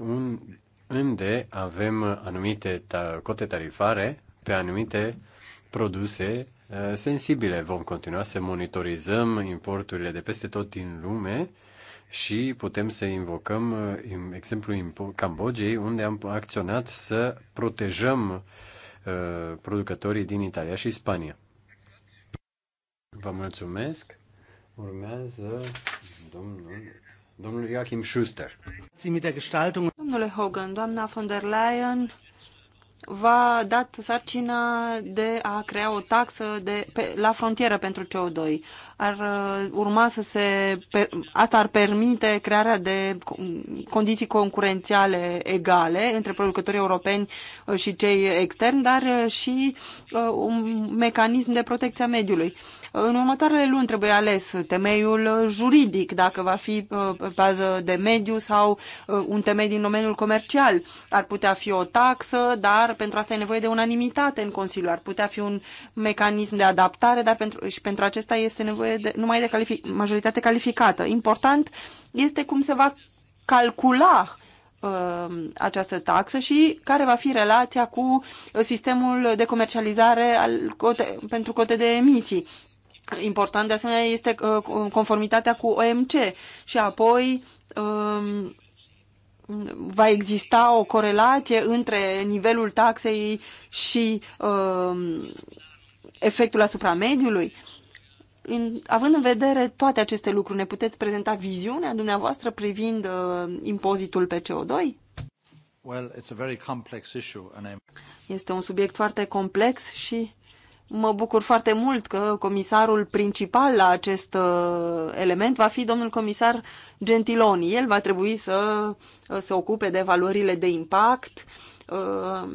unde avem anumite cote tarifare pe anumite produse uh, sensibile. Vom continua să monitorizăm importurile de peste tot din lume și putem să invocăm în uh, exemplu Cambodgiei, unde am acționat să protejăm uh, producătorii din Italia și Spania. Vă mulțumesc. Urmează Domnul, domnul Joachim Schuster. Domnule Hogan, doamna von der Leyen v-a dat sarcina de a crea o taxă de, pe, la frontieră pentru CO2. Uh, ar uh, urma să se... Asta ar permite crearea de condiții concurențiale egale între producătorii europeni uh, și cei externi, dar uh, și un mecanism de protecție a mediului. În următoarele luni trebuie ales temeiul juridic, dacă va fi pe bază de mediu sau un temei din domeniul comercial. Ar putea fi o taxă, dar pentru asta e nevoie de unanimitate în Consiliu. Ar putea fi un mecanism de adaptare, dar pentru, și pentru acesta este nevoie nevoie de, numai de calific, majoritate calificată. Important este cum se va calcula uh, această taxă și care va fi relația cu sistemul de comercializare al cote, pentru cote de emisii. Important de asemenea este uh, conformitatea cu OMC și apoi um, va exista o corelație între nivelul taxei și um, efectul asupra mediului în, având în vedere toate aceste lucruri, ne puteți prezenta viziunea dumneavoastră privind uh, impozitul pe CO2? Well, it's a very complex issue and I'm... Este un subiect foarte complex și mă bucur foarte mult că comisarul principal la acest uh, element va fi domnul comisar Gentiloni. El va trebui să uh, se ocupe de valorile de impact, uh,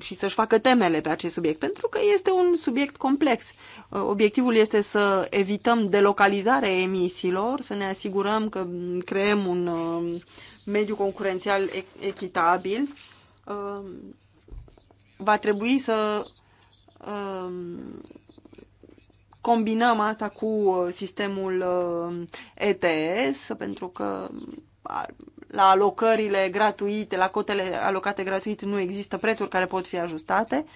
și să-și facă temele pe acest subiect, pentru că este un subiect complex. Uh, obiectivul este să evităm delocalizarea emisiilor, să ne asigurăm că creăm un uh, mediu concurențial echitabil. Uh, va trebui să combinăm asta cu sistemul ETS, pentru că la alocările gratuite, la cotele alocate gratuit nu există prețuri care pot fi ajustate.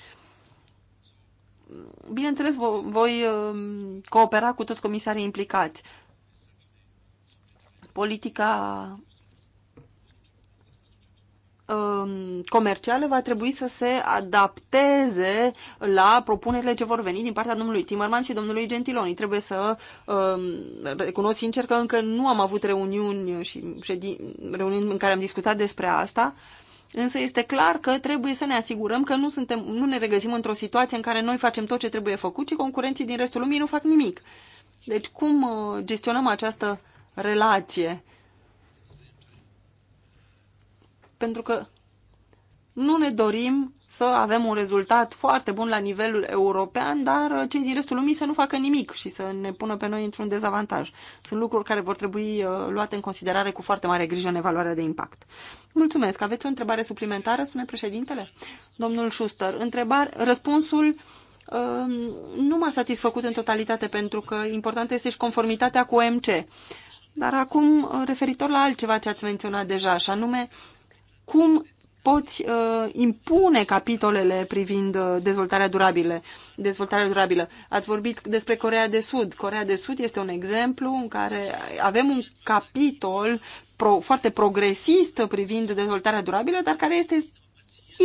Bineînțeles, voi um, coopera cu toți comisarii implicați. Politica Um, comerciale va trebui să se adapteze la propunerile ce vor veni din partea domnului Timerman și domnului Gentiloni. Trebuie să um, recunosc sincer că încă nu am avut reuniuni și reuniuni în care am discutat despre asta, însă este clar că trebuie să ne asigurăm că nu, suntem, nu ne regăsim într-o situație în care noi facem tot ce trebuie făcut și concurenții din restul lumii nu fac nimic. Deci cum uh, gestionăm această relație? pentru că nu ne dorim să avem un rezultat foarte bun la nivelul european, dar cei din restul lumii să nu facă nimic și să ne pună pe noi într-un dezavantaj. Sunt lucruri care vor trebui uh, luate în considerare cu foarte mare grijă în evaluarea de impact. Mulțumesc. Aveți o întrebare suplimentară, spune președintele? Domnul Schuster, întrebare, răspunsul uh, nu m-a satisfăcut în totalitate pentru că important este și conformitatea cu OMC. Dar acum, uh, referitor la altceva ce ați menționat deja, și anume cum poți uh, impune capitolele privind uh, dezvoltarea, durabilă? dezvoltarea durabilă. Ați vorbit despre Corea de Sud. Corea de Sud este un exemplu în care avem un capitol pro, foarte progresist privind dezvoltarea durabilă, dar care este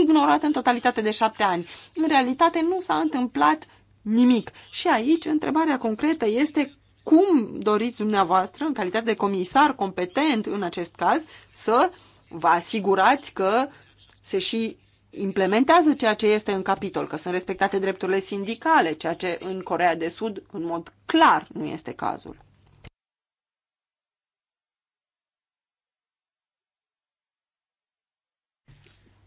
ignorat în totalitate de șapte ani. În realitate nu s-a întâmplat nimic. Și aici întrebarea concretă este cum doriți dumneavoastră, în calitate de comisar competent în acest caz, să uh, vă asigurați că se și implementează ceea ce este în capitol, că sunt respectate drepturile sindicale, ceea ce în Corea de Sud, în mod clar, nu este cazul.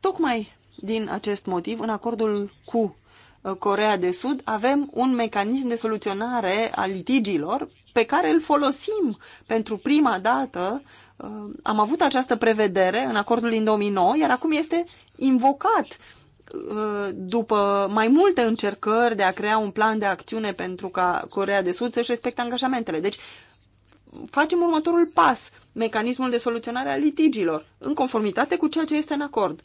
Tocmai din acest motiv, în acordul cu uh, Corea de Sud, avem un mecanism de soluționare a litigiilor pe care îl folosim pentru prima dată Uh, am avut această prevedere în acordul din 2009, iar acum este invocat uh, după mai multe încercări de a crea un plan de acțiune pentru ca Corea de Sud să-și respecte angajamentele. Deci facem următorul pas, mecanismul de soluționare a litigilor, în conformitate cu ceea ce este în acord.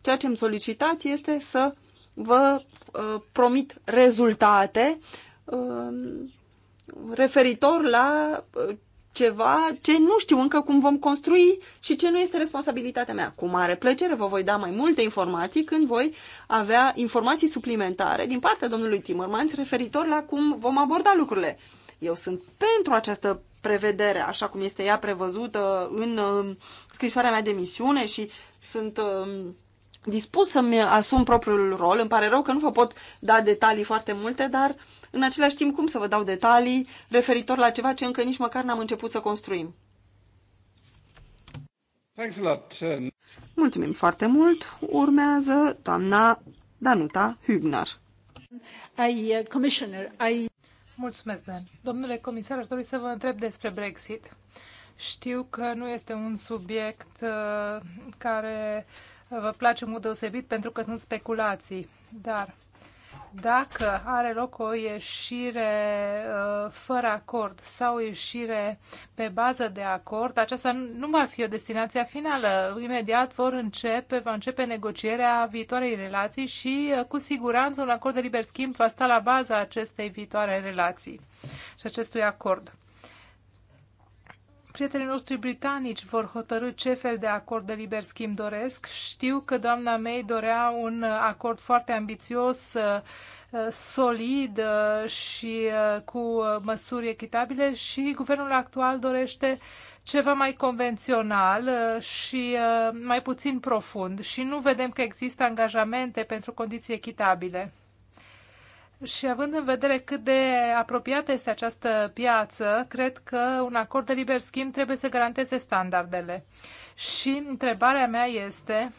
Ceea ce îmi solicitați este să vă uh, promit rezultate uh, referitor la uh, ceva ce nu știu încă cum vom construi și ce nu este responsabilitatea mea. Cu mare plăcere vă voi da mai multe informații când voi avea informații suplimentare din partea domnului Timmermans referitor la cum vom aborda lucrurile. Eu sunt pentru această prevedere, așa cum este ea prevăzută în uh, scrisoarea mea de misiune și sunt uh, dispus să-mi asum propriul rol. Îmi pare rău că nu vă pot da detalii foarte multe, dar în același timp cum să vă dau detalii referitor la ceva ce încă nici măcar n-am început să construim. Uh, Mulțumim foarte mult. Urmează doamna Danuta Hübner. I, uh, commissioner, I... Mulțumesc, Dan. Domnule comisar, aș dori să vă întreb despre Brexit. Știu că nu este un subiect uh, care uh, vă place în mod deosebit pentru că sunt speculații. Dar dacă are loc o ieșire uh, fără acord sau o ieșire pe bază de acord, aceasta nu va fi o destinație finală. Imediat vor începe, va începe negocierea viitoarei relații și uh, cu siguranță un acord de liber schimb va sta la baza acestei viitoare relații și acestui acord prietenii noștri britanici vor hotărâ ce fel de acord de liber schimb doresc. Știu că doamna May dorea un acord foarte ambițios, uh, solid uh, și uh, cu măsuri echitabile și guvernul actual dorește ceva mai convențional și mai puțin profund și nu vedem că există angajamente pentru condiții echitabile. Și având în vedere cât de apropiată este această piață, cred că un acord de liber schimb trebuie să garanteze standardele. Și întrebarea mea este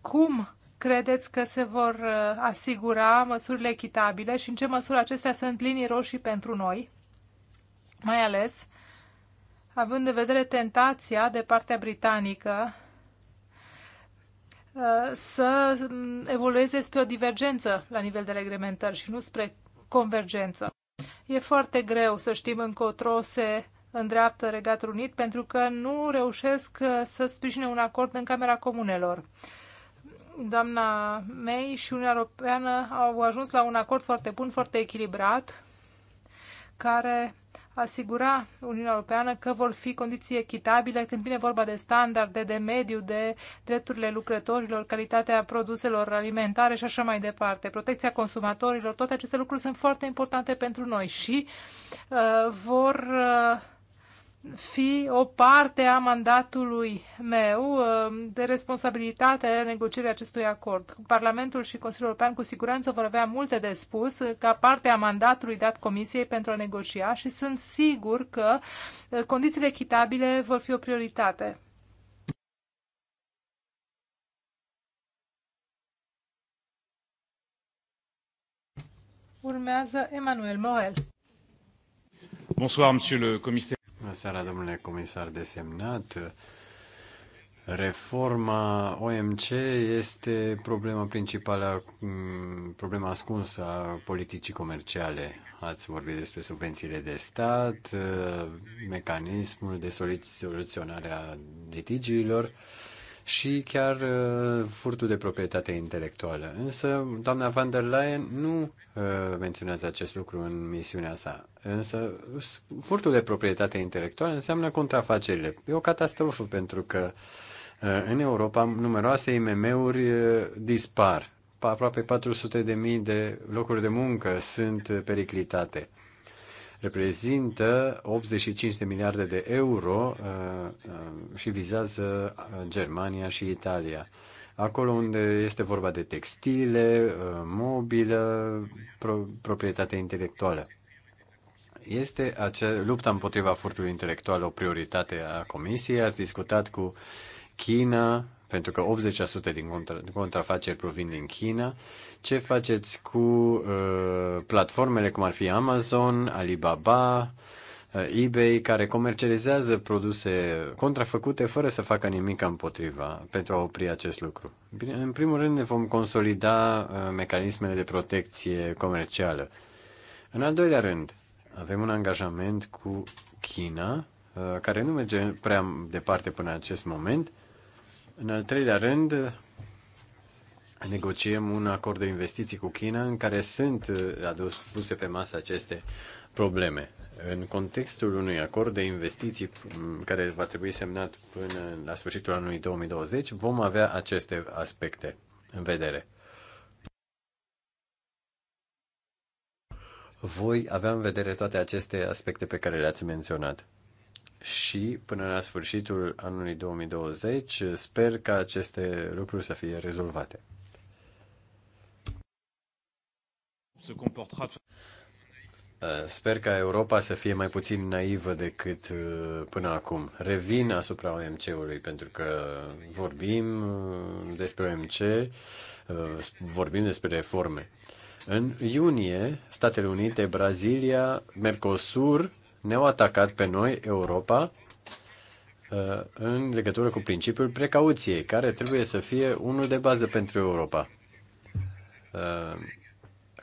cum credeți că se vor uh, asigura măsurile echitabile și în ce măsură acestea sunt linii roșii pentru noi, mai ales având în vedere tentația de partea britanică să evolueze spre o divergență la nivel de reglementări și nu spre convergență. E foarte greu să știm încotro se îndreaptă Regatul Unit pentru că nu reușesc uh, să sprijine un acord în Camera Comunelor. Doamna May și Uniunea Europeană au ajuns la un acord foarte bun, foarte echilibrat, care asigura Uniunea Europeană că vor fi condiții echitabile când vine vorba de standarde, de mediu, de drepturile lucrătorilor, calitatea produselor alimentare și așa mai departe, protecția consumatorilor. Toate aceste lucruri sunt foarte importante pentru noi și uh, vor. Uh, fi o parte a mandatului meu um, de responsabilitate în negocierea acestui acord. Parlamentul și Consiliul European cu siguranță vor avea multe de spus ca parte a mandatului dat Comisiei pentru a negocia și sunt sigur că uh, condițiile echitabile vor fi o prioritate. Urmează Emmanuel Moel. Bonsoir, monsieur le commissaire seara, domnule comisar desemnat. Reforma OMC este problema principală, mm, problema ascunsă a politicii comerciale. Ați vorbit despre subvențiile de stat, mecanismul de soluționare a litigiilor și chiar uh, furtul de proprietate intelectuală. Însă, doamna van der Leyen nu uh, menționează acest lucru în misiunea sa. Însă, furtul de proprietate intelectuală înseamnă contrafacerile. E o catastrofă pentru că uh, în Europa numeroase IMM-uri dispar. Aproape 400.000 de mii de locuri de muncă sunt periclitate reprezintă 85 de miliarde de euro uh, uh, și vizează uh, Germania și Italia. Acolo unde este vorba de textile, mobilă, pro- proprietate intelectuală. Este acea, lupta împotriva furtului intelectual o prioritate a Comisiei? Ați discutat cu China pentru că 80% din contra, contrafaceri provin din China. Ce faceți cu uh, platformele cum ar fi Amazon, Alibaba, uh, eBay, care comercializează produse contrafăcute fără să facă nimic împotriva pentru a opri acest lucru? Bine, în primul rând ne vom consolida uh, mecanismele de protecție comercială. În al doilea rând, avem un angajament cu China, uh, care nu merge prea departe până în acest moment, uh, în al treilea rând, negociem un acord de investiții cu China în care sunt uh, adus, puse pe masă aceste probleme. În contextul unui acord de investiții mm, care va trebui semnat până la sfârșitul anului 2020, vom avea aceste aspecte în vedere. Voi avea în vedere toate aceste aspecte pe care le-ați menționat și până la sfârșitul anului 2020 sper ca aceste lucruri să fie rezolvate. Uh, sper ca Europa să fie mai puțin naivă decât uh, până acum. Revin asupra OMC-ului pentru că vorbim uh, despre OMC, vorbim despre reforme. În iunie, Statele Unite, Brazilia, Mercosur ne-au atacat pe noi, Europa, uh, în legătură cu principiul precauției, care trebuie să fie unul de bază pentru Europa. Uh,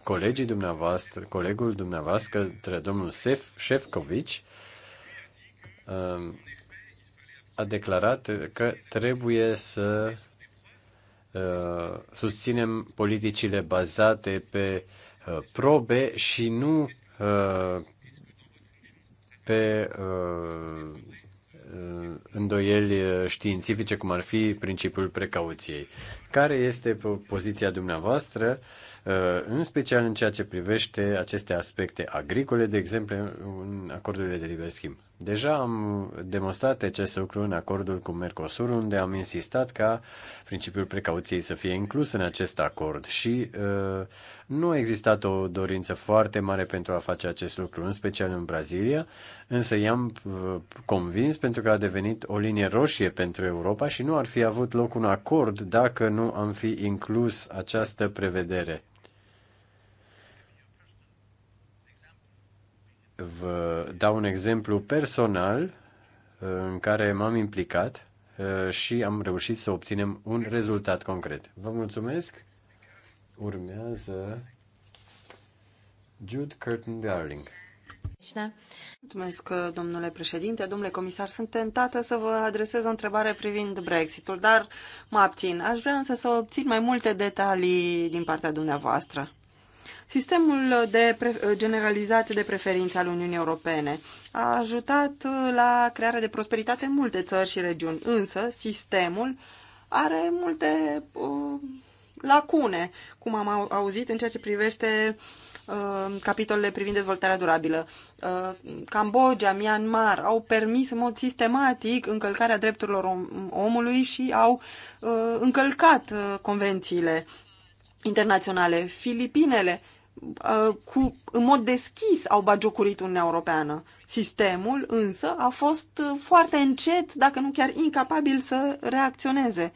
colegii dumneavoastră, colegul dumneavoastră, domnul Sef, Șefcovici, uh, a declarat că trebuie să susținem politicile bazate pe probe și nu pe uh, îndoieli uh, științifice, cum ar fi principiul precauției. Care este poziția dumneavoastră, uh, în special în ceea ce privește aceste aspecte agricole, de exemplu, în acordurile de liber schimb? Deja am demonstrat acest lucru în acordul cu Mercosur, unde am insistat ca principiul precauției să fie inclus în acest acord și uh, nu a existat o dorință foarte mare pentru a face acest lucru, în special în Brazilia, însă i-am uh, convins pentru că a devenit o linie roșie pentru Europa și nu ar fi avut loc un acord dacă nu am fi inclus această prevedere Vă dau un exemplu personal uh, în care m-am implicat uh, și am reușit să obținem un rezultat concret. Vă mulțumesc. Urmează Jude Curtin Darling. Mulțumesc, uh, domnule președinte. Domnule comisar, sunt tentată să vă adresez o întrebare privind Brexitul, dar mă abțin. Aș vrea însă să obțin mai multe detalii din partea dumneavoastră. Sistemul de generalizat de preferințe al Uniunii Europene a ajutat la crearea de prosperitate în multe țări și regiuni, însă sistemul are multe uh, lacune, cum am auzit în ceea ce privește uh, capitolele privind dezvoltarea durabilă. Uh, Cambodgia, Myanmar au permis în mod sistematic încălcarea drepturilor omului și au uh, încălcat convențiile internaționale. Filipinele Uh, cu, în mod deschis au bagiocorit Uniunea Europeană. Sistemul însă a fost uh, foarte încet, dacă nu chiar incapabil să reacționeze.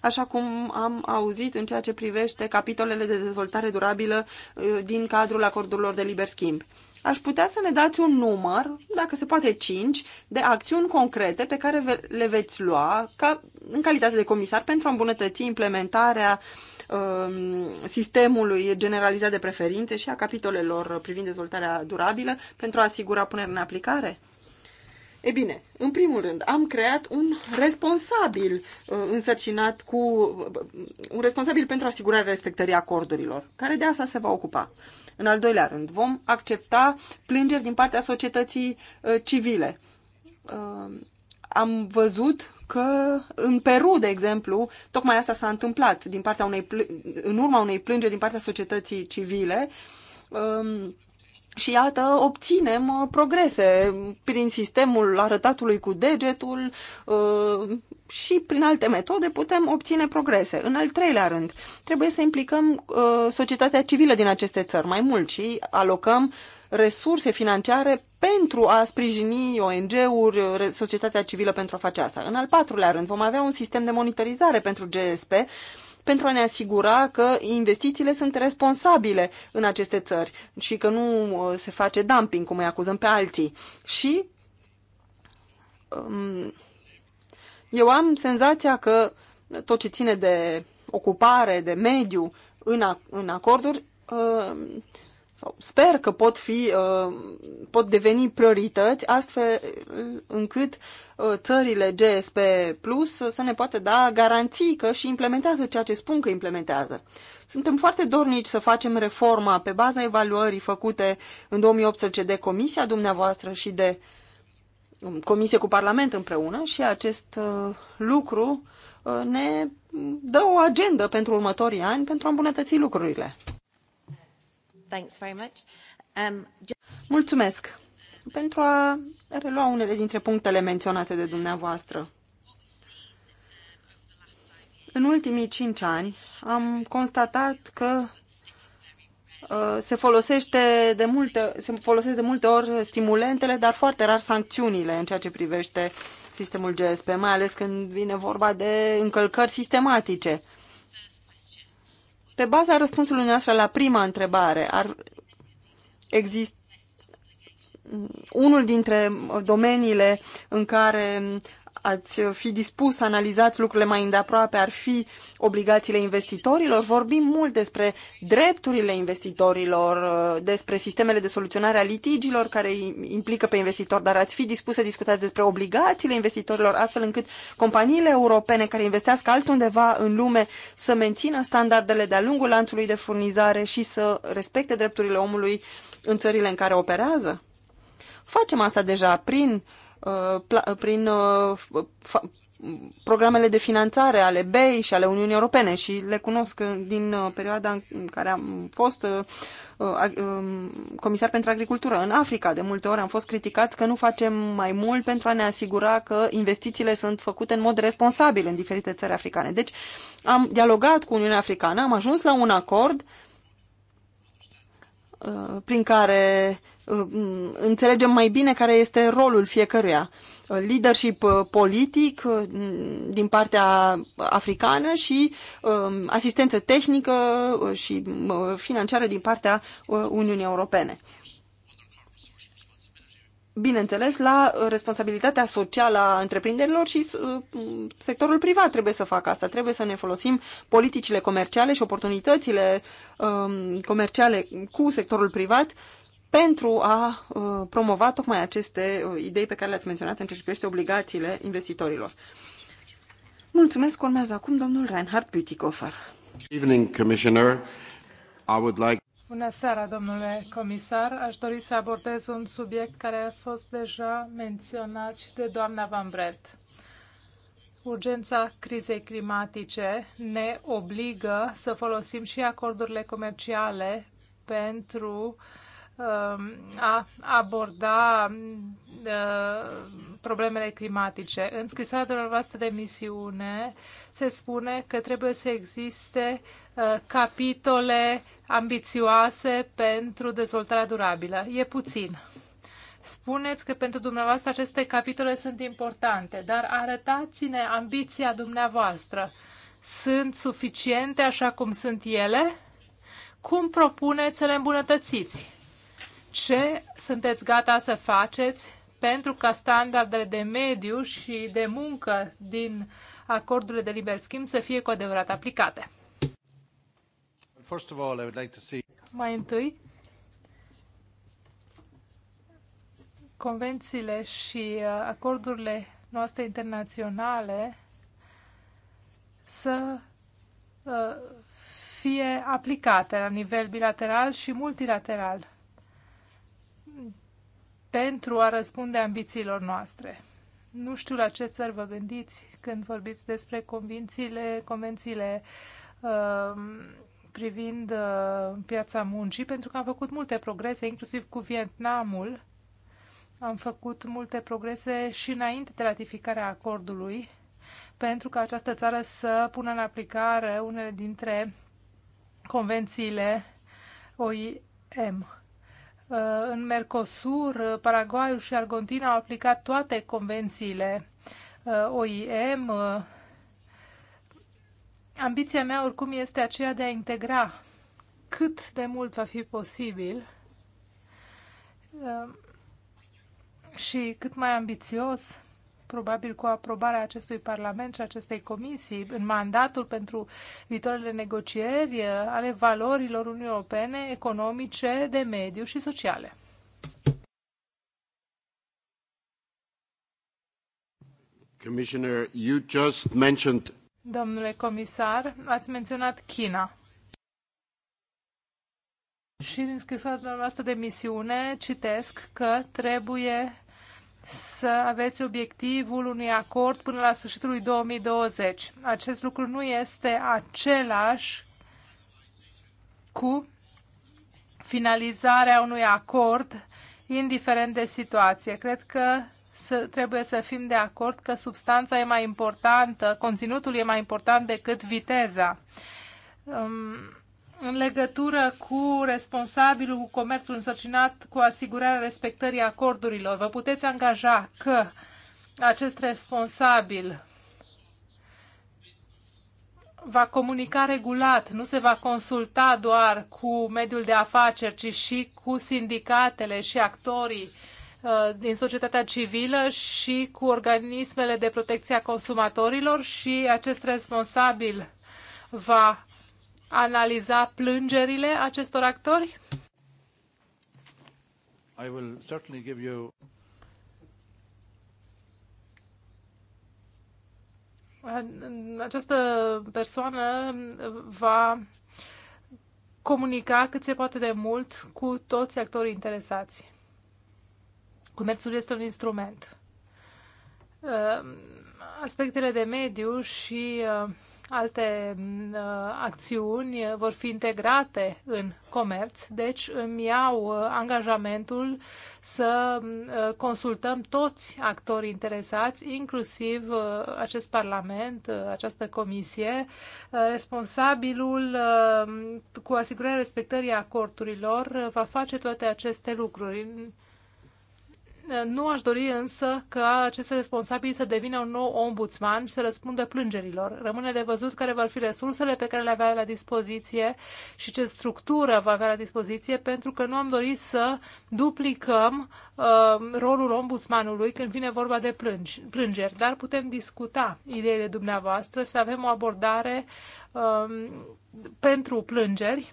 Așa cum am auzit în ceea ce privește capitolele de dezvoltare durabilă uh, din cadrul acordurilor de liber schimb. Aș putea să ne dați un număr, dacă se poate cinci, de acțiuni concrete pe care le veți lua ca, în calitate de comisar pentru a îmbunătăți implementarea uh, Um, sistemului generalizat de preferințe și a capitolelor privind dezvoltarea durabilă pentru a asigura punerea în aplicare? E bine, în primul rând, am creat un responsabil uh, însărcinat cu un responsabil pentru asigurarea respectării acordurilor, care de asta se va ocupa. În al doilea rând, vom accepta plângeri din partea societății uh, civile. Uh, am văzut că în Peru, de exemplu, tocmai asta s-a întâmplat din partea unei în urma unei plângeri din partea societății civile. Um, și iată, obținem uh, progrese prin sistemul arătatului cu degetul uh, și prin alte metode putem obține progrese. În al treilea rând, trebuie să implicăm uh, societatea civilă din aceste țări mai mult și alocăm resurse financiare pentru a sprijini ONG-uri, societatea civilă pentru a face asta. În al patrulea rând, vom avea un sistem de monitorizare pentru GSP pentru a ne asigura că investițiile sunt responsabile în aceste țări și că nu uh, se face dumping, cum îi acuzăm pe alții. Și um, eu am senzația că tot ce ține de ocupare, de mediu în, în acorduri, uh, sau sper că pot fi, uh, pot deveni priorități astfel uh, încât uh, țările GSP Plus să ne poată da garanții că și implementează ceea ce spun că implementează. Suntem foarte dornici să facem reforma pe baza evaluării făcute în 2018 de Comisia dumneavoastră și de um, Comisie cu Parlament împreună și acest lucru ne dă o agendă pentru următorii ani pentru a îmbunătăți lucrurile. Um, Mulțumesc pentru a relua unele dintre punctele menționate de dumneavoastră. În ultimii cinci ani am constatat că uh, se, folosește de multe, se folosesc de multe ori stimulentele, dar foarte rar sancțiunile în ceea ce privește sistemul GSP, mai ales când vine vorba de încălcări sistematice. Pe baza răspunsului noastră la prima întrebare, ar exist unul dintre domeniile în care ați fi dispus să analizați lucrurile mai îndeaproape, ar fi obligațiile investitorilor. Vorbim mult despre drepturile investitorilor, uh, despre sistemele de soluționare a litigilor care implică pe investitor, dar ați fi dispus să discutați despre obligațiile investitorilor, astfel încât companiile europene care investească altundeva în lume să mențină standardele de-a lungul lanțului de furnizare și să respecte drepturile omului în țările în care operează? Facem asta deja prin uh, Uh, prin uh, programele de finanțare ale BEI și ale Uniunii Europene și le cunosc din uh, perioada în care am fost um, comisar pentru agricultură în Africa. De multe ori am fost criticat că nu facem mai mult pentru a ne asigura că investițiile sunt făcute în mod responsabil în diferite țări africane. Deci am dialogat cu Uniunea Africană, am ajuns la un acord prin care Uh, înțelegem mai bine care este rolul fiecăruia. Uh, leadership uh, politic din partea africană și asistență tehnică și financiară din partea Uniunii Europene. Bineînțeles, la responsabilitatea socială a întreprinderilor și sectorul privat trebuie să facă asta. Trebuie să ne folosim politicile comerciale și oportunitățile um, comerciale cu sectorul privat uh, pentru a uh, promova tocmai aceste uh, idei pe care le-ați menționat în ce privește obligațiile investitorilor. Mulțumesc, urmează acum domnul Reinhard Bütikofer. Evening, Commissioner. I would like... Bună seara, domnule comisar. Aș dori să abordez un subiect care a fost deja menționat și de doamna Van Brett. Urgența crizei climatice ne obligă să folosim și acordurile comerciale pentru uh, Um, a aborda uh, problemele climatice. În scrisoarea dumneavoastră de misiune se spune că trebuie să existe uh, capitole ambițioase pentru dezvoltarea durabilă. E puțin. Spuneți că pentru dumneavoastră aceste capitole sunt importante, dar arătați-ne ambiția dumneavoastră. Sunt suficiente așa cum sunt ele? Cum propuneți să le îmbunătățiți? ce sunteți gata să faceți pentru ca standardele de mediu și de muncă din acordurile de liber schimb să fie cu adevărat aplicate. First of all, I would like to see... Mai întâi, convențiile și uh, acordurile noastre internaționale să uh, fie aplicate la nivel bilateral și multilateral pentru a răspunde ambițiilor noastre. Nu știu la ce țări vă gândiți când vorbiți despre convințiile, convențiile uh, privind uh, piața muncii, pentru că am făcut multe progrese, inclusiv cu Vietnamul. Am făcut multe progrese și înainte de ratificarea acordului, pentru ca această țară să pună în aplicare unele dintre convențiile OIM. Uh, în Mercosur, uh, Paraguayul și Argentina au aplicat toate convențiile uh, OIM. Ambiția mea oricum este aceea de a integra cât de mult va fi posibil și cât mai ambițios probabil cu aprobarea acestui Parlament și acestei comisii, în mandatul pentru viitoarele negocieri uh, ale valorilor Uniunii Europene, economice, de mediu și sociale. Commissioner, you just mentioned... Domnule comisar, ați menționat China. Și din scrisoarea noastră de misiune citesc că trebuie să aveți obiectivul unui acord până la sfârșitul lui 2020. Acest lucru nu este același cu finalizarea unui acord, indiferent de situație. Cred că să, trebuie să fim de acord că substanța e mai importantă, conținutul e mai important decât viteza. Um, în legătură cu responsabilul cu comerțul însărcinat cu asigurarea respectării acordurilor. Vă puteți angaja că acest responsabil va comunica regulat, nu se va consulta doar cu mediul de afaceri, ci și cu sindicatele și actorii uh, din societatea civilă și cu organismele de protecție a consumatorilor și acest responsabil va analiza plângerile acestor actori? I will certainly give you Această persoană va comunica cât se poate de mult cu toți actorii interesați. Comerțul este un instrument. Aspectele de mediu și uh, alte mm, uh, acțiuni vor fi integrate în comerț, deci îmi iau uh, angajamentul să mm, uh, consultăm toți actorii interesați, inclusiv uh, acest Parlament, această comisie, responsabilul cu asigurarea respectării acordurilor va face toate aceste lucruri. Nu aș dori însă ca acest responsabil să devină un nou ombudsman și să răspundă plângerilor. Rămâne de văzut care vor fi resursele pe care le avea la dispoziție și ce structură va avea la dispoziție, pentru că nu am dorit să duplicăm uh, rolul ombudsmanului când vine vorba de plângi, plângeri. Dar putem discuta ideile dumneavoastră, să avem o abordare uh, pentru plângeri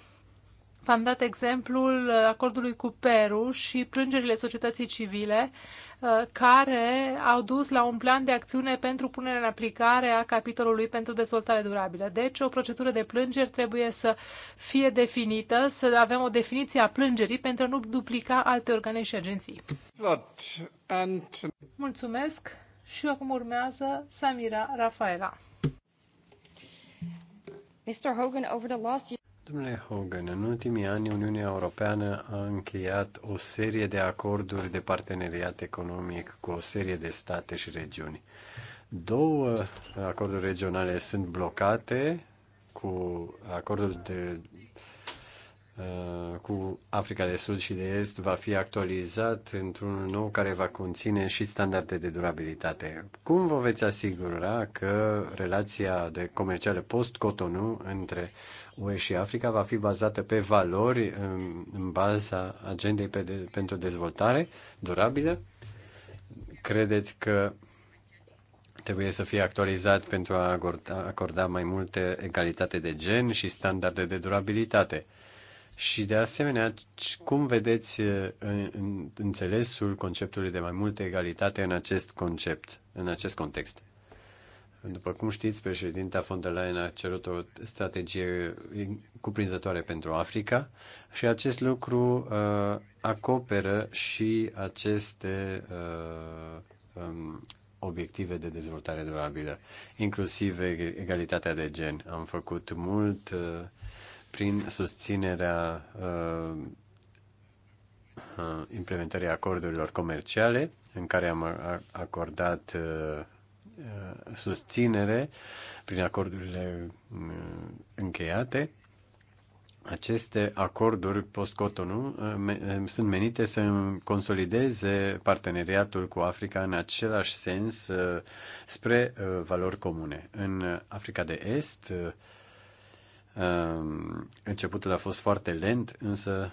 V-am dat exemplul uh, acordului cu Peru și plângerile societății civile uh, care au dus la un plan de acțiune pentru punerea în aplicare a capitolului pentru dezvoltare durabilă. Deci, o procedură de plângeri trebuie să fie definită, să avem o definiție a plângerii pentru a nu duplica alte organe și agenții. Mulțumesc și acum urmează Samira Rafaela. Mr. Hogan, over the last year... Domnule Hogan, în ultimii ani Uniunea Europeană a încheiat o serie de acorduri de parteneriat economic cu o serie de state și regiuni. Două acorduri regionale sunt blocate cu acordul de Uh, cu Africa de Sud și de Est va fi actualizat într-un nou care va conține și standarde de durabilitate. Cum vă veți asigura că relația de comercială post-Cotonou între UE și Africa va fi bazată pe valori în, um, în baza agendei pe de, pentru dezvoltare durabilă? Credeți că trebuie să fie actualizat pentru a acorda mai multe egalitate de gen și standarde de durabilitate? Și de asemenea, cum vedeți uh, în, înțelesul conceptului de mai multă egalitate în acest concept, în acest context? După cum știți, președinta von der Leyen a cerut o strategie uh, cuprinzătoare pentru Africa și acest lucru uh, acoperă și aceste uh, um, obiective de dezvoltare durabilă, inclusiv egalitatea de gen. Am făcut mult uh, prin susținerea uh, implementării acordurilor comerciale în care am acordat uh, uh, susținere prin acordurile încheiate. Aceste acorduri post-Cotonou sunt menite să consolideze parteneriatul cu Africa în același sens spre valori comune. În Africa de Est, Ehm, începutul a fost foarte lent, însă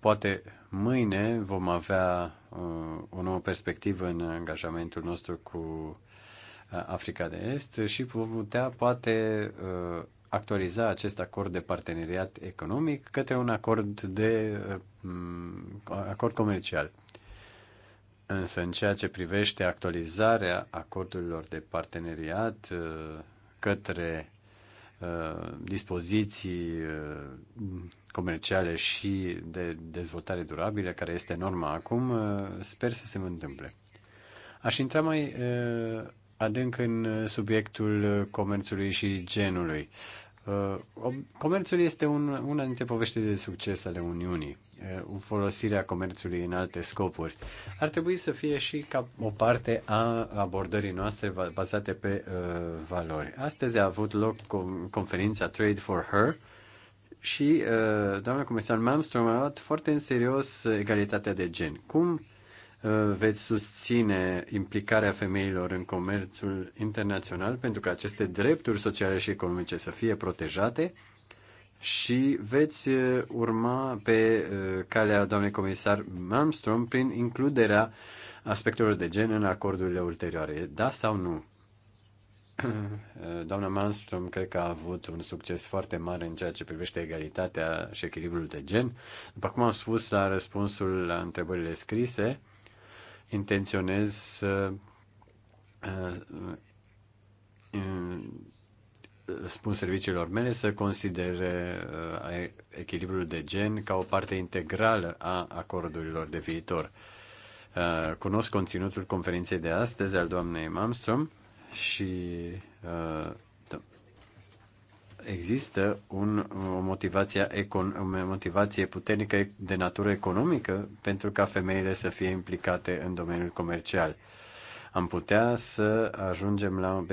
poate mâine vom avea uh, o nouă perspectivă în angajamentul nostru cu uh, Africa de Est și vom putea poate uh, actualiza acest acord de parteneriat economic către un acord de acord comercial. Însă în ceea ce privește actualizarea acordurilor de parteneriat către Uh, dispoziții uh, comerciale și de dezvoltare durabilă, care este norma acum, uh, sper să se întâmple. Aș intra mai adânc în subiectul comerțului și genului. Uh, comerțul este un, una dintre poveștile de succes ale Uniunii, uh, folosirea comerțului în alte scopuri. Ar trebui să fie și ca o parte a abordării noastre bazate pe uh, valori. Astăzi a avut loc conferința Trade for Her și uh, doamna comisar Malmström a luat foarte în serios egalitatea de gen. Cum uh, veți susține implicarea femeilor în comerțul internațional pentru că aceste drepturi sociale și economice să fie protejate și veți uh, urma pe uh, calea doamnei comisar Malmström prin includerea aspectelor de gen în acordurile ulterioare. Da sau nu? Uh, doamna Malmström cred că a avut un succes foarte mare în ceea ce privește egalitatea și echilibrul de gen. După cum am spus la răspunsul la întrebările scrise, intenționez să uh, uh, spun serviciilor mele să considere uh, echilibrul de gen ca o parte integrală a acordurilor de viitor. Cunosc conținutul conferinței de astăzi al doamnei Malmström și există un, o, motivație econ, o motivație puternică de natură economică pentru ca femeile să fie implicate în domeniul comercial. Am putea să ajungem la un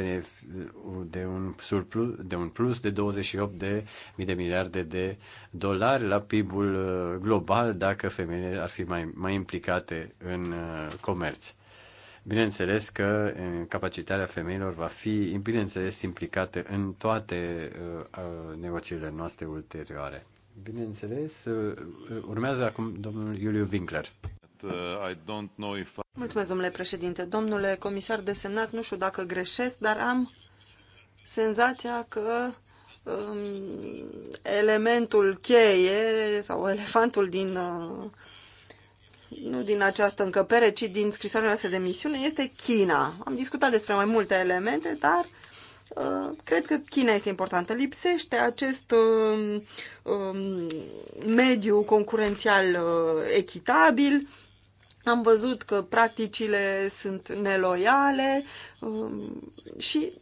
de un, surplus, de un plus de 28 de mii de miliarde de dolari la PIB-ul uh, global dacă femeile ar fi mai, mai implicate în uh, comerț. Bineînțeles că capacitatea femeilor va fi, bineînțeles, implicată în toate negocierile noastre ulterioare. Bineînțeles, urmează acum domnul Iuliu Winkler. Uh, Mulțumesc, domnule președinte. Domnule comisar desemnat, nu știu dacă greșesc, dar am senzația că um, elementul cheie sau elefantul din uh, nu din această încăpere, ci din scrisoarele noastră de misiune, este China. Am discutat despre mai multe elemente, dar uh, cred că China este importantă. Lipsește acest um, um, mediu concurențial uh, echitabil. Am văzut că practicile sunt neloiale um, și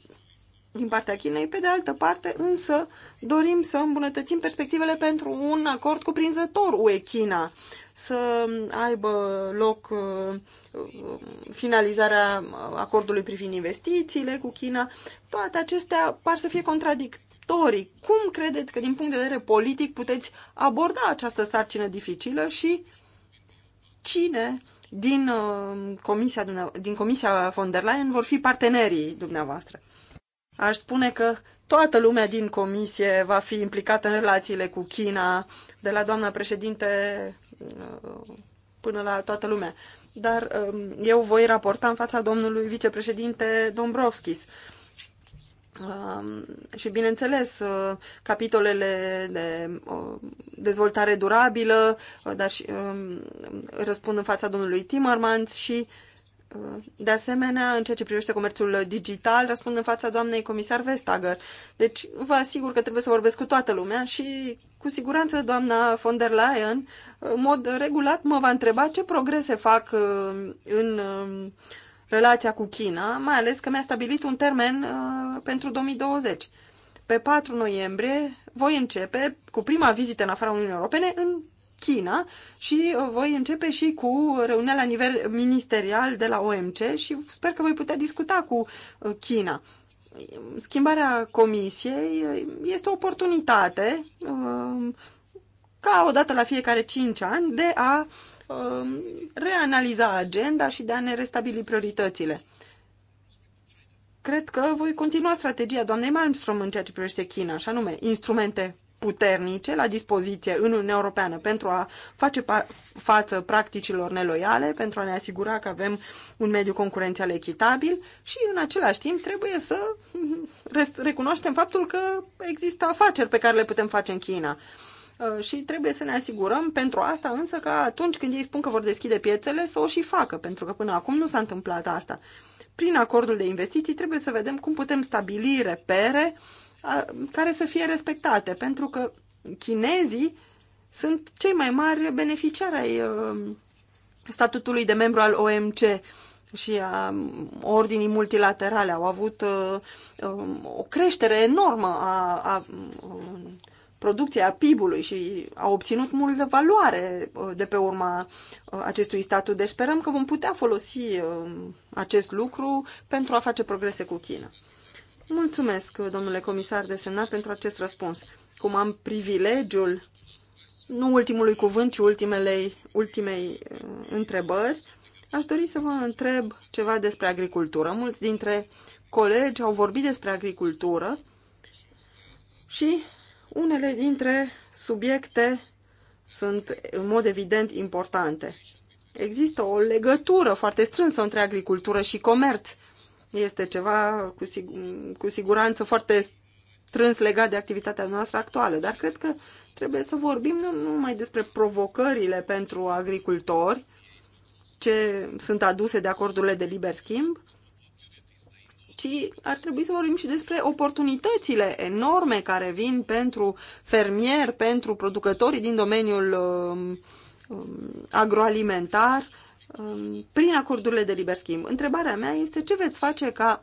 din partea Chinei, pe de altă parte, însă dorim să îmbunătățim perspectivele pentru un acord cuprinzător UE-China să aibă loc uh, finalizarea acordului privind investițiile cu China. Toate acestea par să fie contradictorii. Cum credeți că din punct de vedere politic puteți aborda această sarcină dificilă și cine din uh, comisia, din comisia von der Leyen vor fi partenerii dumneavoastră? Aș spune că toată lumea din comisie va fi implicată în relațiile cu China, de la doamna președinte până la toată lumea. Dar um, eu voi raporta în fața domnului vicepreședinte Dombrovskis. Um, și, bineînțeles, uh, capitolele de uh, dezvoltare durabilă, uh, dar și um, răspund în fața domnului Timmermans și uh, de asemenea, în ceea ce privește comerțul digital, răspund în fața doamnei comisar Vestager. Deci, vă asigur că trebuie să vorbesc cu toată lumea și, cu siguranță, doamna von der Leyen, în mod regulat, mă va întreba ce progrese fac uh, în um, relația cu China, mai ales că mi-a stabilit un termen uh, pentru 2020. Pe 4 noiembrie voi începe cu prima vizită în afara Uniunii Europene în China și uh, voi începe și cu reuniunea la nivel ministerial de la OMC și sper că voi putea discuta cu uh, China. Schimbarea comisiei uh, este o oportunitate ca odată la fiecare 5 ani de a reanaliza agenda și de a ne restabili prioritățile. Cred că voi continua strategia doamnei Malmström în ceea ce privește China, așa nume. instrumente puternice la dispoziție în Uniunea Europeană pentru a face pa- față practicilor neloiale, pentru a ne asigura că avem un mediu concurențial echitabil și în același timp trebuie să recunoaștem faptul că există afaceri pe care le putem face în China. Uh, și trebuie să ne asigurăm pentru asta însă că atunci când ei spun că vor deschide piețele să o și facă, pentru că până acum nu s-a întâmplat asta. Prin acordul de investiții trebuie să vedem cum putem stabili repere uh, care să fie respectate, pentru că chinezii sunt cei mai mari beneficiari ai uh, statutului de membru al OMC și a um, ordinii multilaterale. Au avut uh, um, o creștere enormă a, a um, producției, a PIB-ului și au obținut multă valoare uh, de pe urma acestui statut. Deci sperăm că vom putea folosi acest lucru pentru a face progrese cu China. Mulțumesc, domnule comisar de semnat, pentru acest răspuns. Cum am privilegiul, nu ultimului cuvânt, ci ultimelei, ultimei uh, întrebări, aș dori să vă întreb ceva despre agricultură. Mulți dintre colegi au vorbit despre agricultură și unele dintre subiecte sunt în mod evident importante. Există o legătură foarte strânsă între agricultură și comerț este ceva cu, sig cu siguranță foarte strâns legat de activitatea noastră actuală, dar cred că trebuie să vorbim nu numai despre provocările pentru agricultori, ce sunt aduse de acordurile de liber schimb, ci ar trebui să vorbim și despre oportunitățile enorme care vin pentru fermieri, pentru producătorii din domeniul um, um, agroalimentar Um, prin acordurile de liber schimb. Întrebarea mea este ce veți face ca,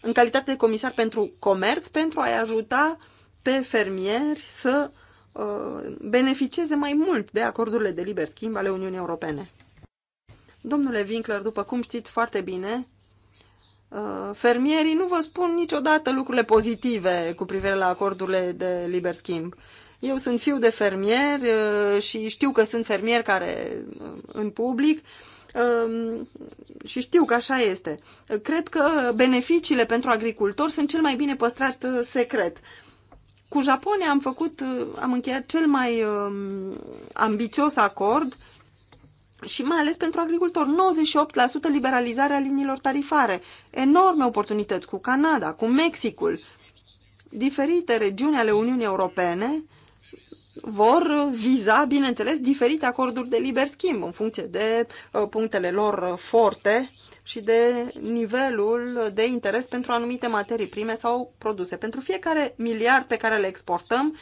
în calitate de comisar pentru comerț, pentru a-i ajuta pe fermieri să uh, beneficieze mai mult de acordurile de liber schimb ale Uniunii Europene. Domnule Winkler, după cum știți foarte bine, uh, fermierii nu vă spun niciodată lucrurile pozitive cu privire la acordurile de liber schimb. Eu sunt fiu de fermier uh, și știu că sunt fermieri care în public Ehm, și știu că așa este. Cred că beneficiile pentru agricultori sunt cel mai bine păstrat eh, secret. Cu Japonia am făcut, eh, am încheiat cel mai ehm, ambițios acord și mai ales pentru agricultor 98% liberalizarea liniilor tarifare, enorme oportunități cu Canada, cu Mexicul, diferite regiuni ale Uniunii Europene, vor viza, bineînțeles, diferite acorduri de liber schimb în funcție de uh, punctele lor uh, forte și de nivelul de interes pentru anumite materii prime sau produse. Pentru fiecare miliard pe care le exportăm,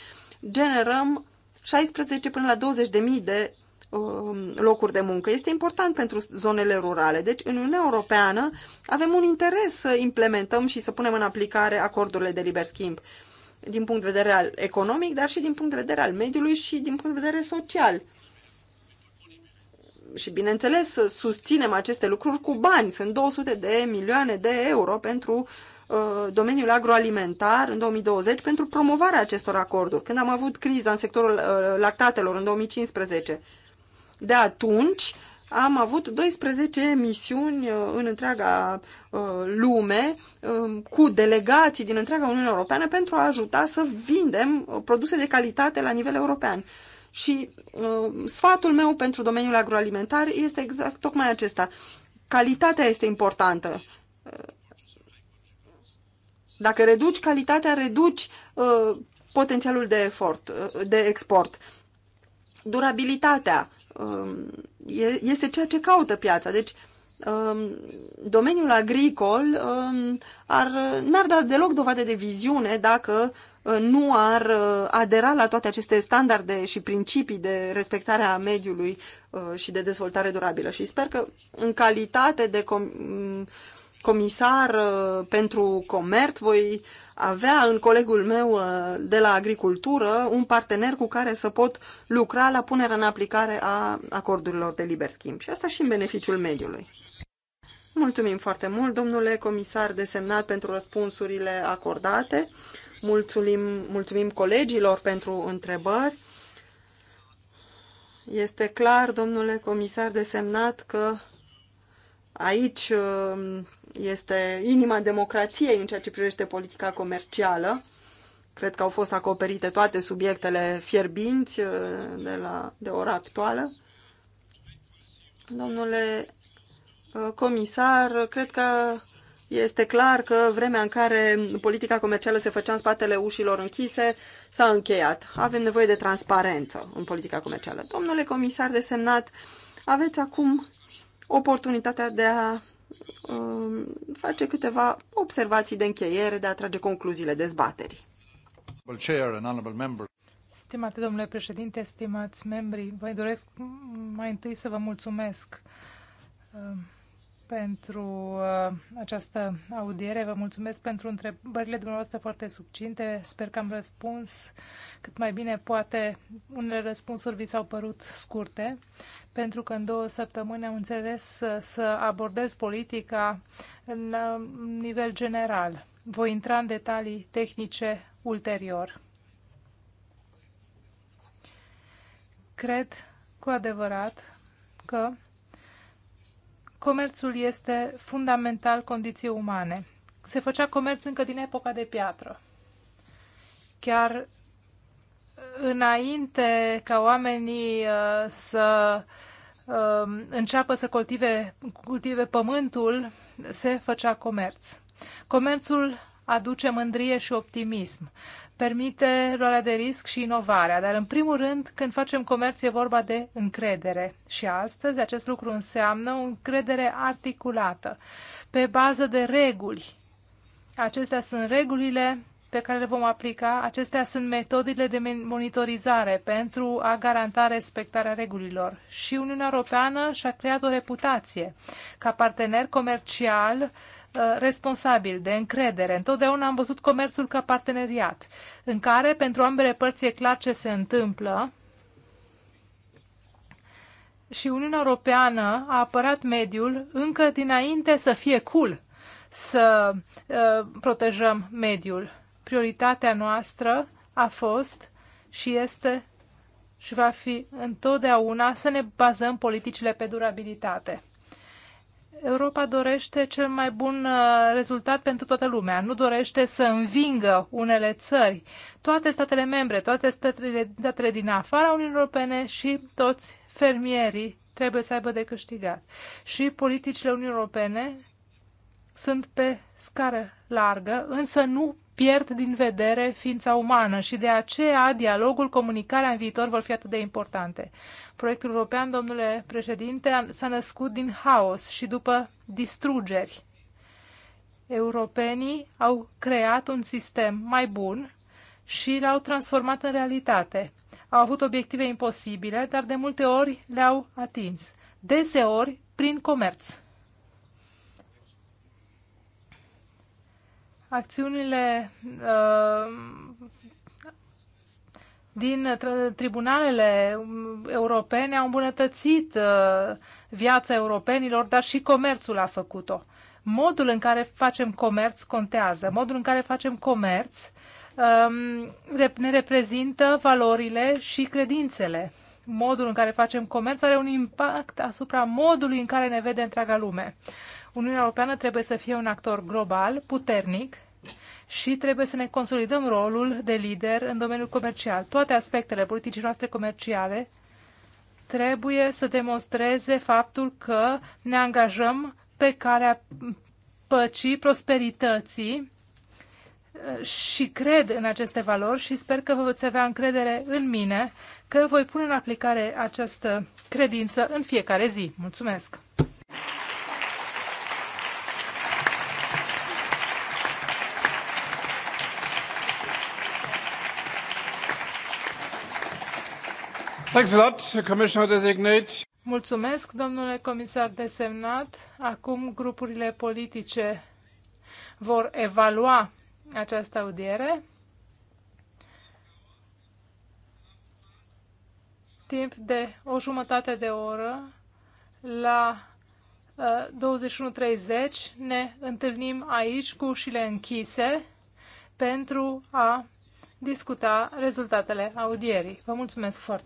generăm 16 până la 20 de mii de um, locuri de muncă. Este important pentru zonele rurale. Deci, în Uniunea Europeană avem un interes să implementăm și să punem în aplicare acordurile de liber schimb din punct de vedere al economic, dar și din punct de vedere al mediului și din punct de vedere social. Și bineînțeles, susținem aceste lucruri cu bani. Sunt 200 de milioane de euro pentru uh, domeniul agroalimentar în 2020 pentru promovarea acestor acorduri. Când am avut criza în sectorul uh, lactatelor în 2015, de atunci am avut 12 misiuni uh, în întreaga uh, lume um, cu delegații din întreaga Uniune Europeană pentru a ajuta să vindem uh, produse de calitate la nivel european. Și sfatul meu pentru domeniul agroalimentar este exact tocmai acesta. Calitatea este importantă. Dacă reduci calitatea, reduci potențialul de efort, de export. Durabilitatea, um, este ceea ce caută piața. Deci, um, domeniul agricol um, ar, n-ar da deloc dovadă de viziune dacă uh, nu ar uh, adera la toate aceste standarde și principii de respectare a mediului uh, și de dezvoltare durabilă. Și sper că în calitate de mm, comisar pentru comerț voi avea în colegul meu uh, de la agricultură un partener cu care să pot lucra la punerea în aplicare a acordurilor de liber schimb. Și asta și în beneficiul mediului. Mulțumim foarte mult, domnule comisar desemnat, pentru răspunsurile acordate. Mulțumim, mulțumim colegilor pentru întrebări. Este clar, domnule comisar desemnat, că Aici um, este inima democrației în ceea ce privește politica comercială. Cred că au fost acoperite toate subiectele fierbinți uh, de, la, de ora actuală. Domnule uh, comisar, cred că este clar că vremea în care politica comercială se făcea în spatele ușilor închise s-a încheiat. Avem nevoie de transparență în politica comercială. Domnule comisar desemnat, aveți acum oportunitatea de a uh, face câteva observații de încheiere, de a trage concluziile dezbaterii. Stimate domnule președinte, stimați membri, vă doresc mai întâi să vă mulțumesc Uh, pentru uh, această audiere. Vă mulțumesc pentru întrebările dumneavoastră foarte subținte. Sper că am răspuns cât mai bine poate. Unele răspunsuri vi s-au părut scurte, pentru că în două săptămâni am înțeles să, să abordez politica în uh, nivel general. Voi intra în detalii tehnice ulterior. Cred cu adevărat că Comerțul este fundamental condiție umane. Se făcea comerț încă din epoca de piatră. Chiar înainte ca oamenii uh, să um, înceapă să cultive, cultive pământul, se făcea comerț. Comerțul aduce mândrie și optimism permite luarea de risc și inovarea, dar în primul rând, când facem comerț, e vorba de încredere. Și astăzi acest lucru înseamnă o încredere articulată, pe bază de reguli. Acestea sunt regulile pe care le vom aplica, acestea sunt metodele de monitorizare pentru a garanta respectarea regulilor. Și Uniunea Europeană și-a creat o reputație ca partener comercial uh, Uh, responsabil, de încredere. Întotdeauna am văzut comerțul ca parteneriat, în care pentru ambele părți e clar ce se întâmplă, și Uniunea Europeană a apărat mediul încă dinainte să fie cool să uh, protejăm mediul. Prioritatea noastră a fost și este și va fi întotdeauna să ne bazăm politicile pe durabilitate. Europa dorește cel mai bun uh, rezultat pentru toată lumea. Nu dorește să învingă unele țări. Toate statele membre, toate statele, statele din afara Uniunii Europene și toți fermierii trebuie să aibă de câștigat. Și politicile Uniunii Europene sunt pe scară largă, însă nu pierd din vedere ființa umană și de aceea dialogul, comunicarea în viitor vor fi atât de importante. Proiectul european, domnule președinte, s-a născut din haos și după distrugeri. Europenii au creat un sistem mai bun și l-au transformat în realitate. Au avut obiective imposibile, dar de multe ori le-au atins. Deseori prin comerț. acțiunile uh, din tribunalele europene au îmbunătățit uh, viața europenilor, dar și comerțul a făcut-o. Modul în care facem comerț contează. Modul în care facem comerț um, ne reprezintă valorile și credințele. Modul în care facem comerț are un impact asupra modului în care ne vede întreaga lume. Uniunea Europeană trebuie să fie un actor global, puternic și trebuie să ne consolidăm rolul de lider în domeniul comercial. Toate aspectele politicii noastre comerciale trebuie să demonstreze faptul că ne angajăm pe calea păcii, prosperității uh, și cred în aceste valori și sper că vă veți avea încredere în mine că voi pune în aplicare această credință în fiecare zi. Mulțumesc! Thanks a lot, Commissioner Designate. Mulțumesc, domnule comisar desemnat. Acum grupurile politice vor evalua această audiere. Timp de o jumătate de oră la 21.30 uh, ne întâlnim aici cu ușile închise pentru a discuta rezultatele audierii. Vă mulțumesc foarte